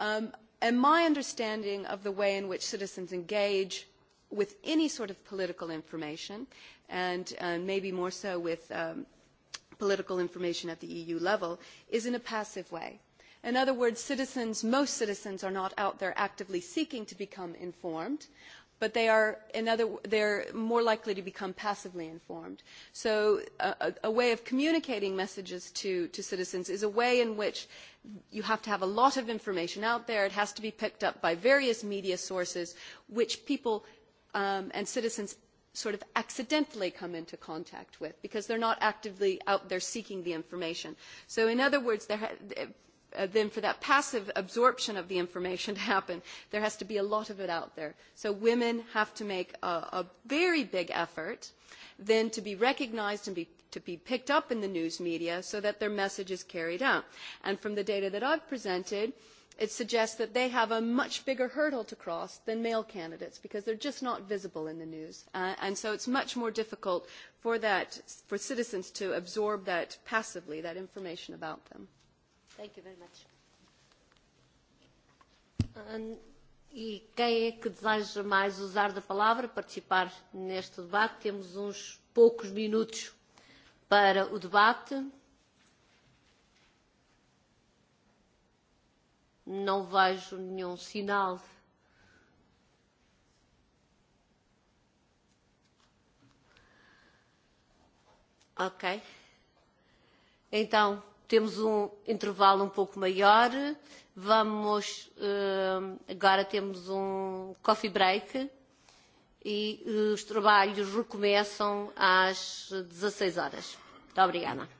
Um, and my understanding of the way in which citizens engage with any sort of political information, and uh, maybe more so with um, political information at the EU level is in a passive way. In other words, citizens, most citizens are not out there actively seeking to become informed, but they are another, they're more likely to become passively informed. So a, a way of communicating messages to, to citizens is a way in which you have to have a lot of information out there. It has to be picked up by various media sources, which people um, and citizens sort of accidentally come into contact with because they're not actively out there seeking the information. So in other words, there ha- uh, then for that passive absorption of the information to happen, there has to be a lot of it out there. So women have to make a, a very big effort then to be recognized and be, to be picked up in the news media so that their message is carried out. And from the data that I've presented, uh, it suggests that they have a much bigger hurdle to cross than male candidates because they're just not visible in the news. Uh, and so it's much more difficult for, that, for citizens to absorb that passively, that information about them. Thank you very much. And, e quem é que deseja mais usar da palavra, participar neste debate? Temos uns poucos minutos para o debate não vejo nenhum sinal. Ok. Então, temos um intervalo um pouco maior. Vamos, uh, agora temos um coffee break e uh, os trabalhos recomeçam às 16 horas. Muito obrigada. Uhum.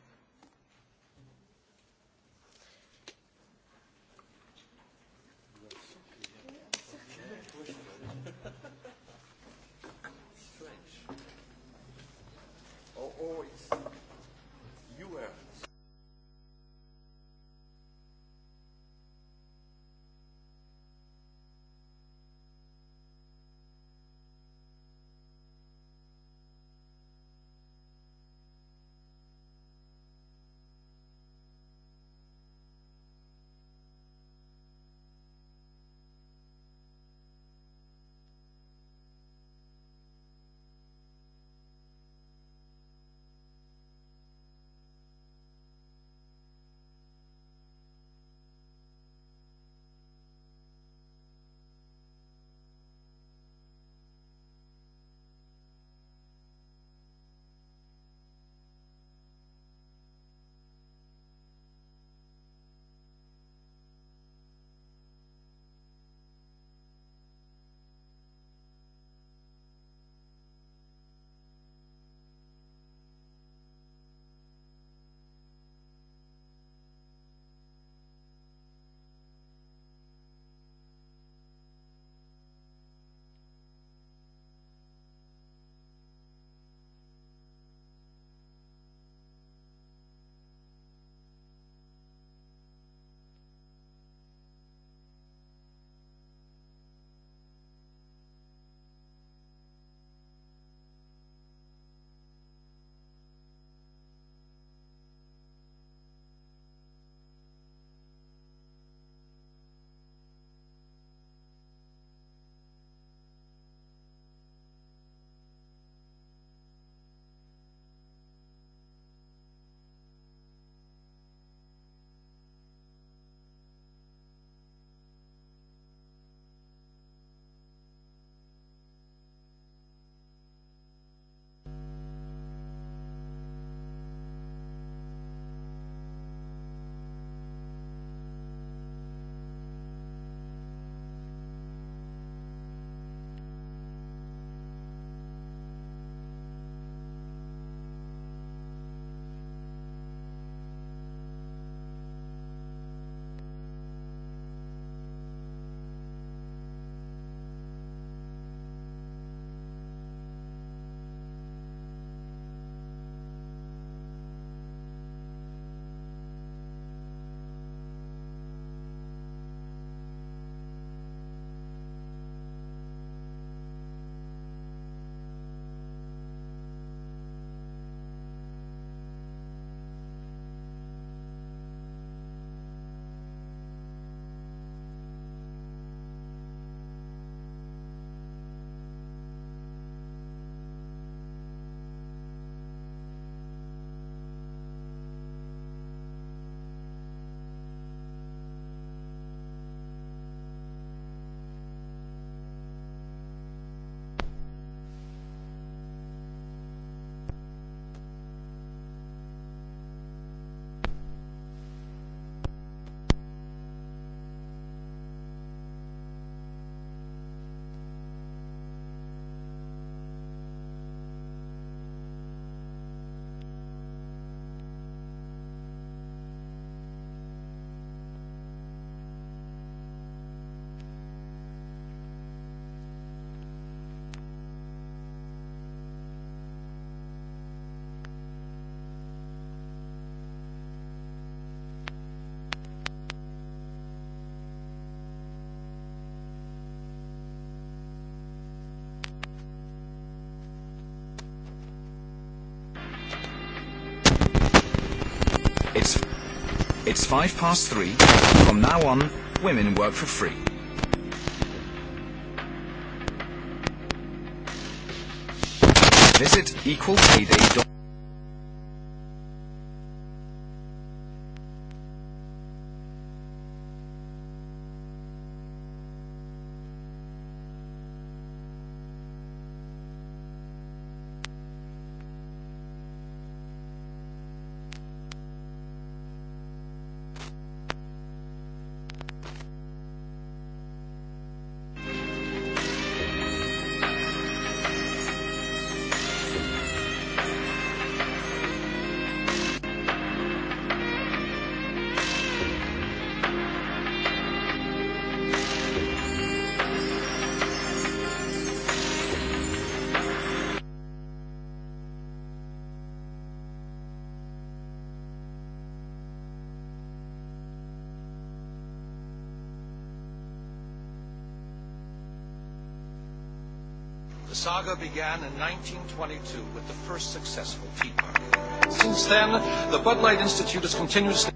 It's five past three. From now on, women work for free. Visit equalpayday.com. saga began in 1922 with the first successful tea party. Since then, the Bud Light Institute has continuously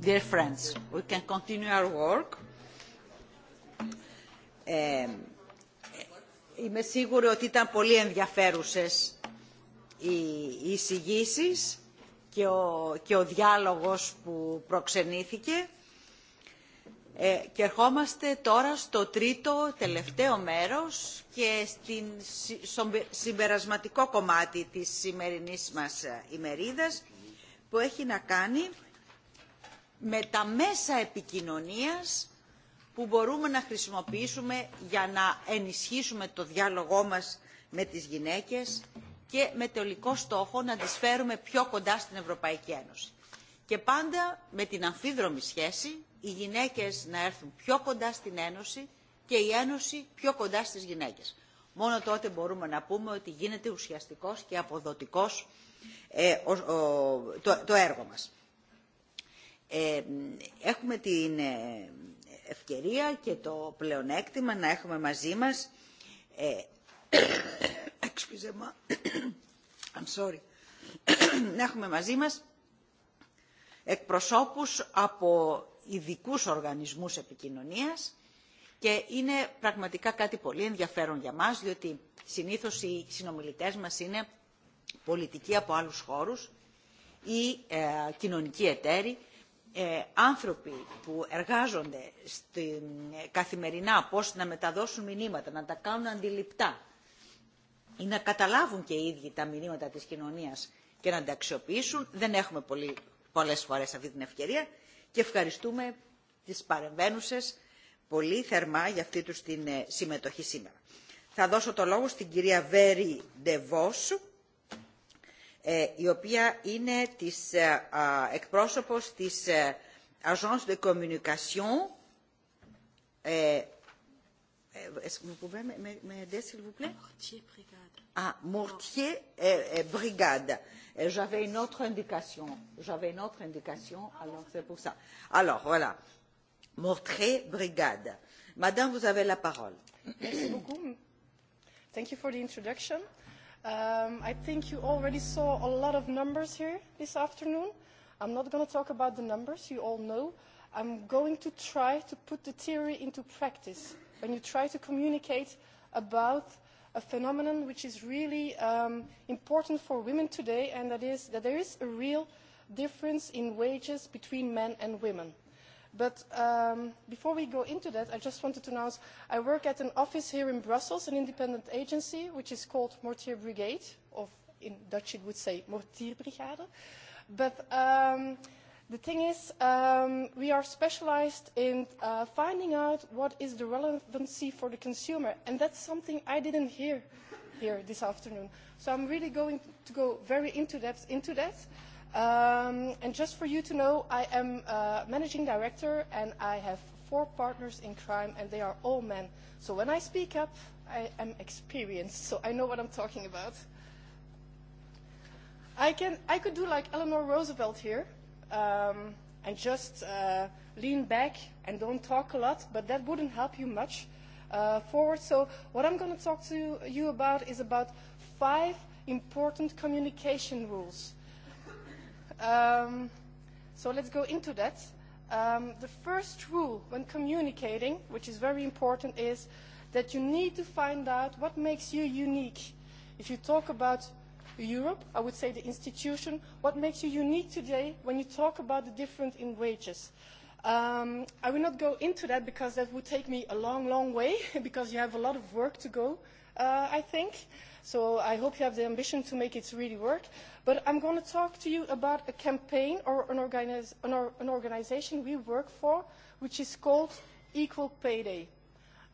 dear friends, we can continue our work. είμαι σίγουρη ότι ήταν πολύ ενδιαφέρουσες οι, οι εισηγήσει και και ο διάλογος που προξενήθηκε. Ε, και ερχόμαστε τώρα στο τρίτο τελευταίο μέρος και στην συμπερασματικό κομμάτι της σημερινής μας ημερίδας που έχει να κάνει με τα μέσα επικοινωνίας που μπορούμε να χρησιμοποιήσουμε για να ενισχύσουμε το διάλογό μας με τις γυναίκες και με τελικό στόχο να τις φέρουμε πιο κοντά στην Ευρωπαϊκή Ένωση. Και πάντα με την αμφίδρομη σχέση οι γυναίκες να έρθουν πιο κοντά στην Ένωση και η Ένωση πιο κοντά στις γυναίκες. Μόνο τότε μπορούμε να πούμε ότι γίνεται ουσιαστικός και αποδοτικός ε, ο, ο, το, το έργο μας. Ε, έχουμε την ευκαιρία και το πλεονέκτημα να έχουμε μαζί μας ε, excuse me, I'm sorry, να έχουμε μαζί μας εκπροσώπους από ειδικού οργανισμούς επικοινωνίας και είναι πραγματικά κάτι πολύ ενδιαφέρον για μας διότι συνήθως οι συνομιλητές μας είναι πολιτικοί από άλλους χώρους ή ε, κοινωνικοί εταίροι, ε, άνθρωποι που εργάζονται στην, ε, καθημερινά πώς να μεταδώσουν μηνύματα, να τα κάνουν αντιληπτά ή να καταλάβουν και οι ίδιοι τα μηνύματα της κοινωνίας και να τα αξιοποιήσουν. Δεν έχουμε πολύ, πολλές φορές αυτή την ευκαιρία και ευχαριστούμε τις παρεμβαίνουσες πολύ θερμά για αυτή τους την συμμετοχή σήμερα. Θα δώσω το λόγο στην κυρία Βέρι Ντεβόσου, η οποία είναι της εκπρόσωπος της Agence de Communication. Est-ce que vous pouvez m'aider, s'il vous plaît Mortier Brigade. Ah, Mortier euh, euh, Brigade. J'avais une autre indication. J'avais une autre indication, alors c'est pour ça. Alors, voilà. Mortier Brigade. Madame, vous avez la parole. Merci beaucoup. Thank you for the introduction. Uh, Um, I think you already saw a lot of numbers here this afternoon. I'm not going to talk about the numbers, you all know. I'm going to try to put the theory into practice when you try to communicate about a phenomenon which is really um, important for women today, and that is that there is a real difference in wages between men and women But um, before we go into that, I just wanted to announce I work at an office here in Brussels, an independent agency, which is called Mortier Brigade, or in Dutch it would say Mortierbrigade. But um, the thing is, um, we are specialized in uh, finding out what is the relevancy for the consumer, and that's something I didn't hear here this afternoon. So I'm really going to go very into depth into that. Um, and just for you to know, I am a uh, managing director and I have four partners in crime and they are all men. So when I speak up, I am experienced, so I know what I'm talking about. I, can, I could do like Eleanor Roosevelt here um, and just uh, lean back and don't talk a lot, but that wouldn't help you much uh, forward. So what I'm going to talk to you about is about five important communication rules Um, so let's go into that. Um, the first rule when communicating, which is very important, is that you need to find out what makes you unique. If you talk about Europe, I would say the institution, what makes you unique today when you talk about the difference in wages? Um, I will not go into that because that would take me a long, long way because you have a lot of work to go, uh, I think. So I hope you have the ambition to make it really work. But I'm going to talk to you about a campaign or an, organiz an, or an organization we work for, which is called Equal Pay Day.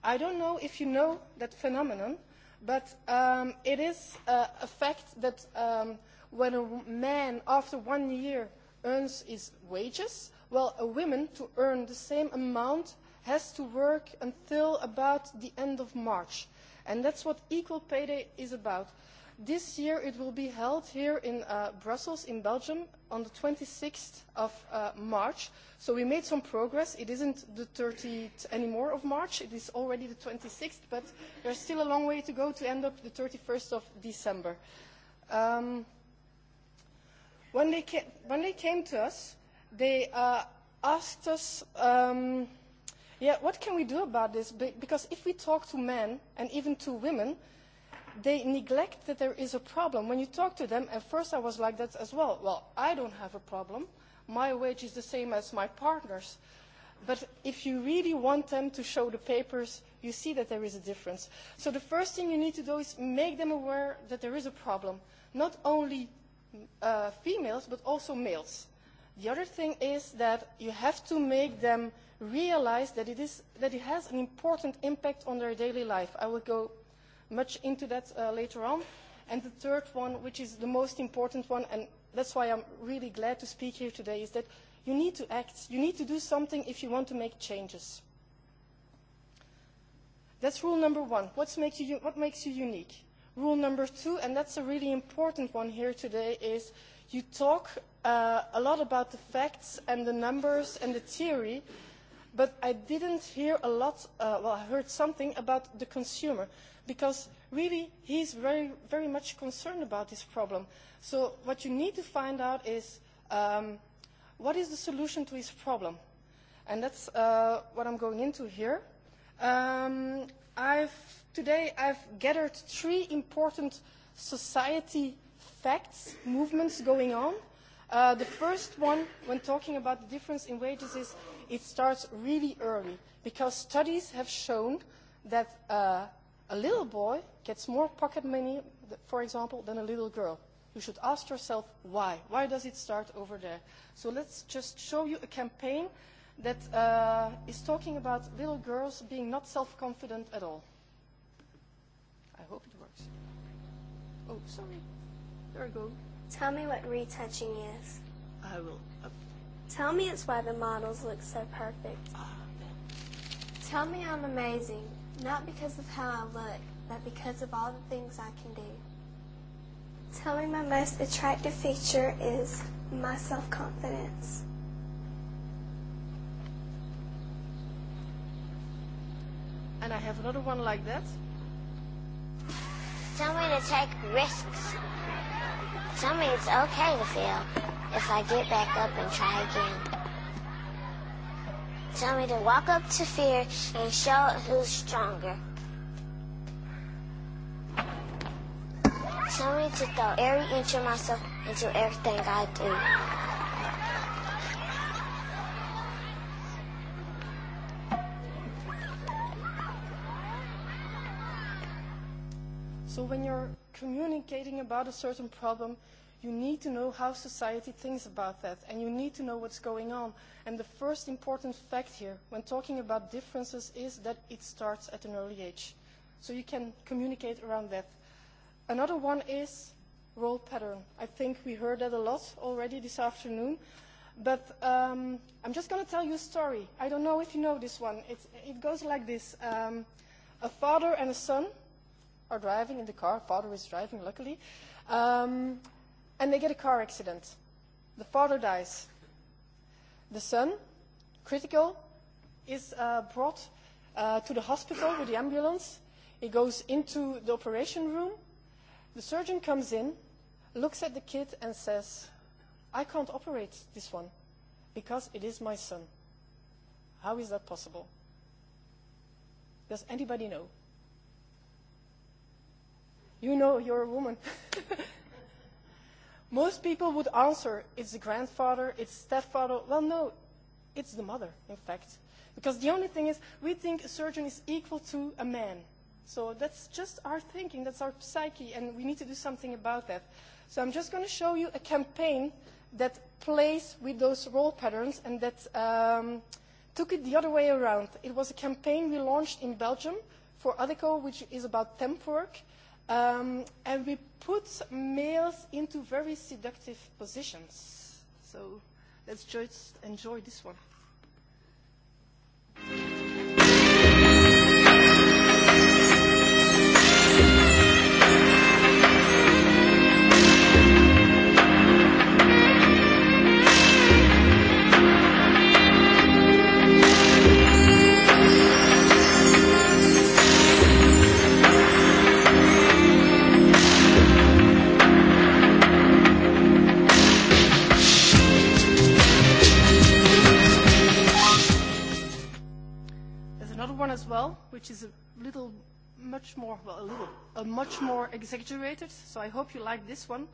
I don't know if you know that phenomenon, but um, it is uh, a fact that um, when a man, after one year, earns his wages, well, a woman, to earn the same amount, has to work until about the end of March and that is what equal pay day is about. this year it will be held here in uh, brussels in belgium on twenty six uh, march so we made some progress. it is not the thirty march anymore of it is already the twenty sixth but there is still a long way to go to end up the thirty one december. Um, when, they came to us they uh, asked us um, Yeah, what can we do about this? Because if we talk to men and even to women, they neglect that there is a problem. When you talk to them, at first I was like that as well. Well, I don't have a problem. My wage is the same as my partner's. But if you really want them to show the papers, you see that there is a difference. So the first thing you need to do is make them aware that there is a problem. Not only uh, females, but also males. The other thing is that you have to make them – realize that it, is, that it has an important impact on their daily life. I will go much into that uh, later on. And the third one, which is the most important one, and that's why I'm really glad to speak here today, is that you need to act. You need to do something if you want to make changes. That's rule number one. What's makes you, what makes you unique? Rule number two, and that's a really important one here today, is you talk uh, a lot about the facts and the numbers and the theory, but I did not hear a lot, uh, well, I heard something about the consumer, because really he is very much concerned about this problem. So what you need to find out is um, what is the solution to his problem? And that is uh, what i am going into here. Um, I've, today I've gathered three important society facts, movements going on. Uh, the first one, when talking about the difference in wages, is it starts really early because studies have shown that uh, a little boy gets more pocket money, for example, than a little girl. You should ask yourself why. Why does it start over there? So let's just show you a campaign that uh, is talking about little girls being not self-confident at all. I hope it works. Oh, sorry. There we go. Tell me what retouching is. I will. Uh, Tell me it's why the models look so perfect. Ah, Tell me I'm amazing, not because of how I look, but because of all the things I can do. Tell me my most attractive feature is my self confidence. And I have another one like that. Tell me to take risks. Tell me it's okay to fail if I get back up and try again. Tell me to walk up to fear and show who's stronger. Tell me to throw every inch of myself into everything I do. So when you're communicating about a certain problem, you need to know how society thinks about that, and you need to know what's going on. And the first important fact here, when talking about differences, is that it starts at an early age. So you can communicate around that. Another one is role pattern. I think we heard that a lot already this afternoon. But um, I'm just going to tell you a story. I don't know if you know this one. It, it goes like this. Um, a father and a son are driving in the car. Father is driving, luckily. Um, and they get a car accident. The father dies. The son, critical, is uh, brought uh, to the hospital with the ambulance. He goes into the operation room. The surgeon comes in, looks at the kid, and says, I can't operate this one because it is my son. How is that possible? Does anybody know? You know, you're a woman. Most people would answer, it's the grandfather, it's stepfather. Well, no, it's the mother, in fact. Because the only thing is, we think a surgeon is equal to a man. So that's just our thinking, that's our psyche, and we need to do something about that. So I'm just going to show you a campaign that plays with those role patterns and that um, took it the other way around. It was a campaign we launched in Belgium for ADECO, which is about temp work Um, and we put males into very seductive positions. So let's just enjoy this one. as well, which is a little much more, well, a little, a much more exaggerated. So I hope you like this one.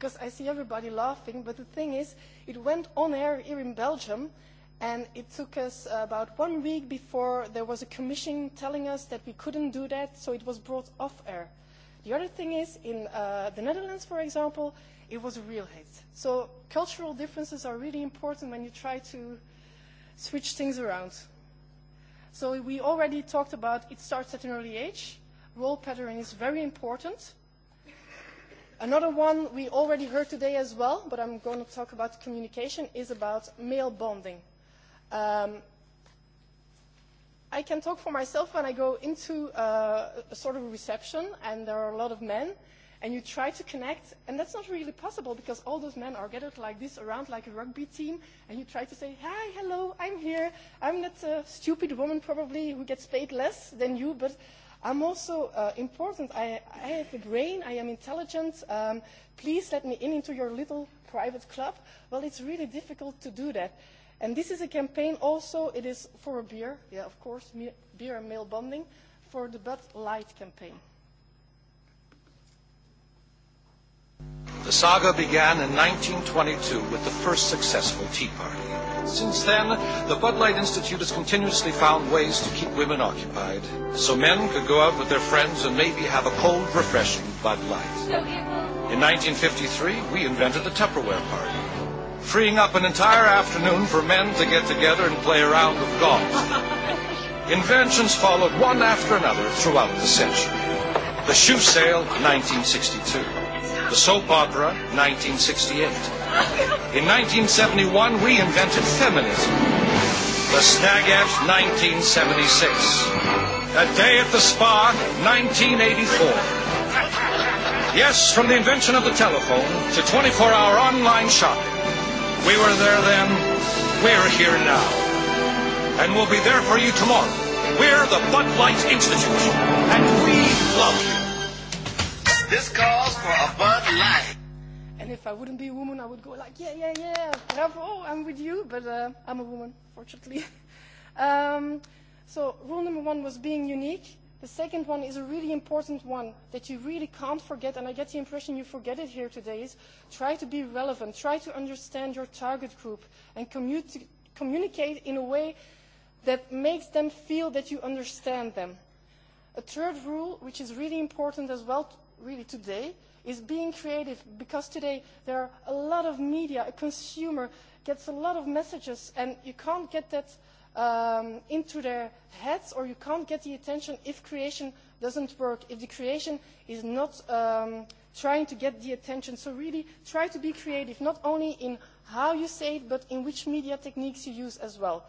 because I see everybody laughing, but the thing is, it went on air here in Belgium, and it took us about one week before there was a commission telling us that we couldn't do that, so it was brought off air. The other thing is, in uh, the Netherlands, for example, it was a real hit. So cultural differences are really important when you try to switch things around. So we already talked about it starts at an early age. Role pattern is very important another one we already heard today as well but i'm going to talk about communication is about male bonding um, i can talk for myself when i go into uh, a sort of reception and there are a lot of men and you try to connect and that's not really possible because all those men are gathered like this around like a rugby team and you try to say hi hello i'm here i'm not a stupid woman probably who gets paid less than you but I'm also uh, important. I, I have a brain. I am intelligent. Um, please let me in into your little private club. Well, it's really difficult to do that. And this is a campaign also, it is for beer, yeah, of course, beer and male bonding, for the Bud Light campaign. The saga began in 1922 with the first successful Tea Party. Since then, the Bud Light Institute has continuously found ways to keep women occupied, so men could go out with their friends and maybe have a cold, refreshing Bud Light. In 1953, we invented the Tupperware Party, freeing up an entire afternoon for men to get together and play a round of golf. Inventions followed one after another throughout the century. The shoe sale, 1962 the soap opera 1968. In 1971, we invented feminism. The Snag 1976. A Day at the Spa 1984. Yes, from the invention of the telephone to 24-hour online shopping. We were there then, we're here now. And we'll be there for you tomorrow. We're the Bud Light Institute, and we love you. This calls for a Bud Light. And if I wouldn't be a woman, I would go like, yeah, yeah, yeah, bravo, I'm with you. But uh, I'm a woman, fortunately. um, so rule number one was being unique. The second one is a really important one that you really can't forget, and I get the impression you forget it here today, is try to be relevant, try to understand your target group, and commu- communicate in a way that makes them feel that you understand them. A third rule, which is really important as well, really today is being creative because today there are a lot of media. A consumer gets a lot of messages and you can't get that um, into their heads or you can't get the attention if creation doesn't work, if the creation is not um, trying to get the attention. So really try to be creative, not only in how you say it, but in which media techniques you use as well.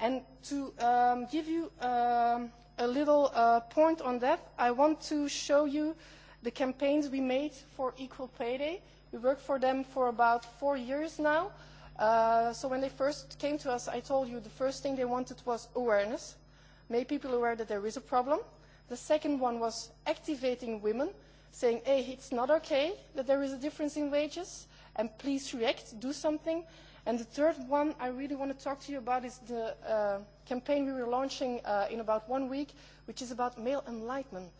And to um, give you um, a little uh, point on that, I want to show you the campaigns we made for Equal Pay Day. We worked for them for about four years now. Uh, so when they first came to us, I told you the first thing they wanted was awareness, make people aware that there is a problem. The second one was activating women, saying, hey, it's not okay that there is a difference in wages, and please react, do something. And the third one I really want to talk to you about is the uh, campaign we were launching uh, in about one week, which is about male enlightenment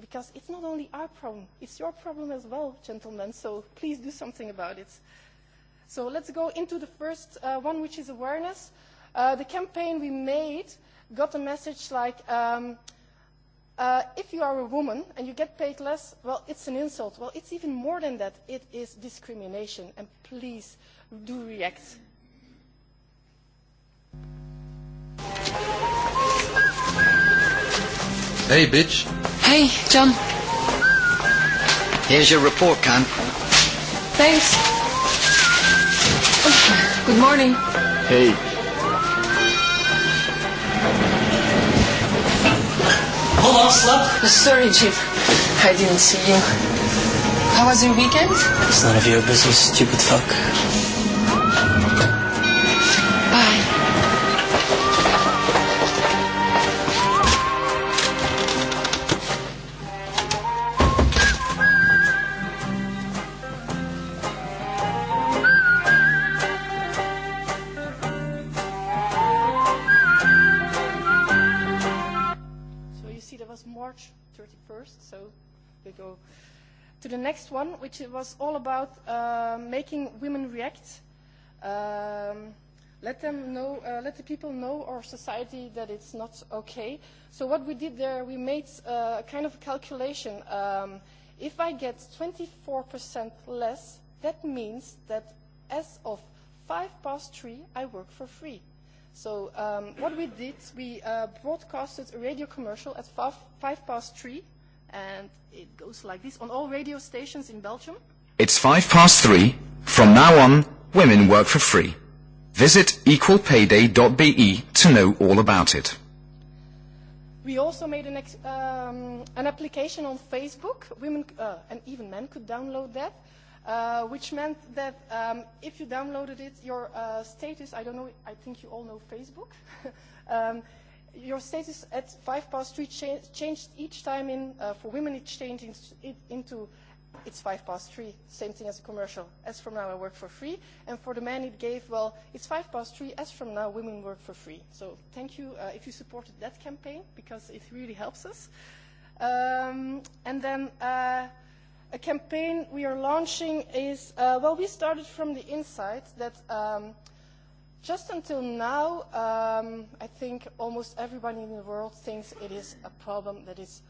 because it's not only our problem, it's your problem as well, gentlemen, so please do something about it. So let's go into the first uh, one, which is awareness. Uh, the campaign we made got a message like, um, uh, if you are a woman and you get paid less, well, it's an insult. Well, it's even more than that. It is discrimination. And please do react. Hey, bitch. Hey, John. Here's your report, Con. Thanks. Oh, good morning. Hey. Hold on, slut. Sorry, chief. I didn't see you. How was your weekend? It's none of your business, stupid fuck. which was all about uh, making women react. Um, let them know, uh, let the people know or society that it's not okay. So what we did there, we made uh, a kind of calculation. Um, if I get 24% less, that means that as of five past three, I work for free. So um, what we did, we uh, broadcasted a radio commercial at five, five past three and it goes like this on all radio stations in Belgium. It's five past three. From now on, women work for free. Visit equalpayday.be to know all about it. We also made an, ex- um, an application on Facebook. Women uh, and even men could download that, uh, which meant that um, if you downloaded it, your uh, status—I don't know—I think you all know Facebook. um, your status at five past three cha changed each time in, uh, for women it changed in, it, into it's five past three, same thing as a commercial. As from now I work for free. And for the men it gave, well, it's five past three, as from now women work for free. So thank you uh, if you supported that campaign because it really helps us. Um, and then uh, a campaign we are launching is, uh, well, we started from the inside that um, – Just until now, um, I think almost everybody in the world thinks it is a problem that is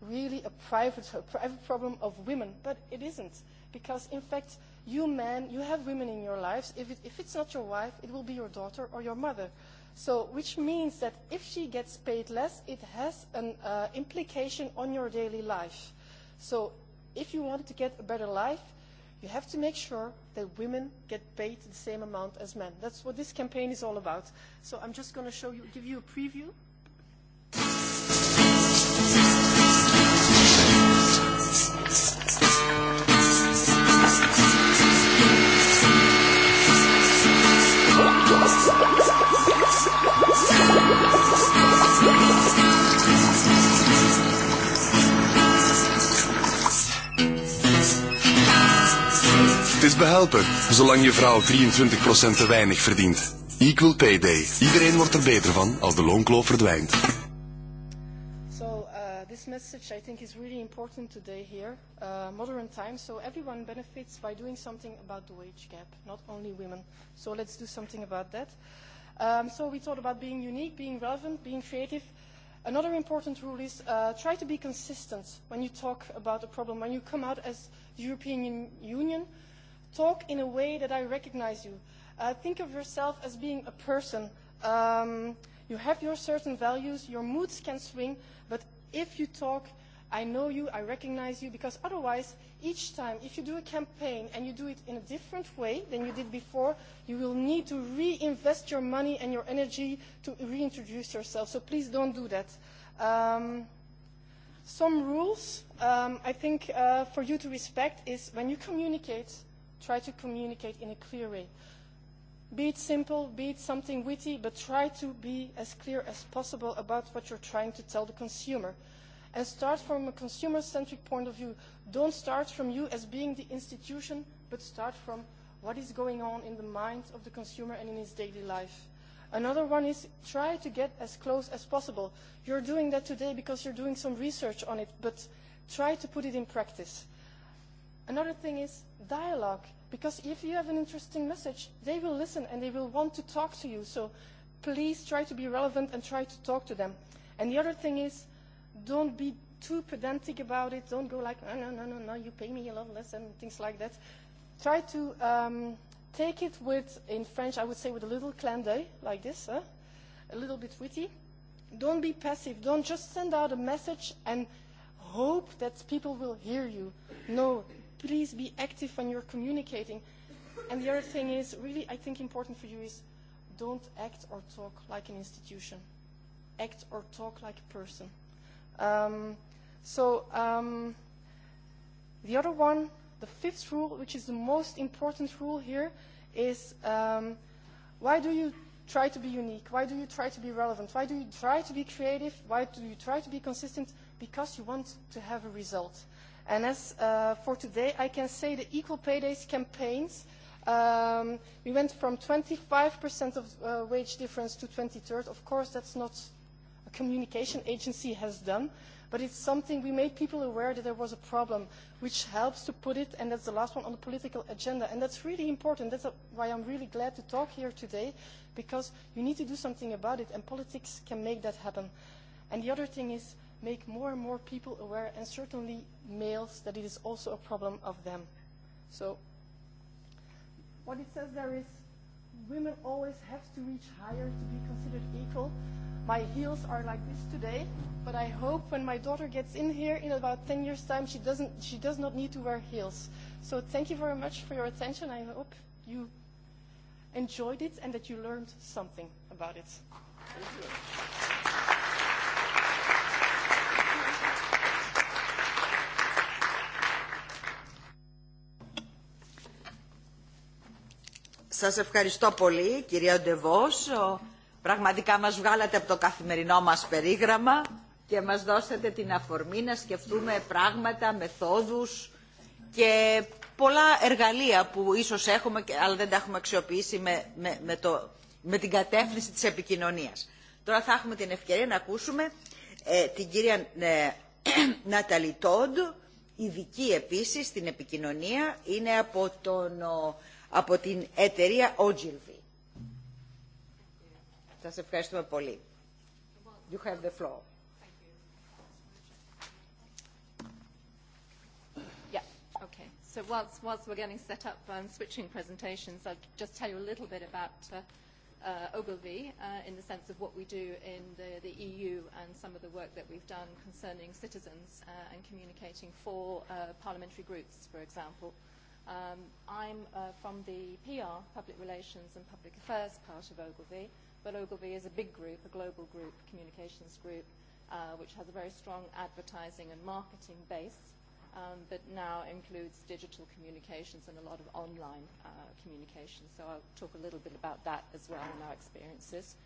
really a private, a private problem of women, but it isn't. Because in fact, you men, you have women in your lives. If, it, if it's not your wife, it will be your daughter or your mother. So, which means that if she gets paid less, it has an uh, implication on your daily life. So, if you want to get a better life, you have to make sure that women get paid the same amount as men. That's what this campaign is all about. So I'm just going to show you, give you a preview. Thank you. Het is behelpen, zolang je vrouw 23% te weinig verdient. Equal pay day. Iedereen wordt er beter van als de loonkloof verdwijnt. So uh, this message I think is really important today here, uh, modern times. So everyone benefits by doing something about the wage gap, not only women. So let's do something about that. Um, so we thought about being unique, being relevant, being creative. Another important rule is uh, try to be consistent when you talk about a problem. When you come out as the European Union, talk in a way that I recognize you. Uh, think of yourself as being a person. Um, you have your certain values, your moods can swing, but if you talk, I know you, I recognize you, because otherwise, each time, if you do a campaign and you do it in a different way than you did before, you will need to reinvest your money and your energy to reintroduce yourself. So please don't do that. Um, some rules um, I think uh, for you to respect is when you communicate, try to communicate in a clear way. Be it simple, be it something witty, but try to be as clear as possible about what you're trying to tell the consumer. And start from a consumer-centric point of view. Don't start from you as being the institution, but start from what is going on in the mind of the consumer and in his daily life. Another one is try to get as close as possible. You're doing that today because you're doing some research on it, but try to put it in practice. Another thing is dialogue because if you have an interesting message, they will listen and they will want to talk to you. So please try to be relevant and try to talk to them. And the other thing is, don't be too pedantic about it. Don't go like, oh, no, no, no, no, you pay me a lot less and things like that. Try to um, take it with, in French, I would say with a little clin d'oeil, like this, huh? a little bit witty. Don't be passive. Don't just send out a message and hope that people will hear you. No, please be active when you're communicating. And the other thing is, really, I think important for you is don't act or talk like an institution. Act or talk like a person. Um, so um, the other one, the fifth rule, which is the most important rule here, is um, why do you try to be unique? Why do you try to be relevant? Why do you try to be creative? Why do you try to be consistent? Because you want to have a result And as uh, for today, I can say the Equal Pay Days campaigns, um, we went from 25% of uh, wage difference to 23rd. Of course, that's not a communication agency has done, but it's something we made people aware that there was a problem, which helps to put it, and that's the last one, on the political agenda. And that's really important. That's uh, why I'm really glad to talk here today, because you need to do something about it, and politics can make that happen. And the other thing is, make more and more people aware, and certainly males, that it is also a problem of them. So what it says there is women always have to reach higher to be considered equal. My heels are like this today, but I hope when my daughter gets in here in about 10 years' time, she, doesn't, she does not need to wear heels. So thank you very much for your attention. I hope you enjoyed it and that you learned something about it. Thank you. Σας ευχαριστώ πολύ, κυρία Ντεβός. Πραγματικά μας βγάλατε από το καθημερινό μας περίγραμμα και μας δώσατε την αφορμή να σκεφτούμε πράγματα, μεθόδους και πολλά εργαλεία που ίσως έχουμε αλλά δεν τα έχουμε αξιοποιήσει με, με, με, το, με την κατεύθυνση της επικοινωνίας. Τώρα θα έχουμε την ευκαιρία να ακούσουμε ε, την κυρία ε, Ναταλή Τόντ, ειδική επίσης στην επικοινωνία, είναι από τον ο, από την εταιρεία Ogilvy. Σας ευχαριστούμε πολύ. You have the floor. Yeah, okay. So whilst, whilst we're getting set up and switching presentations, I'll just tell you a little bit about uh, uh, Ogilvy uh, in the sense of what we do in the, the EU and some of the work that we've done concerning citizens uh, and communicating for uh, parliamentary groups, for example. Uh, Um, I'm uh, from the PR, Public Relations and Public Affairs part of Ogilvy, but Ogilvy is a big group, a global group, communications group, uh, which has a very strong advertising and marketing base, um, but now includes digital communications and a lot of online uh, communications. So I'll talk a little bit about that as well and our experiences.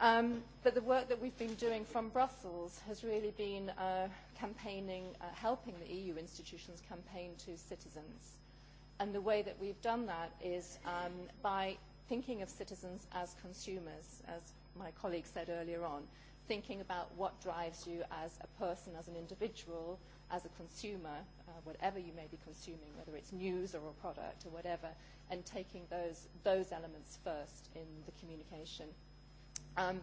Um, but the work that we've been doing from Brussels has really been uh, campaigning, uh, helping the EU institutions campaign to citizens And the way that we've done that is um, by thinking of citizens as consumers, as my colleague said earlier on, thinking about what drives you as a person, as an individual, as a consumer, uh, whatever you may be consuming, whether it's news or a product or whatever, and taking those, those elements first in the communication. Um,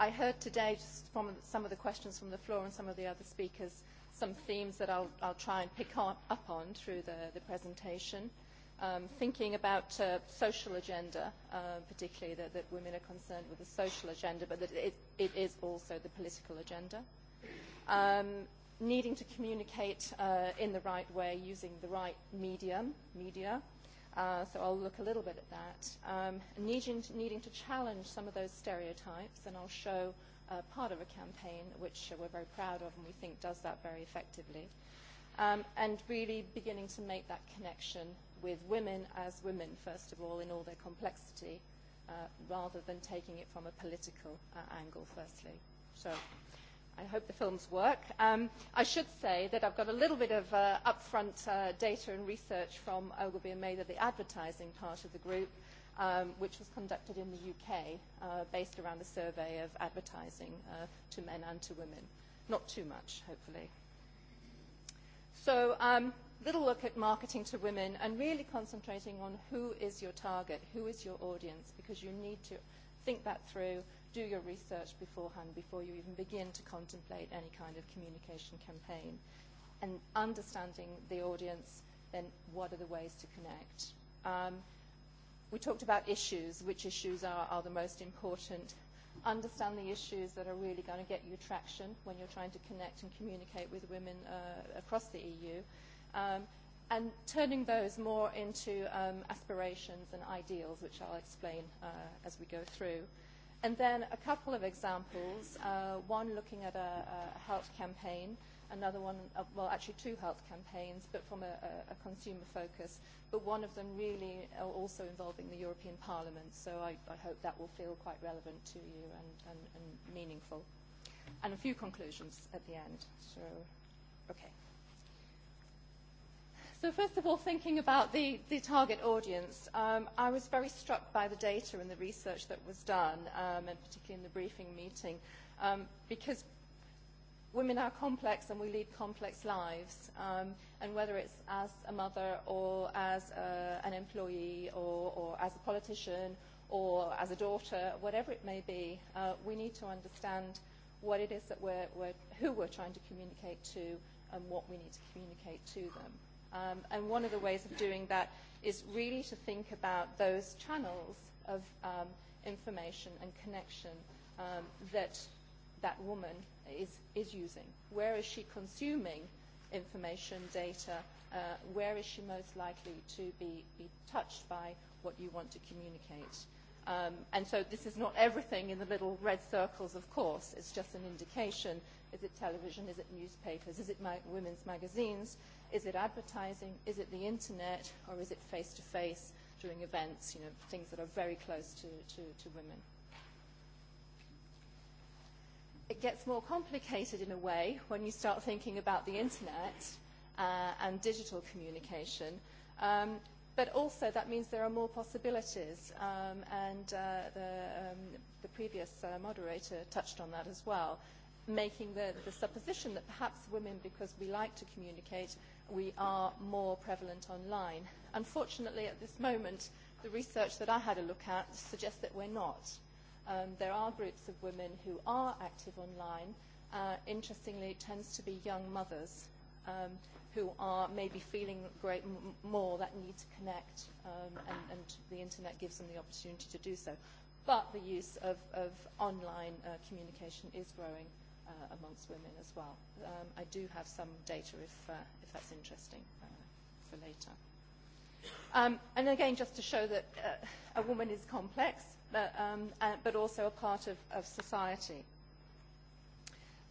I heard today, just from some of the questions from the floor and some of the other speakers, some themes that I'll, I'll try and pick on, up on through the, the presentation um, thinking about uh, social agenda, uh, particularly that, that women are concerned with the social agenda, but that it, it is also the political agenda. Um, needing to communicate uh, in the right way using the right medium, media. Uh, so I'll look a little bit at that. Um, needing, to, needing to challenge some of those stereotypes, and I'll show uh, part of a campaign which uh, we're very proud of and we think does that very effectively. Um, and really beginning to make that connection with women as women, first of all, in all their complexity, uh, rather than taking it from a political uh, angle, firstly. So I hope the films work. Um, I should say that I've got a little bit of uh, upfront uh, data and research from Ogilvy and Mather, the advertising part of the group, um, which was conducted in the UK, uh, based around a survey of advertising uh, to men and to women. Not too much, hopefully. So um, little look at marketing to women and really concentrating on who is your target, who is your audience, because you need to think that through, do your research beforehand before you even begin to contemplate any kind of communication campaign. And understanding the audience, then what are the ways to connect? Um, we talked about issues, which issues are, are the most important. Understand the issues that are really going to get you traction when you're trying to connect and communicate with women uh, across the EU um, and turning those more into um, aspirations and ideals, which I'll explain uh, as we go through. And then a couple of examples, uh, one looking at a, a health campaign, another one, uh, well, actually two health campaigns, but from a, a, a consumer focus, but one of them really uh, also involving the European Parliament, so I, I hope that will feel quite relevant to you and, and, and meaningful. And a few conclusions at the end, so, okay. So first of all, thinking about the, the target audience, um, I was very struck by the data and the research that was done, um, and particularly in the briefing meeting, um, because women are complex and we lead complex lives. Um, and whether it's as a mother or as a, an employee or, or as a politician or as a daughter, whatever it may be, uh, we need to understand what it is that we're, we're, who we're trying to communicate to and what we need to communicate to them. Um, and one of the ways of doing that is really to think about those channels of um, information and connection um, that that woman is, is using. Where is she consuming information, data? Uh, where is she most likely to be, be touched by what you want to communicate? Um, and so this is not everything in the little red circles, of course. It's just an indication. Is it television? Is it newspapers? Is it ma- women's magazines? Is it advertising? Is it the internet? Or is it face-to-face -face during events, you know, things that are very close to, to, to women? It gets more complicated in a way when you start thinking about the internet uh, and digital communication. Um, but also that means there are more possibilities, um, and uh, the, um, the previous uh, moderator touched on that as well, making the, the supposition that perhaps women, because we like to communicate, we are more prevalent online. Unfortunately, at this moment, the research that I had a look at suggests that we're not. Um, there are groups of women who are active online. Uh, interestingly, it tends to be young mothers um, who are maybe feeling great m- more that need to connect, um, and, and the internet gives them the opportunity to do so. But the use of, of online uh, communication is growing uh, amongst women as well. Um, I do have some data if, uh, if that's interesting uh, for later. Um, and again, just to show that uh, a woman is complex, but, um, uh, but also a part of, of society.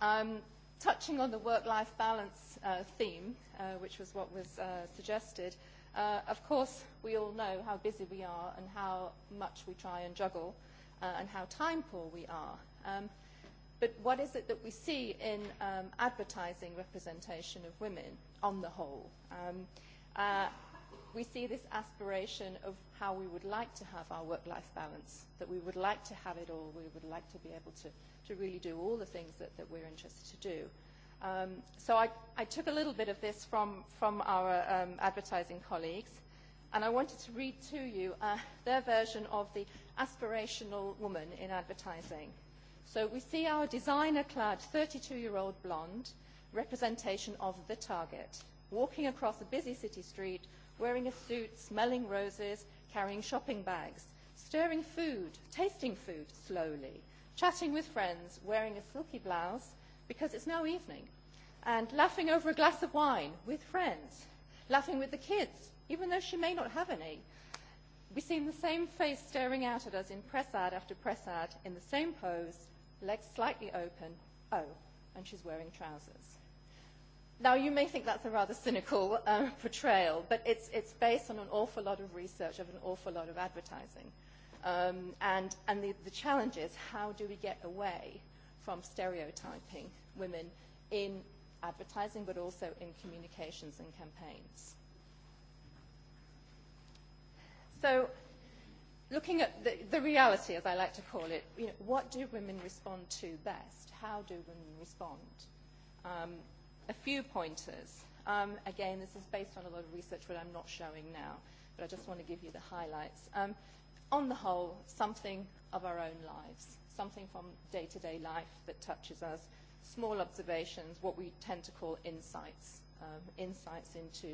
Um, touching on the work-life balance uh, theme, uh, which was what was uh, suggested, uh, of course, we all know how busy we are and how much we try and juggle uh, and how time poor we are. Um, But what is it that we see in um, advertising representation of women on the whole? Um, uh, we see this aspiration of how we would like to have our work-life balance, that we would like to have it all, we would like to be able to, to really do all the things that, that we're interested to do. Um, so I, I took a little bit of this from, from our um, advertising colleagues, and I wanted to read to you uh, their version of the aspirational woman in advertising. So we see our designer-clad 32-year-old blonde representation of the target, walking across a busy city street, wearing a suit, smelling roses, carrying shopping bags, stirring food, tasting food slowly, chatting with friends, wearing a silky blouse because it's now evening, and laughing over a glass of wine with friends, laughing with the kids, even though she may not have any. We've seen the same face staring out at us in press ad after press ad in the same pose, legs slightly open, oh, and she's wearing trousers. Now, you may think that's a rather cynical uh, portrayal, but it's, it's based on an awful lot of research of an awful lot of advertising. Um, and and the, the challenge is how do we get away from stereotyping women in advertising, but also in communications and campaigns? So looking at the, the reality, as I like to call it, you know, what do women respond to best? How do women respond? Um, a few pointers. Um, again, this is based on a lot of research that I'm not showing now, but I just want to give you the highlights. Um, on the whole, something of our own lives, something from day-to-day -day life that touches us, small observations, what we tend to call insights, um, insights into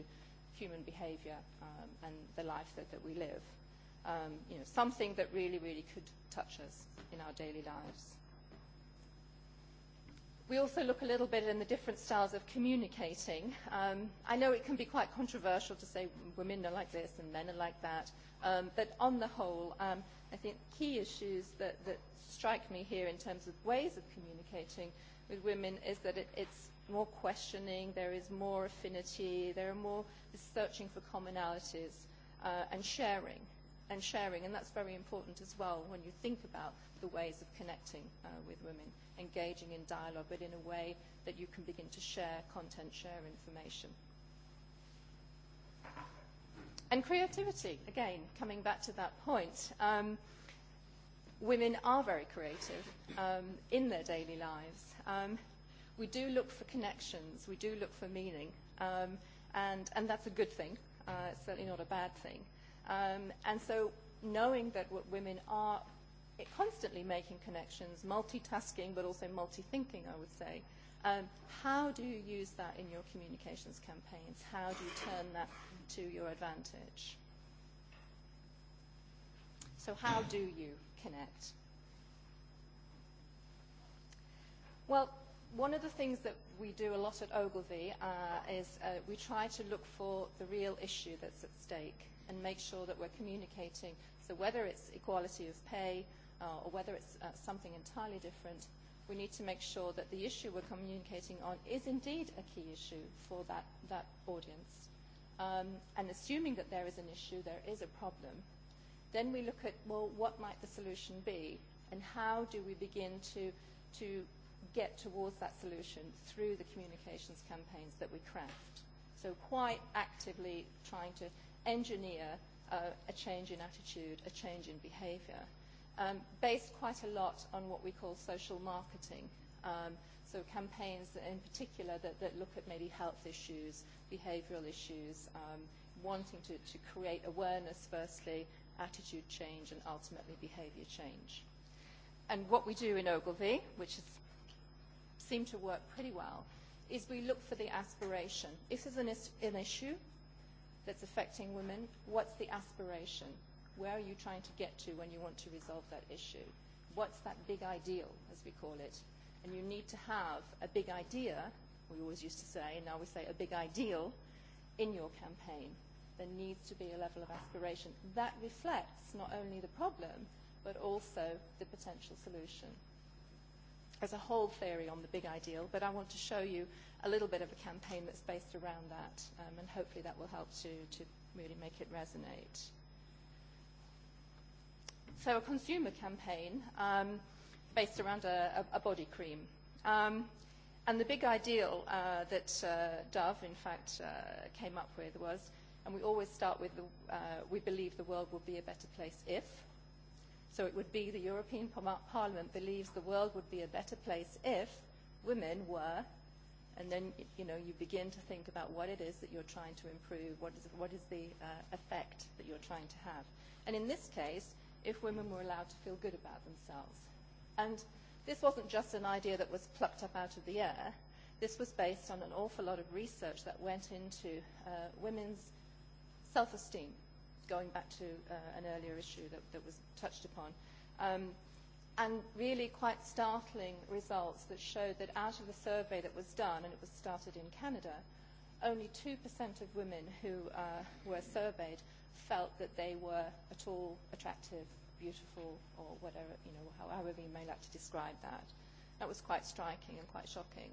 human behavior um, and the life that, that we live um, you know, something that really, really could touch us in our daily lives. We also look a little bit in the different styles of communicating. Um, I know it can be quite controversial to say women are like this and men are like that, um, but on the whole, um, I think key issues that, that strike me here in terms of ways of communicating with women is that it, it's more questioning, there is more affinity, there are more searching for commonalities uh, and sharing and sharing, and that's very important as well when you think about the ways of connecting uh, with women, engaging in dialogue, but in a way that you can begin to share content, share information. And creativity, again, coming back to that point. Um, women are very creative um, in their daily lives. Um, we do look for connections, we do look for meaning, um, and, and that's a good thing. Uh, it's certainly not a bad thing. Um, and so knowing that what women are constantly making connections, multitasking, but also multi-thinking, I would say, um, how do you use that in your communications campaigns? How do you turn that to your advantage? So how do you connect? Well, one of the things that we do a lot at Ogilvy uh, is uh, we try to look for the real issue that's at stake and make sure that we're communicating. So whether it's equality of pay uh, or whether it's uh, something entirely different, we need to make sure that the issue we're communicating on is indeed a key issue for that, that audience. Um, and assuming that there is an issue, there is a problem, then we look at, well, what might the solution be? And how do we begin to, to get towards that solution through the communications campaigns that we craft? So quite actively trying to engineer uh, a change in attitude, a change in behavior, um, based quite a lot on what we call social marketing. Um, so campaigns in particular that, that look at maybe health issues, behavioral issues, um, wanting to, to create awareness firstly, attitude change, and ultimately behavior change. And what we do in Ogilvy, which has seemed to work pretty well, is we look for the aspiration. If there's an, is- an issue, that's affecting women? What's the aspiration? Where are you trying to get to when you want to resolve that issue? What's that big ideal, as we call it? And you need to have a big idea, we always used to say, and now we say a big ideal, in your campaign. There needs to be a level of aspiration that reflects not only the problem, but also the potential solution as a whole theory on the big ideal, but I want to show you a little bit of a campaign that's based around that, um, and hopefully that will help to, to really make it resonate. So a consumer campaign um, based around a, a, a body cream. Um, and the big ideal uh, that uh, Dove, in fact, uh, came up with was, and we always start with, the, uh, we believe the world will be a better place if, So it would be the European Parliament believes the world would be a better place if women were, and then you know you begin to think about what it is that you're trying to improve, what is what is the uh, effect that you're trying to have, and in this case, if women were allowed to feel good about themselves, and this wasn't just an idea that was plucked up out of the air. This was based on an awful lot of research that went into uh, women's self-esteem going back to uh, an earlier issue that, that was touched upon. Um, and really quite startling results that showed that out of the survey that was done, and it was started in Canada, only 2% of women who uh, were surveyed felt that they were at all attractive, beautiful, or whatever, you know, however you may like to describe that. That was quite striking and quite shocking.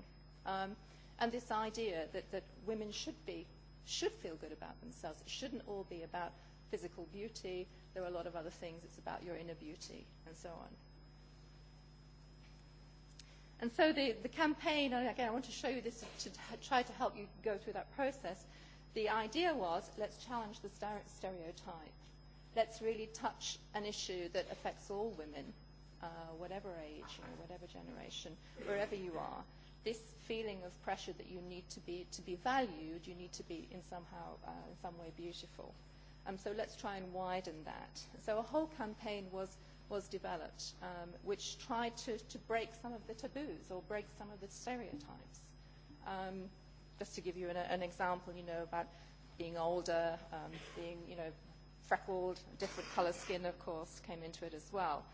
Um, and this idea that, that women should be, should feel good about themselves. It shouldn't all be about physical beauty. There are a lot of other things. It's about your inner beauty and so on. And so the, the campaign, and again, I want to show you this to try to help you go through that process. The idea was let's challenge the stereotype. Let's really touch an issue that affects all women, uh, whatever age, you know, whatever generation, wherever you are. This feeling of pressure that you need to be to be valued, you need to be in somehow uh, in some way beautiful. Um, so let's try and widen that. So a whole campaign was, was developed, um, which tried to, to break some of the taboos or break some of the stereotypes. Um, just to give you an, an example, you know, about being older, um, being, you know, freckled, different color skin, of course, came into it as well.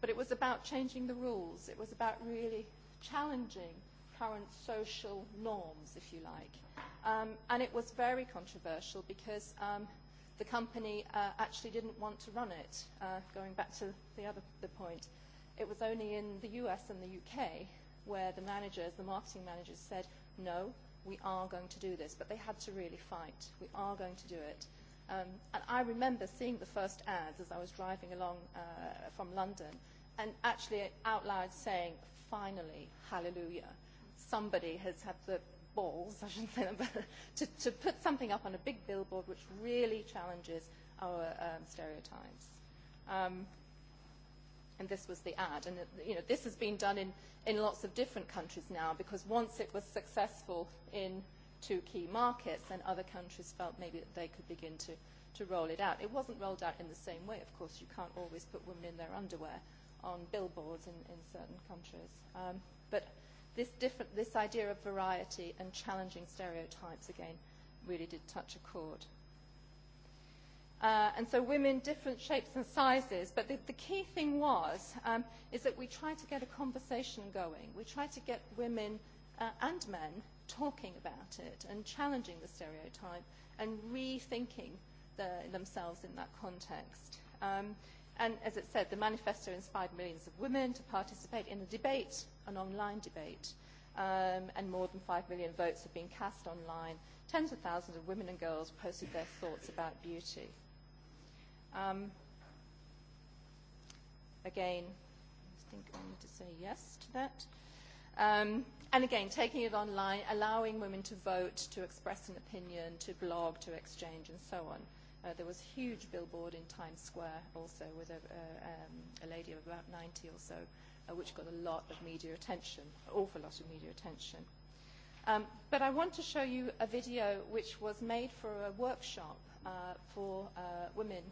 But it was about changing the rules. It was about really challenging current social norms, if you like. Um, and it was very controversial because um, – the company uh, actually didn't want to run it, uh, going back to the other the point. It was only in the US and the UK where the managers, the marketing managers said, no, we are going to do this. But they had to really fight. We are going to do it. Um, and I remember seeing the first ads as I was driving along uh, from London and actually out loud saying, finally, hallelujah, somebody has had the balls, I shouldn't say that, but to, to put something up on a big billboard which really challenges our um, stereotypes. Um, and this was the ad. And you know, this has been done in, in lots of different countries now because once it was successful in two key markets, then other countries felt maybe that they could begin to, to roll it out. It wasn't rolled out in the same way, of course. You can't always put women in their underwear on billboards in, in certain countries. Um, but this, different, this idea of variety and challenging stereotypes, again, really did touch a chord. Uh, and so women, different shapes and sizes. But the, the key thing was, um, is that we tried to get a conversation going. We tried to get women uh, and men talking about it and challenging the stereotype and rethinking the, themselves in that context. Um, And as it said, the manifesto inspired millions of women to participate in a debate, an online debate. Um, and more than 5 million votes have been cast online. Tens of thousands of women and girls posted their thoughts about beauty. Um, again, I think I need to say yes to that. Um, and again, taking it online, allowing women to vote, to express an opinion, to blog, to exchange, and so on. Uh, there was a huge billboard in Times Square also with a, a, uh, um, a lady of about 90 or so, uh, which got a lot of media attention, an awful lot of media attention. Um, but I want to show you a video which was made for a workshop uh, for uh, women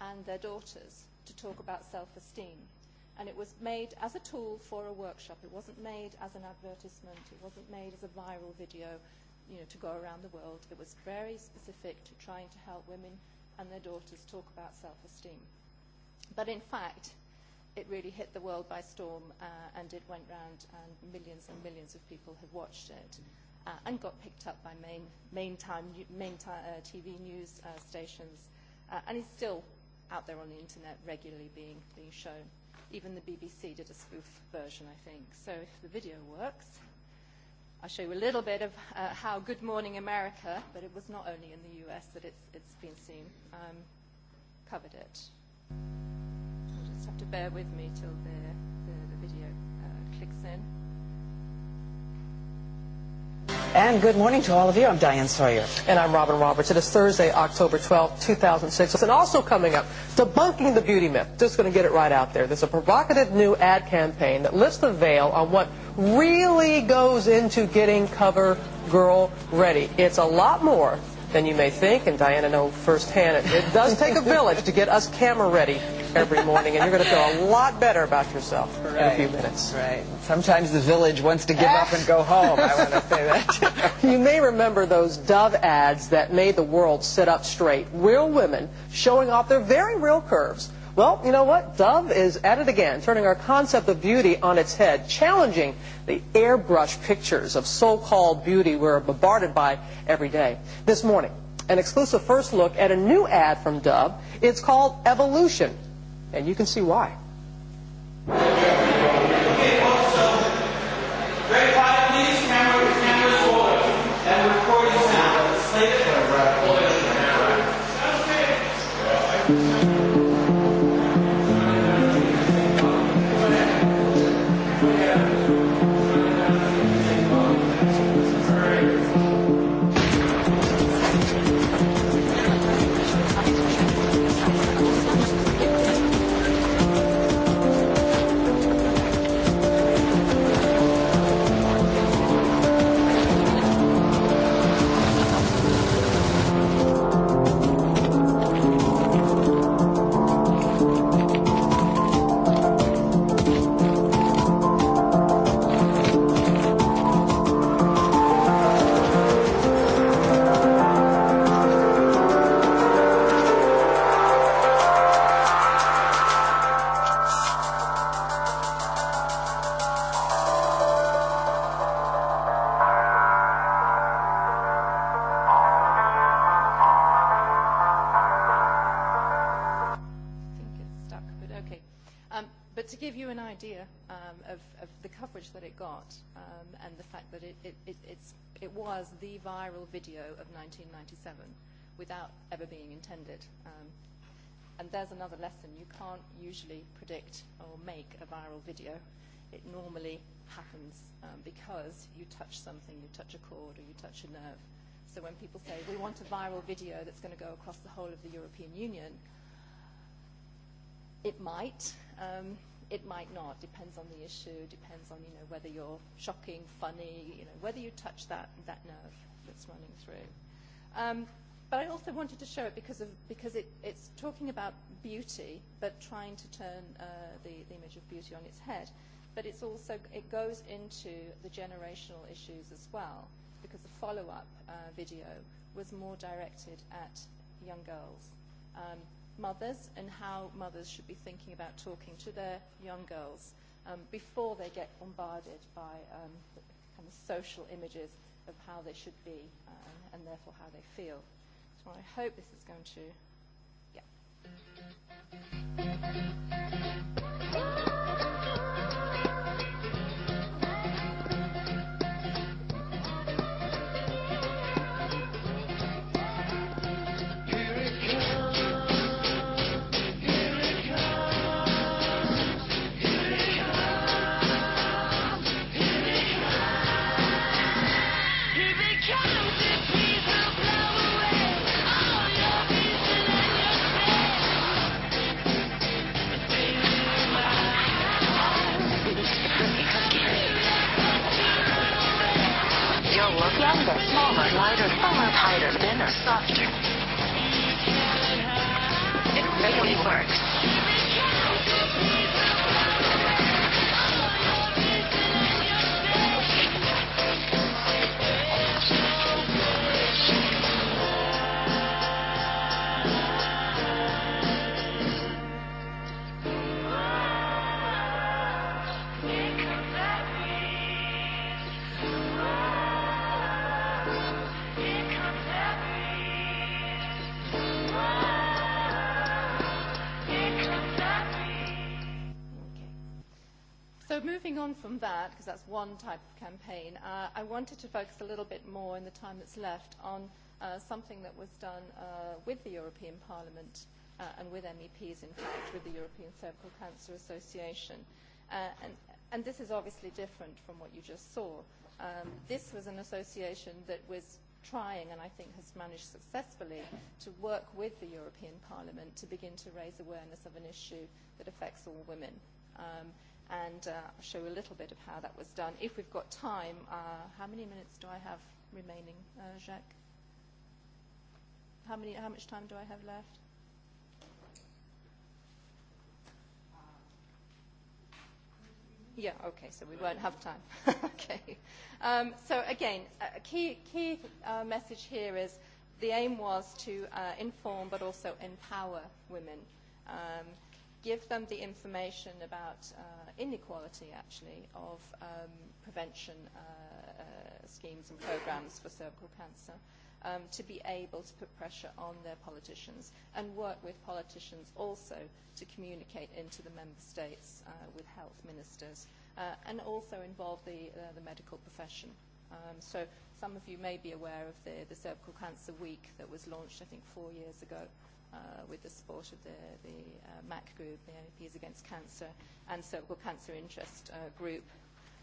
and their daughters to talk about self-esteem. And it was made as a tool for a workshop. It wasn't made as an advertisement. It wasn't made as a viral video you know, to go around the world. It was very specific to trying to help women and their daughters talk about self-esteem. But in fact, it really hit the world by storm uh, and it went round and millions and millions of people have watched it uh, and got picked up by main, main, time, main time, uh, TV news uh, stations uh, and is still out there on the internet regularly being, being shown. Even the BBC did a spoof version, I think. So if the video works, I'll show you a little bit of uh, how Good Morning America, but it was not only in the US that it's, it's been seen, um, covered it. You'll just have to bear with me till the, the, the video uh, clicks in. And good morning to all of you. I'm Diane Sawyer. And I'm Robin Roberts. It is Thursday, October 12, 2006. And also coming up, debunking the beauty myth. Just going to get it right out there. There's a provocative new ad campaign that lifts the veil on what really goes into getting cover girl ready. It's a lot more than you may think, and Diana know firsthand. It, it does take a village to get us camera ready every morning, and you're going to feel a lot better about yourself right. in a few minutes. Right. Sometimes the village wants to give up and go home. I want to say that. you may remember those Dove ads that made the world sit up straight. Real women showing off their very real curves. Well, you know what? Dove is at it again, turning our concept of beauty on its head, challenging the airbrush pictures of so-called beauty we're bombarded by every day. This morning, an exclusive first look at a new ad from Dove. It's called Evolution. And you can see why. art um, and the fact that it, it, it, it's, it was the viral video of 1997 without ever being intended. Um, and there's another lesson. You can't usually predict or make a viral video. It normally happens um, because you touch something, you touch a cord or you touch a nerve. So when people say, we want a viral video that's going to go across the whole of the European Union, it might. Um, It might not. Depends on the issue. Depends on you know whether you're shocking, funny, you know whether you touch that that nerve that's running through. Um, but I also wanted to show it because of because it, it's talking about beauty, but trying to turn uh, the the image of beauty on its head. But it's also it goes into the generational issues as well because the follow up uh, video was more directed at young girls. Um, mothers and how mothers should be thinking about talking to their young girls um, before they get bombarded by um, kind of social images of how they should be uh, and therefore how they feel. So I hope this is going to. Yeah. on from that, because that's one type of campaign, uh, I wanted to focus a little bit more in the time that's left on uh, something that was done uh, with the European Parliament uh, and with MEPs, in fact, with the European Cervical Cancer Association. Uh, and, and this is obviously different from what you just saw. Um, this was an association that was trying and I think has managed successfully to work with the European Parliament to begin to raise awareness of an issue that affects all women. Um, and uh, show you a little bit of how that was done. If we've got time, uh, how many minutes do I have remaining, uh, Jacques? How, many, how much time do I have left? Yeah, okay, so we won't have time. okay. Um, so again, a key, key uh, message here is the aim was to uh, inform but also empower women. Um, give them the information about uh, inequality, actually, of um, prevention uh, uh, schemes and programs for cervical cancer um, to be able to put pressure on their politicians and work with politicians also to communicate into the member states uh, with health ministers uh, and also involve the, uh, the medical profession. Um, so some of you may be aware of the, the Cervical Cancer Week that was launched, I think, four years ago uh, with the support of the, the uh, MAC group, the MEPs Against Cancer, and Cervical Cancer Interest uh, group.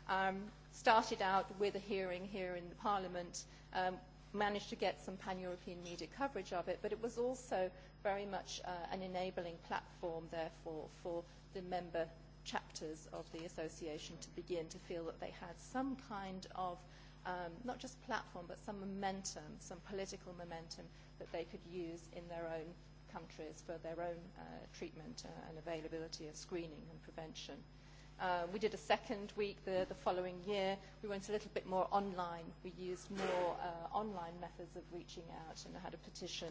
Um, started out with a hearing here in the Parliament, um, managed to get some pan-European media coverage of it, but it was also very much uh, an enabling platform, therefore, for the member chapters of the association to begin to feel that they had some kind of um, not just platform, but some momentum, some political momentum that they could use in their own countries for their own uh, treatment uh, and availability of screening and prevention. Uh, we did a second week the, the following year. We went a little bit more online. We used more uh, online methods of reaching out and had a petition,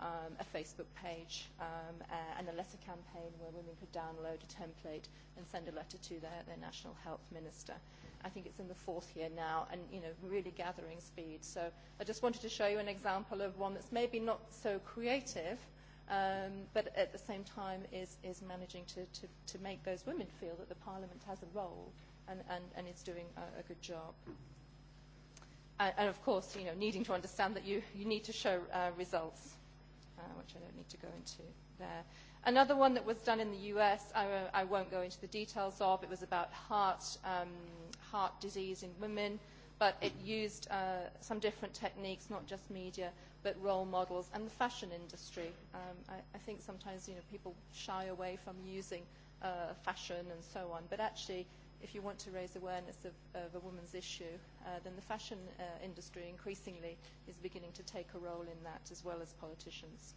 um, a Facebook page, um, uh, and a letter campaign where women could download a template and send a letter to their, their national health minister. I think it's in the fourth year now, and you know, really gathering speed. So I just wanted to show you an example of one that's maybe not so creative, um, but at the same time is, is managing to, to, to make those women feel that the Parliament has a role and, and, and is doing a, a good job. And, and of course, you know, needing to understand that you, you need to show uh, results, uh, which I don't need to go into there. Another one that was done in the US, I, uh, I won't go into the details of, it was about heart, um, heart disease in women but it used uh, some different techniques, not just media, but role models and the fashion industry. Um, I, I think sometimes you know, people shy away from using uh, fashion and so on, but actually, if you want to raise awareness of, of a woman's issue, uh, then the fashion uh, industry increasingly is beginning to take a role in that as well as politicians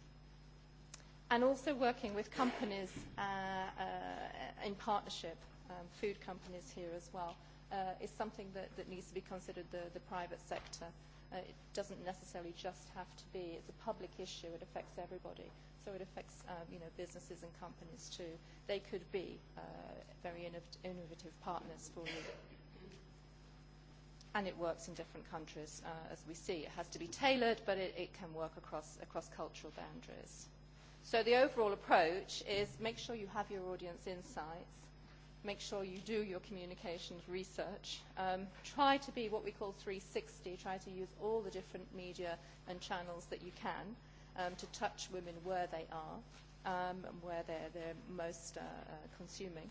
and also working with companies uh, uh, in partnership, um, food companies here as well uh, is something that, that needs to be considered the, the private sector. Uh, it doesn't necessarily just have to be, it's a public issue, it affects everybody. So it affects um, you know, businesses and companies too. They could be uh, very innov- innovative partners for you. And it works in different countries, uh, as we see. It has to be tailored, but it, it can work across, across cultural boundaries. So the overall approach is make sure you have your audience insights, make sure you do your communications research. Um, try to be what we call 360, try to use all the different media and channels that you can um, to touch women where they are um, and where they're, they're most uh, uh consuming.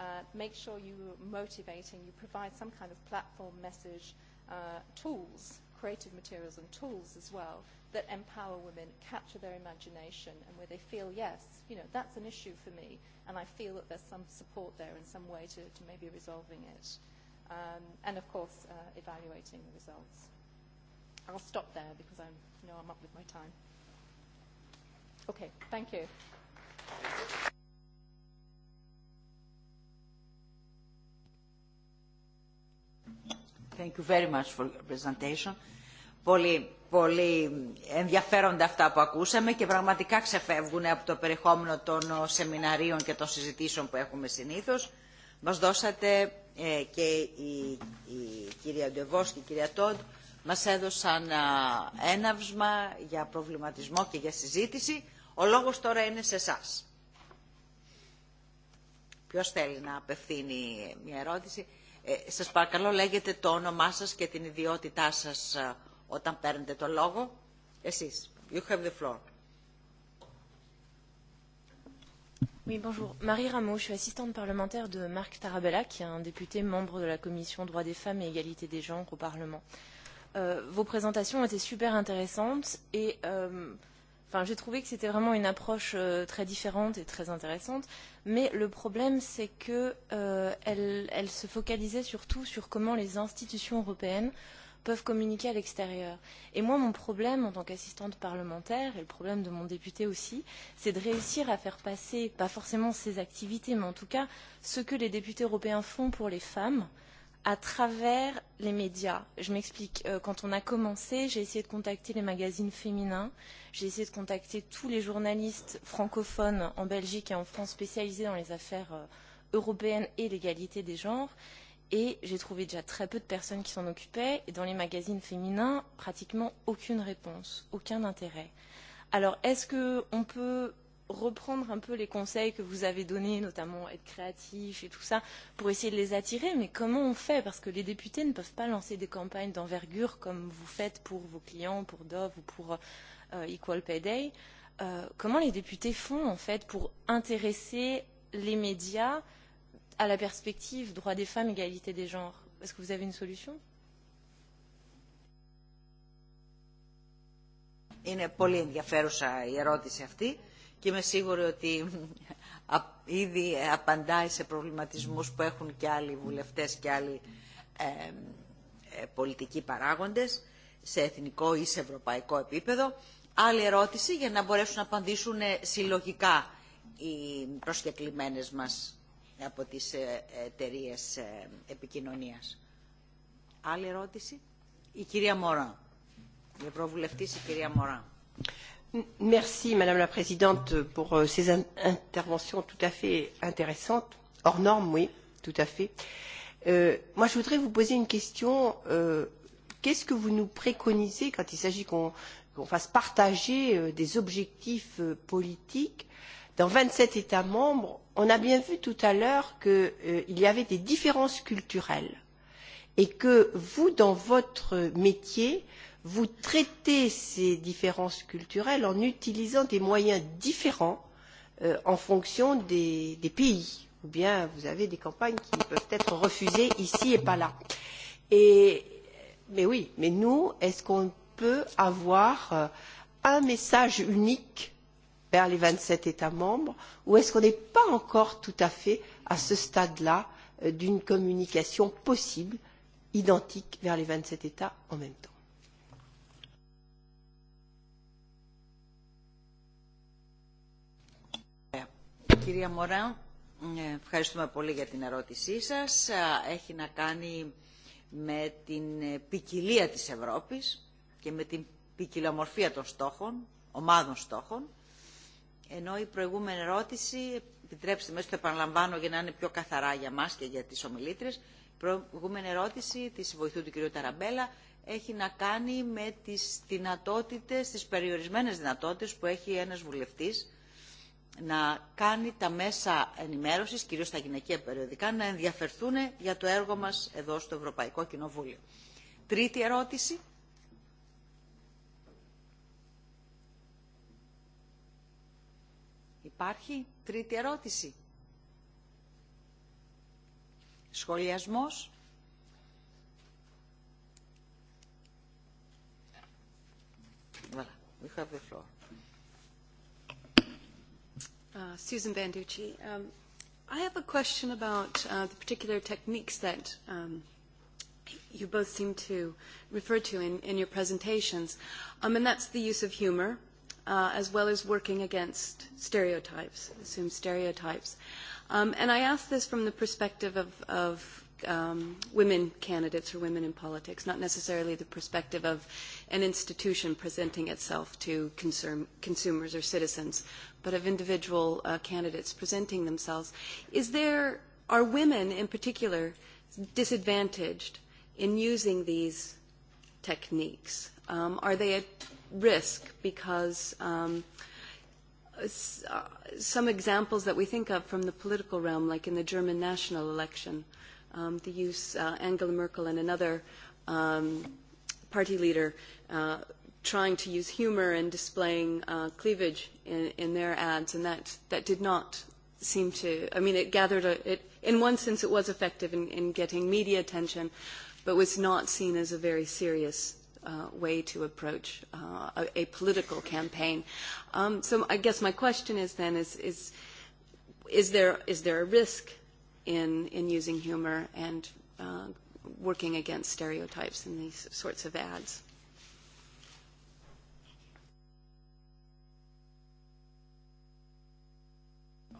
Uh, make sure you're motivating, you provide some kind of platform message, uh, tools, creative materials and tools as well that empower women, capture their imagination, and where they feel, yes, you know, that's an issue for me, and I feel that there's some support there and some way to, to maybe resolving it. Um, and of course, uh, evaluating the results. I'll stop there because I you know I'm up with my time. Okay, thank you. Thank you very much for your presentation πολύ, πολύ ενδιαφέροντα αυτά που ακούσαμε και πραγματικά ξεφεύγουν από το περιεχόμενο των σεμιναρίων και των συζητήσεων που έχουμε συνήθως. Μας δώσατε ε, και η, η κυρία Ντεβός και η κυρία Τόντ μας έδωσαν έναυσμα για προβληματισμό και για συζήτηση. Ο λόγος τώρα είναι σε εσά. Ποιος θέλει να απευθύνει μια ερώτηση. Ε, σας παρακαλώ λέγετε το όνομά σας και την ιδιότητά σας όταν παίρνετε το λόγο. Εσείς, you have the floor. Oui, bonjour. Marie Rameau, je suis assistante parlementaire de Marc Tarabella, qui est un député membre de la commission droits des femmes et égalité des genres au Parlement. Euh, vos présentations étaient super intéressantes et euh, enfin, j'ai trouvé que c'était vraiment une approche euh, très différente et très intéressante. Mais le problème, c'est qu'elle euh, elle se focalisait surtout sur comment les institutions européennes euh, peuvent communiquer à l'extérieur. Et moi, mon problème en tant qu'assistante parlementaire, et le problème de mon député aussi, c'est de réussir à faire passer, pas forcément ses activités, mais en tout cas ce que les députés européens font pour les femmes, à travers les médias. Je m'explique. Euh, quand on a commencé, j'ai essayé de contacter les magazines féminins, j'ai essayé de contacter tous les journalistes francophones en Belgique et en France spécialisés dans les affaires euh, européennes et l'égalité des genres. Et j'ai trouvé déjà très peu de personnes qui s'en occupaient. Et dans les magazines féminins, pratiquement aucune réponse, aucun intérêt. Alors, est-ce qu'on peut reprendre un peu les conseils que vous avez donnés, notamment être créatif et tout ça, pour essayer de les attirer Mais comment on fait Parce que les députés ne peuvent pas lancer des campagnes d'envergure comme vous faites pour vos clients, pour Dove ou pour euh, Equal Pay Day. Euh, comment les députés font, en fait, pour intéresser les médias à la perspective droits des femmes, égalité des genres Est-ce que vous avez une solution Είναι πολύ ενδιαφέρουσα η ερώτηση αυτή και είμαι σίγουρη ότι ήδη απαντάει σε προβληματισμούς που έχουν και άλλοι βουλευτές και άλλοι ε, ε, πολιτικοί παράγοντες σε εθνικό ή σε ευρωπαϊκό επίπεδο. Άλλη ερώτηση για να μπορέσουν να απαντήσουν συλλογικά οι προσκεκλημένες μας από τις εταιρείε επικοινωνίας. Άλλη ερώτηση. Η κυρία Μωρά. Η Ευρωβουλευτής η κυρία Μωρά. Merci Madame la Présidente pour euh, ces interventions tout à fait intéressantes, hors normes, oui, tout à fait. Euh, moi, je voudrais vous poser une question. Euh, Qu'est-ce que vous nous préconisez quand il s'agit qu'on qu fasse partager euh, des objectifs euh, politiques dans 27 États membres on a bien vu tout à l'heure qu'il euh, y avait des différences culturelles et que vous, dans votre métier, vous traitez ces différences culturelles en utilisant des moyens différents euh, en fonction des, des pays. Ou bien vous avez des campagnes qui peuvent être refusées ici et pas là. Et, mais oui, mais nous, est-ce qu'on peut avoir euh, un message unique euh, vers les vingt sept états membres ou est ce qu'on n'est pas encore tout à fait à ce stade là euh, d'une communication possible identique vers les vingt sept états en même temps? Κυρία Μωρά, ευχαριστούμε πολύ για την ερώτησή σας. Έχει να κάνει με την ποικιλία της Ευρώπης και με την ποικιλομορφία των στόχων, ομάδων στόχων Ενώ η προηγούμενη ερώτηση, επιτρέψτε με, το επαναλαμβάνω για να είναι πιο καθαρά για μας και για τις ομιλήτρες, η προηγούμενη ερώτηση της βοηθού του κ. Ταραμπέλα έχει να κάνει με τις δυνατότητες, τις περιορισμένες δυνατότητες που έχει ένας βουλευτής να κάνει τα μέσα ενημέρωσης, κυρίως τα γυναικεία περιοδικά, να ενδιαφερθούν για το έργο μας εδώ στο Ευρωπαϊκό Κοινοβούλιο. Τρίτη ερώτηση Υπάρχει τρίτη ερώτηση. Σχολιασμός. we have the floor. Uh, Susan Banducci. Um, I have a question about uh, the particular techniques that um, you both seem to refer to in, in your presentations, um, and that's the use of humor uh, as well as working against stereotypes, assumed stereotypes. Um, and I ask this from the perspective of, of um, women candidates or women in politics, not necessarily the perspective of an institution presenting itself to consum- consumers or citizens, but of individual uh, candidates presenting themselves. Is there, are women in particular disadvantaged in using these techniques? Um, are they at risk because um, uh, some examples that we think of from the political realm, like in the German national election, um, the use uh, Angela Merkel and another um, party leader uh, trying to use humor and displaying uh, cleavage in, in their ads, and that, that did not seem to, I mean, it gathered, a, it, in one sense it was effective in, in getting media attention, but was not seen as a very serious uh, way to approach uh, a, a political campaign. Um, so I guess my question is then is, is, is, there, is there a risk in, in using humor and uh, working against stereotypes in these sorts of ads?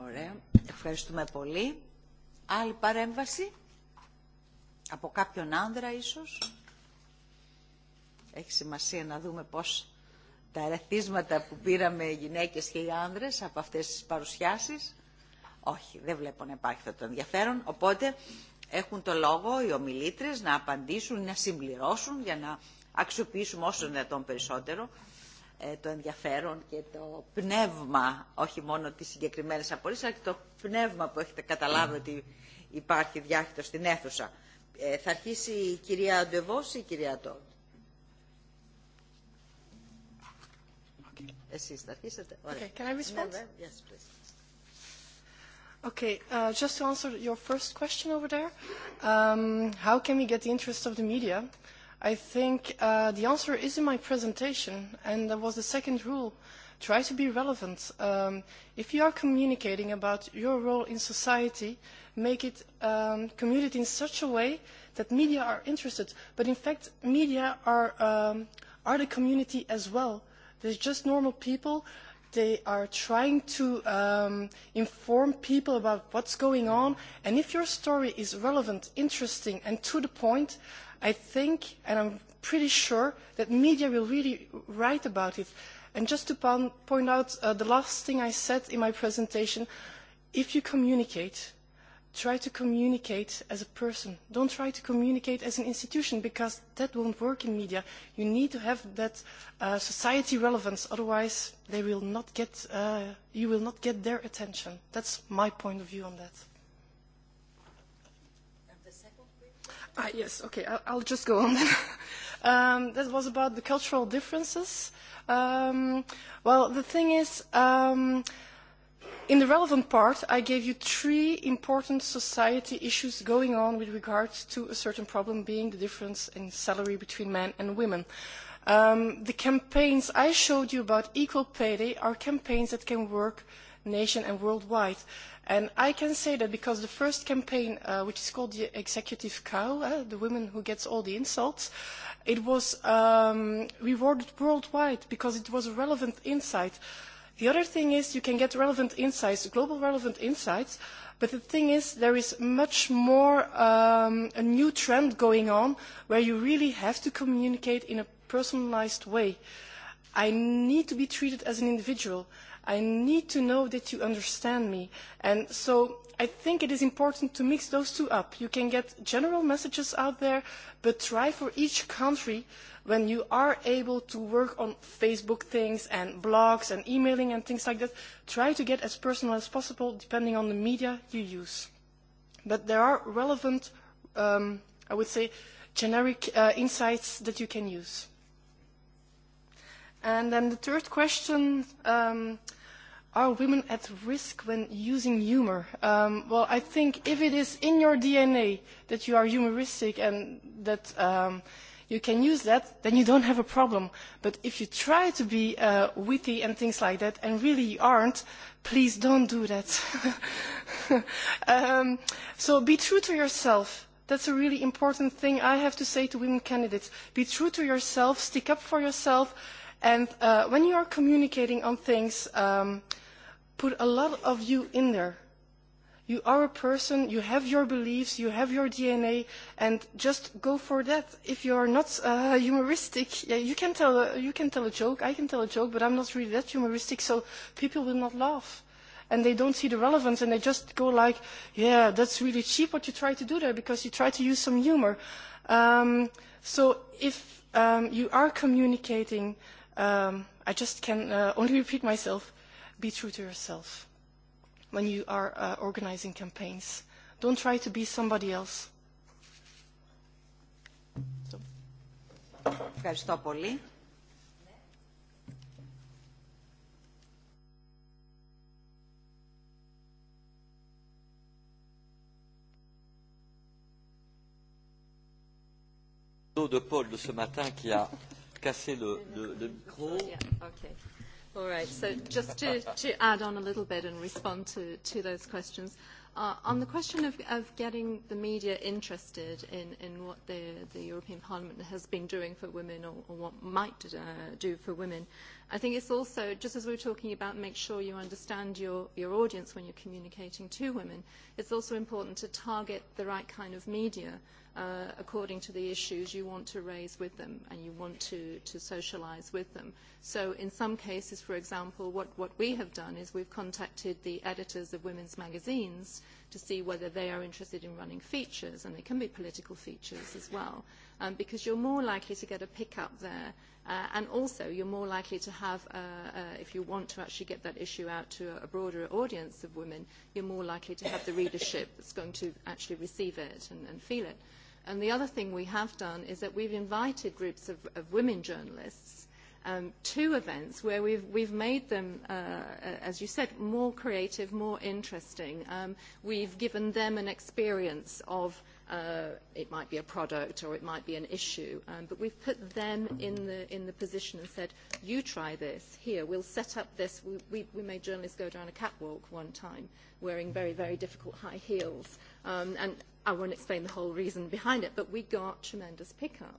Ωραία. Ευχαριστούμε πολύ. Άλλη παρέμβαση από κάποιον άνδρα ίσως. Έχει σημασία να δούμε πώς τα ερεθίσματα που πήραμε οι γυναίκες και οι άνδρες από αυτές τις παρουσιάσεις. Όχι, δεν βλέπω να υπάρχει αυτό το ενδιαφέρον. Οπότε έχουν το λόγο οι ομιλήτρες να απαντήσουν, να συμπληρώσουν για να αξιοποιήσουμε όσο δυνατόν περισσότερο το ενδιαφέρον και το πνεύμα, όχι μόνο τις συγκεκριμένες απορίες, αλλά και το πνεύμα που έχετε καταλάβει ότι υπάρχει διάχυτο στην αίθουσα. Ε, θα αρχίσει η κυρία Ντεβός ή η κυρία Τόλ. He's okay, can I respond? yes, please. Okay, uh, just to answer your first question over there, um, how can we get the interest of the media? I think uh, the answer is in my presentation, and that was the second rule. Try to be relevant. Um, if you are communicating about your role in society, make it um, community in such a way that media are interested. But in fact, media are, um, are the community as well They're just normal people. They are trying to um, inform people about what's going on. And if your story is relevant, interesting, and to the point, I think, and I'm pretty sure, that media will really write about it. And just to point out uh, the last thing I said in my presentation, if you communicate, try to communicate as a person. Don't try to communicate as an institution because that won't work in media. You need to have that uh, society relevance, otherwise they will not get, uh, you will not get their attention. That's my point of view on that. Ah, yes, okay, I'll, I'll just go on then. um, that was about the cultural differences. Um, well, the thing is, um, in the relevant part, I gave you three important society issues going on with regard to a certain problem being the difference in salary between men and women. Um, the campaigns I showed you about equal pay day are campaigns that can work nation and worldwide. And I can say that because the first campaign, uh, which is called the Executive Cow, uh, the woman who gets all the insults, it was um, rewarded worldwide because it was a relevant insight. The other thing is you can get relevant insights, global relevant insights, but the thing is there is much more um, a new trend going on where you really have to communicate in a personalized way. I need to be treated as an individual. I need to know that you understand me. And so I think it is important to mix those two up. You can get general messages out there, but try for each country when you are able to work on Facebook things and blogs and emailing and things like that, try to get as personal as possible depending on the media you use. But there are relevant, um, I would say, generic uh, insights that you can use. And then the third question, um, are women at risk when using humor? Um, well, I think if it is in your DNA that you are humoristic and that um, you can use that, then you don't have a problem. But if you try to be uh, witty and things like that and really aren't, please don't do that. um, so be true to yourself. That's a really important thing I have to say to women candidates. Be true to yourself, stick up for yourself, And uh, when you are communicating on things, um, put a lot of you in there. You are a person, you have your beliefs, you have your DNA, and just go for that. If you are not uh, humoristic, yeah, you, can tell a, you can tell a joke, I can tell a joke, but I'm not really that humoristic, so people will not laugh. And they don't see the relevance, and they just go like, yeah, that's really cheap what you try to do there, because you try to use some humor. Um, so if um, you are communicating, uh, um, I just can uh, only repeat myself, be true to yourself when you are uh, organizing campaigns. Don't try to be somebody else. So. Ευχαριστώ πολύ. de Paul de ce matin qui a casser le, le, le micro. Oh, yeah, okay. All right. So just to, to add on a little bit and respond to, to those questions. Uh, on the question of, of getting the media interested in, in what the, the European Parliament has been doing for women or, or what might uh, do for women, I think it's also, just as we were talking about, make sure you understand your, your audience when you're communicating to women, it's also important to target the right kind of media Uh, according to the issues you want to raise with them and you want to, to socialize with them. So in some cases, for example, what, what we have done is we've contacted the editors of women's magazines to see whether they are interested in running features, and they can be political features as well, um, because you're more likely to get a pickup there, uh, and also you're more likely to have, uh, uh, if you want to actually get that issue out to a, a broader audience of women, you're more likely to have the readership that's going to actually receive it and, and feel it. And the other thing we have done is that we've invited groups of, of women journalists um, to events where we've, we've made them, uh, as you said, more creative, more interesting. Um, we've given them an experience of uh, it might be a product or it might be an issue, um, but we've put them in the, in the position and said, you try this here, we'll set up this. We, we, we made journalists go down a catwalk one time wearing very, very difficult high heels. Um, and I won't explain the whole reason behind it, but we got tremendous pickup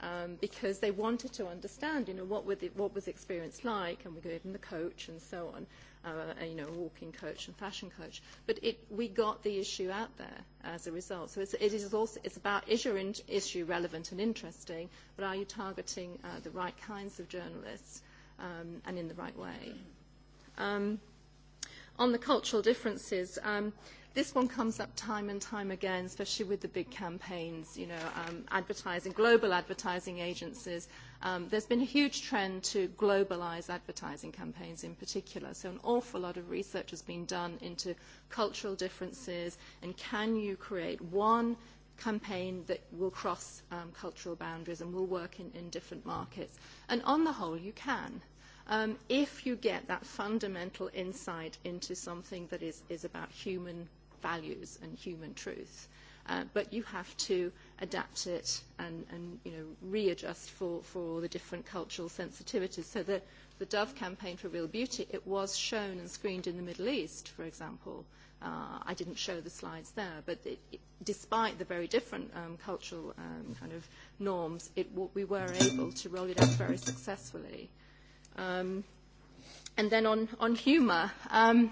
um, because they wanted to understand, you know, what, were the, what was the experience like, and we gave them the coach and so on, uh, you know, walking coach and fashion coach. But it, we got the issue out there as a result. So it's, it is also it's about is your in, issue relevant and interesting, but are you targeting uh, the right kinds of journalists um, and in the right way? Um, on the cultural differences. Um, This one comes up time and time again, especially with the big campaigns, you know, um, advertising, global advertising agencies. Um, there's been a huge trend to globalize advertising campaigns in particular. So an awful lot of research has been done into cultural differences and can you create one campaign that will cross um, cultural boundaries and will work in, in different markets. And on the whole, you can. Um, if you get that fundamental insight into something that is, is about human values and human truth. Uh, but you have to adapt it and, and you know, readjust for, for the different cultural sensitivities. So the, the Dove campaign for Real Beauty, it was shown and screened in the Middle East, for example. Uh, I didn't show the slides there, but it, it, despite the very different um, cultural um, kind of norms, it, we were able to roll it out very successfully. Um, and then on, on humour. Um,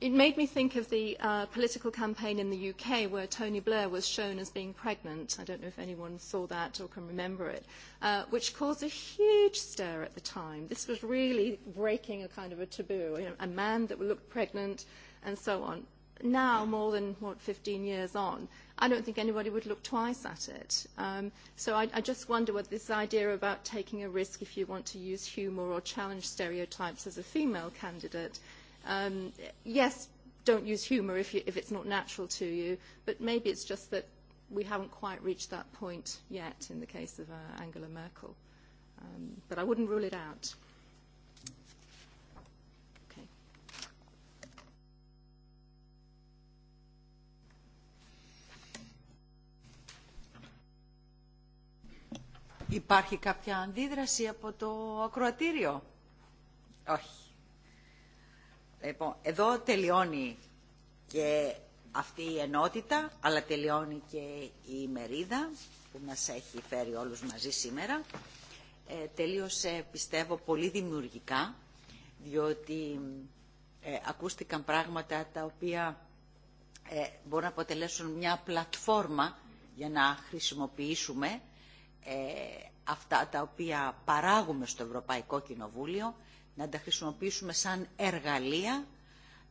It made me think of the uh, political campaign in the UK where Tony Blair was shown as being pregnant. I don't know if anyone saw that or can remember it, uh, which caused a huge stir at the time. This was really breaking a kind of a taboo, you know, a man that looked pregnant and so on. Now, more than, what, 15 years on, I don't think anybody would look twice at it. Um, so I, I just wonder whether this idea about taking a risk if you want to use humor or challenge stereotypes as a female candidate – Um, yes, don't use humour if, you, if it's not natural to you, but maybe it's just that we haven't quite reached that point yet in the case of uh, Angela Merkel. Um, but I wouldn't rule it out. Okay. Υπάρχει κάποια αντίδραση από το ακροατήριο. Όχι. Λοιπόν, εδώ τελειώνει και αυτή η ενότητα, αλλά τελειώνει και η ημερίδα που μας έχει φέρει όλους μαζί σήμερα. Ε, τελείωσε, πιστεύω, πολύ δημιουργικά, διότι ε, ακούστηκαν πράγματα τα οποία ε, μπορούν να αποτελέσουν μια πλατφόρμα για να χρησιμοποιήσουμε ε, αυτά τα οποία παράγουμε στο Ευρωπαϊκό Κοινοβούλιο να τα χρησιμοποιήσουμε σαν εργαλεία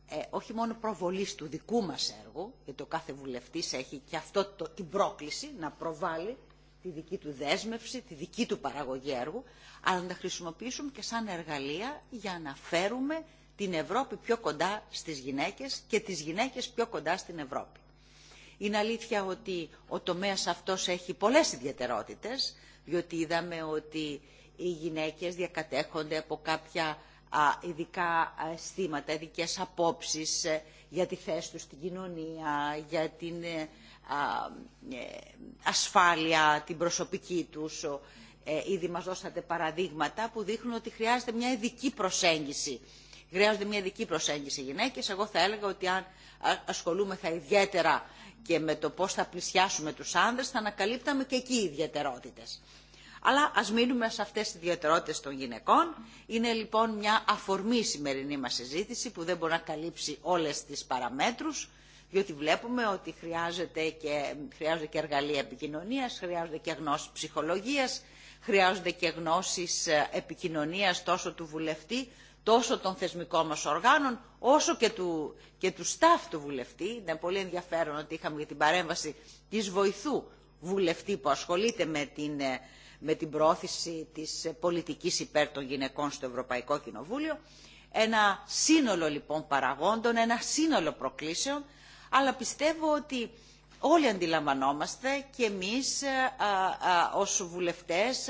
ε, όχι μόνο προβολής του δικού μας έργου, γιατί ο κάθε βουλευτής έχει και αυτό το, την πρόκληση να προβάλλει τη δική του δέσμευση, τη δική του παραγωγή έργου, αλλά να τα χρησιμοποιήσουμε και σαν εργαλεία για να φέρουμε την Ευρώπη πιο κοντά στις γυναίκες και τις γυναίκες πιο κοντά στην Ευρώπη. Είναι αλήθεια ότι ο τομέας αυτός έχει πολλές ιδιαιτερότητες, διότι είδαμε ότι οι γυναίκες διακατέχονται από κάποια ειδικά αισθήματα, ειδικέ απόψεις για τη θέση τους στην κοινωνία, για την ασφάλεια, την προσωπική τους. Ήδη μας δώσατε παραδείγματα που δείχνουν ότι χρειάζεται μια ειδική προσέγγιση. Χρειάζονται μια ειδική προσέγγιση οι γυναίκες. Εγώ θα έλεγα ότι αν ασχολούμεθα ιδιαίτερα και με το πώς θα πλησιάσουμε τους άνδρες, θα ανακαλύπταμε και εκεί ιδιαιτερότητες. Αλλά ας μείνουμε σε αυτές τις ιδιαιτερότητες των γυναικών. Είναι λοιπόν μια αφορμή η σημερινή μας συζήτηση που δεν μπορεί να καλύψει όλες τις παραμέτρους διότι βλέπουμε ότι χρειάζεται και, χρειάζονται και εργαλεία επικοινωνίας, χρειάζονται και γνώσεις ψυχολογίας, χρειάζονται και γνώσεις επικοινωνίας τόσο του βουλευτή, τόσο των θεσμικών μας οργάνων, όσο και του, και του staff του βουλευτή. Είναι πολύ ενδιαφέρον ότι είχαμε για την παρέμβαση της βοηθού βουλευτή που ασχολείται με την με την προώθηση της πολιτικής υπέρ των γυναικών στο Ευρωπαϊκό Κοινοβούλιο. Ένα σύνολο λοιπόν παραγόντων, ένα σύνολο προκλήσεων, αλλά πιστεύω ότι όλοι αντιλαμβανόμαστε και εμείς α, α, ως βουλευτές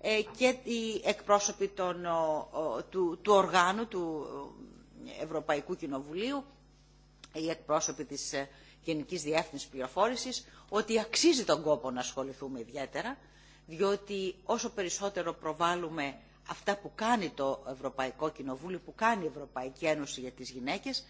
ε, και οι εκπρόσωποι των, ο, του, του οργάνου του Ευρωπαϊκού Κοινοβουλίου, οι εκπρόσωποι της Γενικής Διεύθυνσης Πληροφόρησης, ότι αξίζει τον κόπο να ασχοληθούμε ιδιαίτερα διότι όσο περισσότερο προβάλλουμε αυτά που κάνει το Ευρωπαϊκό Κοινοβούλιο, που κάνει η Ευρωπαϊκή Ένωση για τις γυναίκες,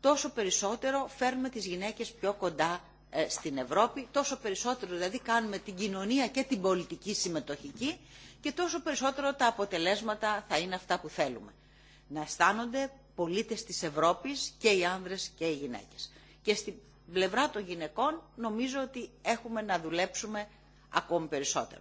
τόσο περισσότερο φέρνουμε τις γυναίκες πιο κοντά ε, στην Ευρώπη, τόσο περισσότερο δηλαδή κάνουμε την κοινωνία και την πολιτική συμμετοχική και τόσο περισσότερο τα αποτελέσματα θα είναι αυτά που θέλουμε. Να αισθάνονται πολίτες της Ευρώπης και οι άνδρες και οι γυναίκες. Και στην πλευρά των γυναικών νομίζω ότι έχουμε να δουλέψουμε ακόμη περισσότερο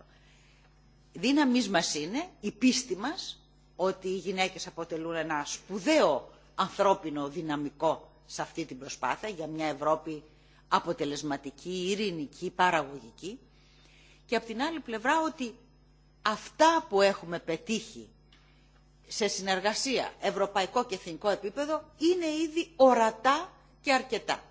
δύναμής μας είναι η πίστη μας ότι οι γυναίκες αποτελούν ένα σπουδαίο ανθρώπινο δυναμικό σε αυτή την προσπάθεια για μια Ευρώπη αποτελεσματική, ειρηνική, παραγωγική και από την άλλη πλευρά ότι αυτά που έχουμε πετύχει σε συνεργασία ευρωπαϊκό και εθνικό επίπεδο είναι ήδη ορατά και αρκετά.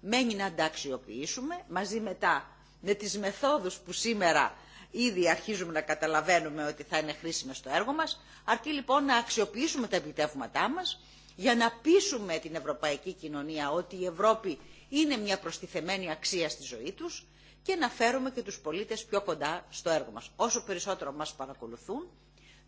Μένει να τα αξιοποιήσουμε μαζί μετά με τις μεθόδους που σήμερα ήδη αρχίζουμε να καταλαβαίνουμε ότι θα είναι χρήσιμες στο έργο μας, αρκεί λοιπόν να αξιοποιήσουμε τα επιτεύγματά μας για να πείσουμε την ευρωπαϊκή κοινωνία ότι η Ευρώπη είναι μια προστιθεμένη αξία στη ζωή τους και να φέρουμε και τους πολίτες πιο κοντά στο έργο μας. Όσο περισσότερο μας παρακολουθούν,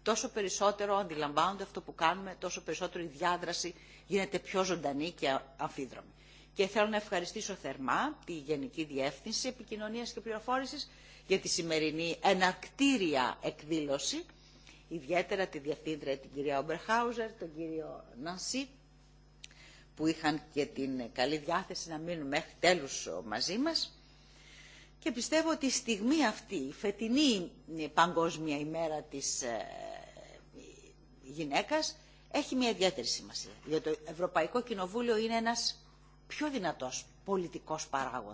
τόσο περισσότερο αντιλαμβάνονται αυτό που κάνουμε, τόσο περισσότερο η διάδραση γίνεται πιο ζωντανή και αμφίδρομη. Και θέλω να ευχαριστήσω θερμά τη Γενική Διεύθυνση Επικοινωνίας και Πληροφόρησης για τη σημερινή ενακτήρια εκδήλωση, ιδιαίτερα τη Διευθύντρια την κυρία Ομπερχάουζερ, τον κύριο Νασί, που είχαν και την καλή διάθεση να μείνουν μέχρι τέλους μαζί μας. Και πιστεύω ότι η στιγμή αυτή, η φετινή παγκόσμια ημέρα της γυναίκας, έχει μια ιδιαίτερη σημασία. Γιατί το Ευρωπαϊκό Κοινοβούλιο είναι ένας πιο δυνατός πολιτικός παράγοντας.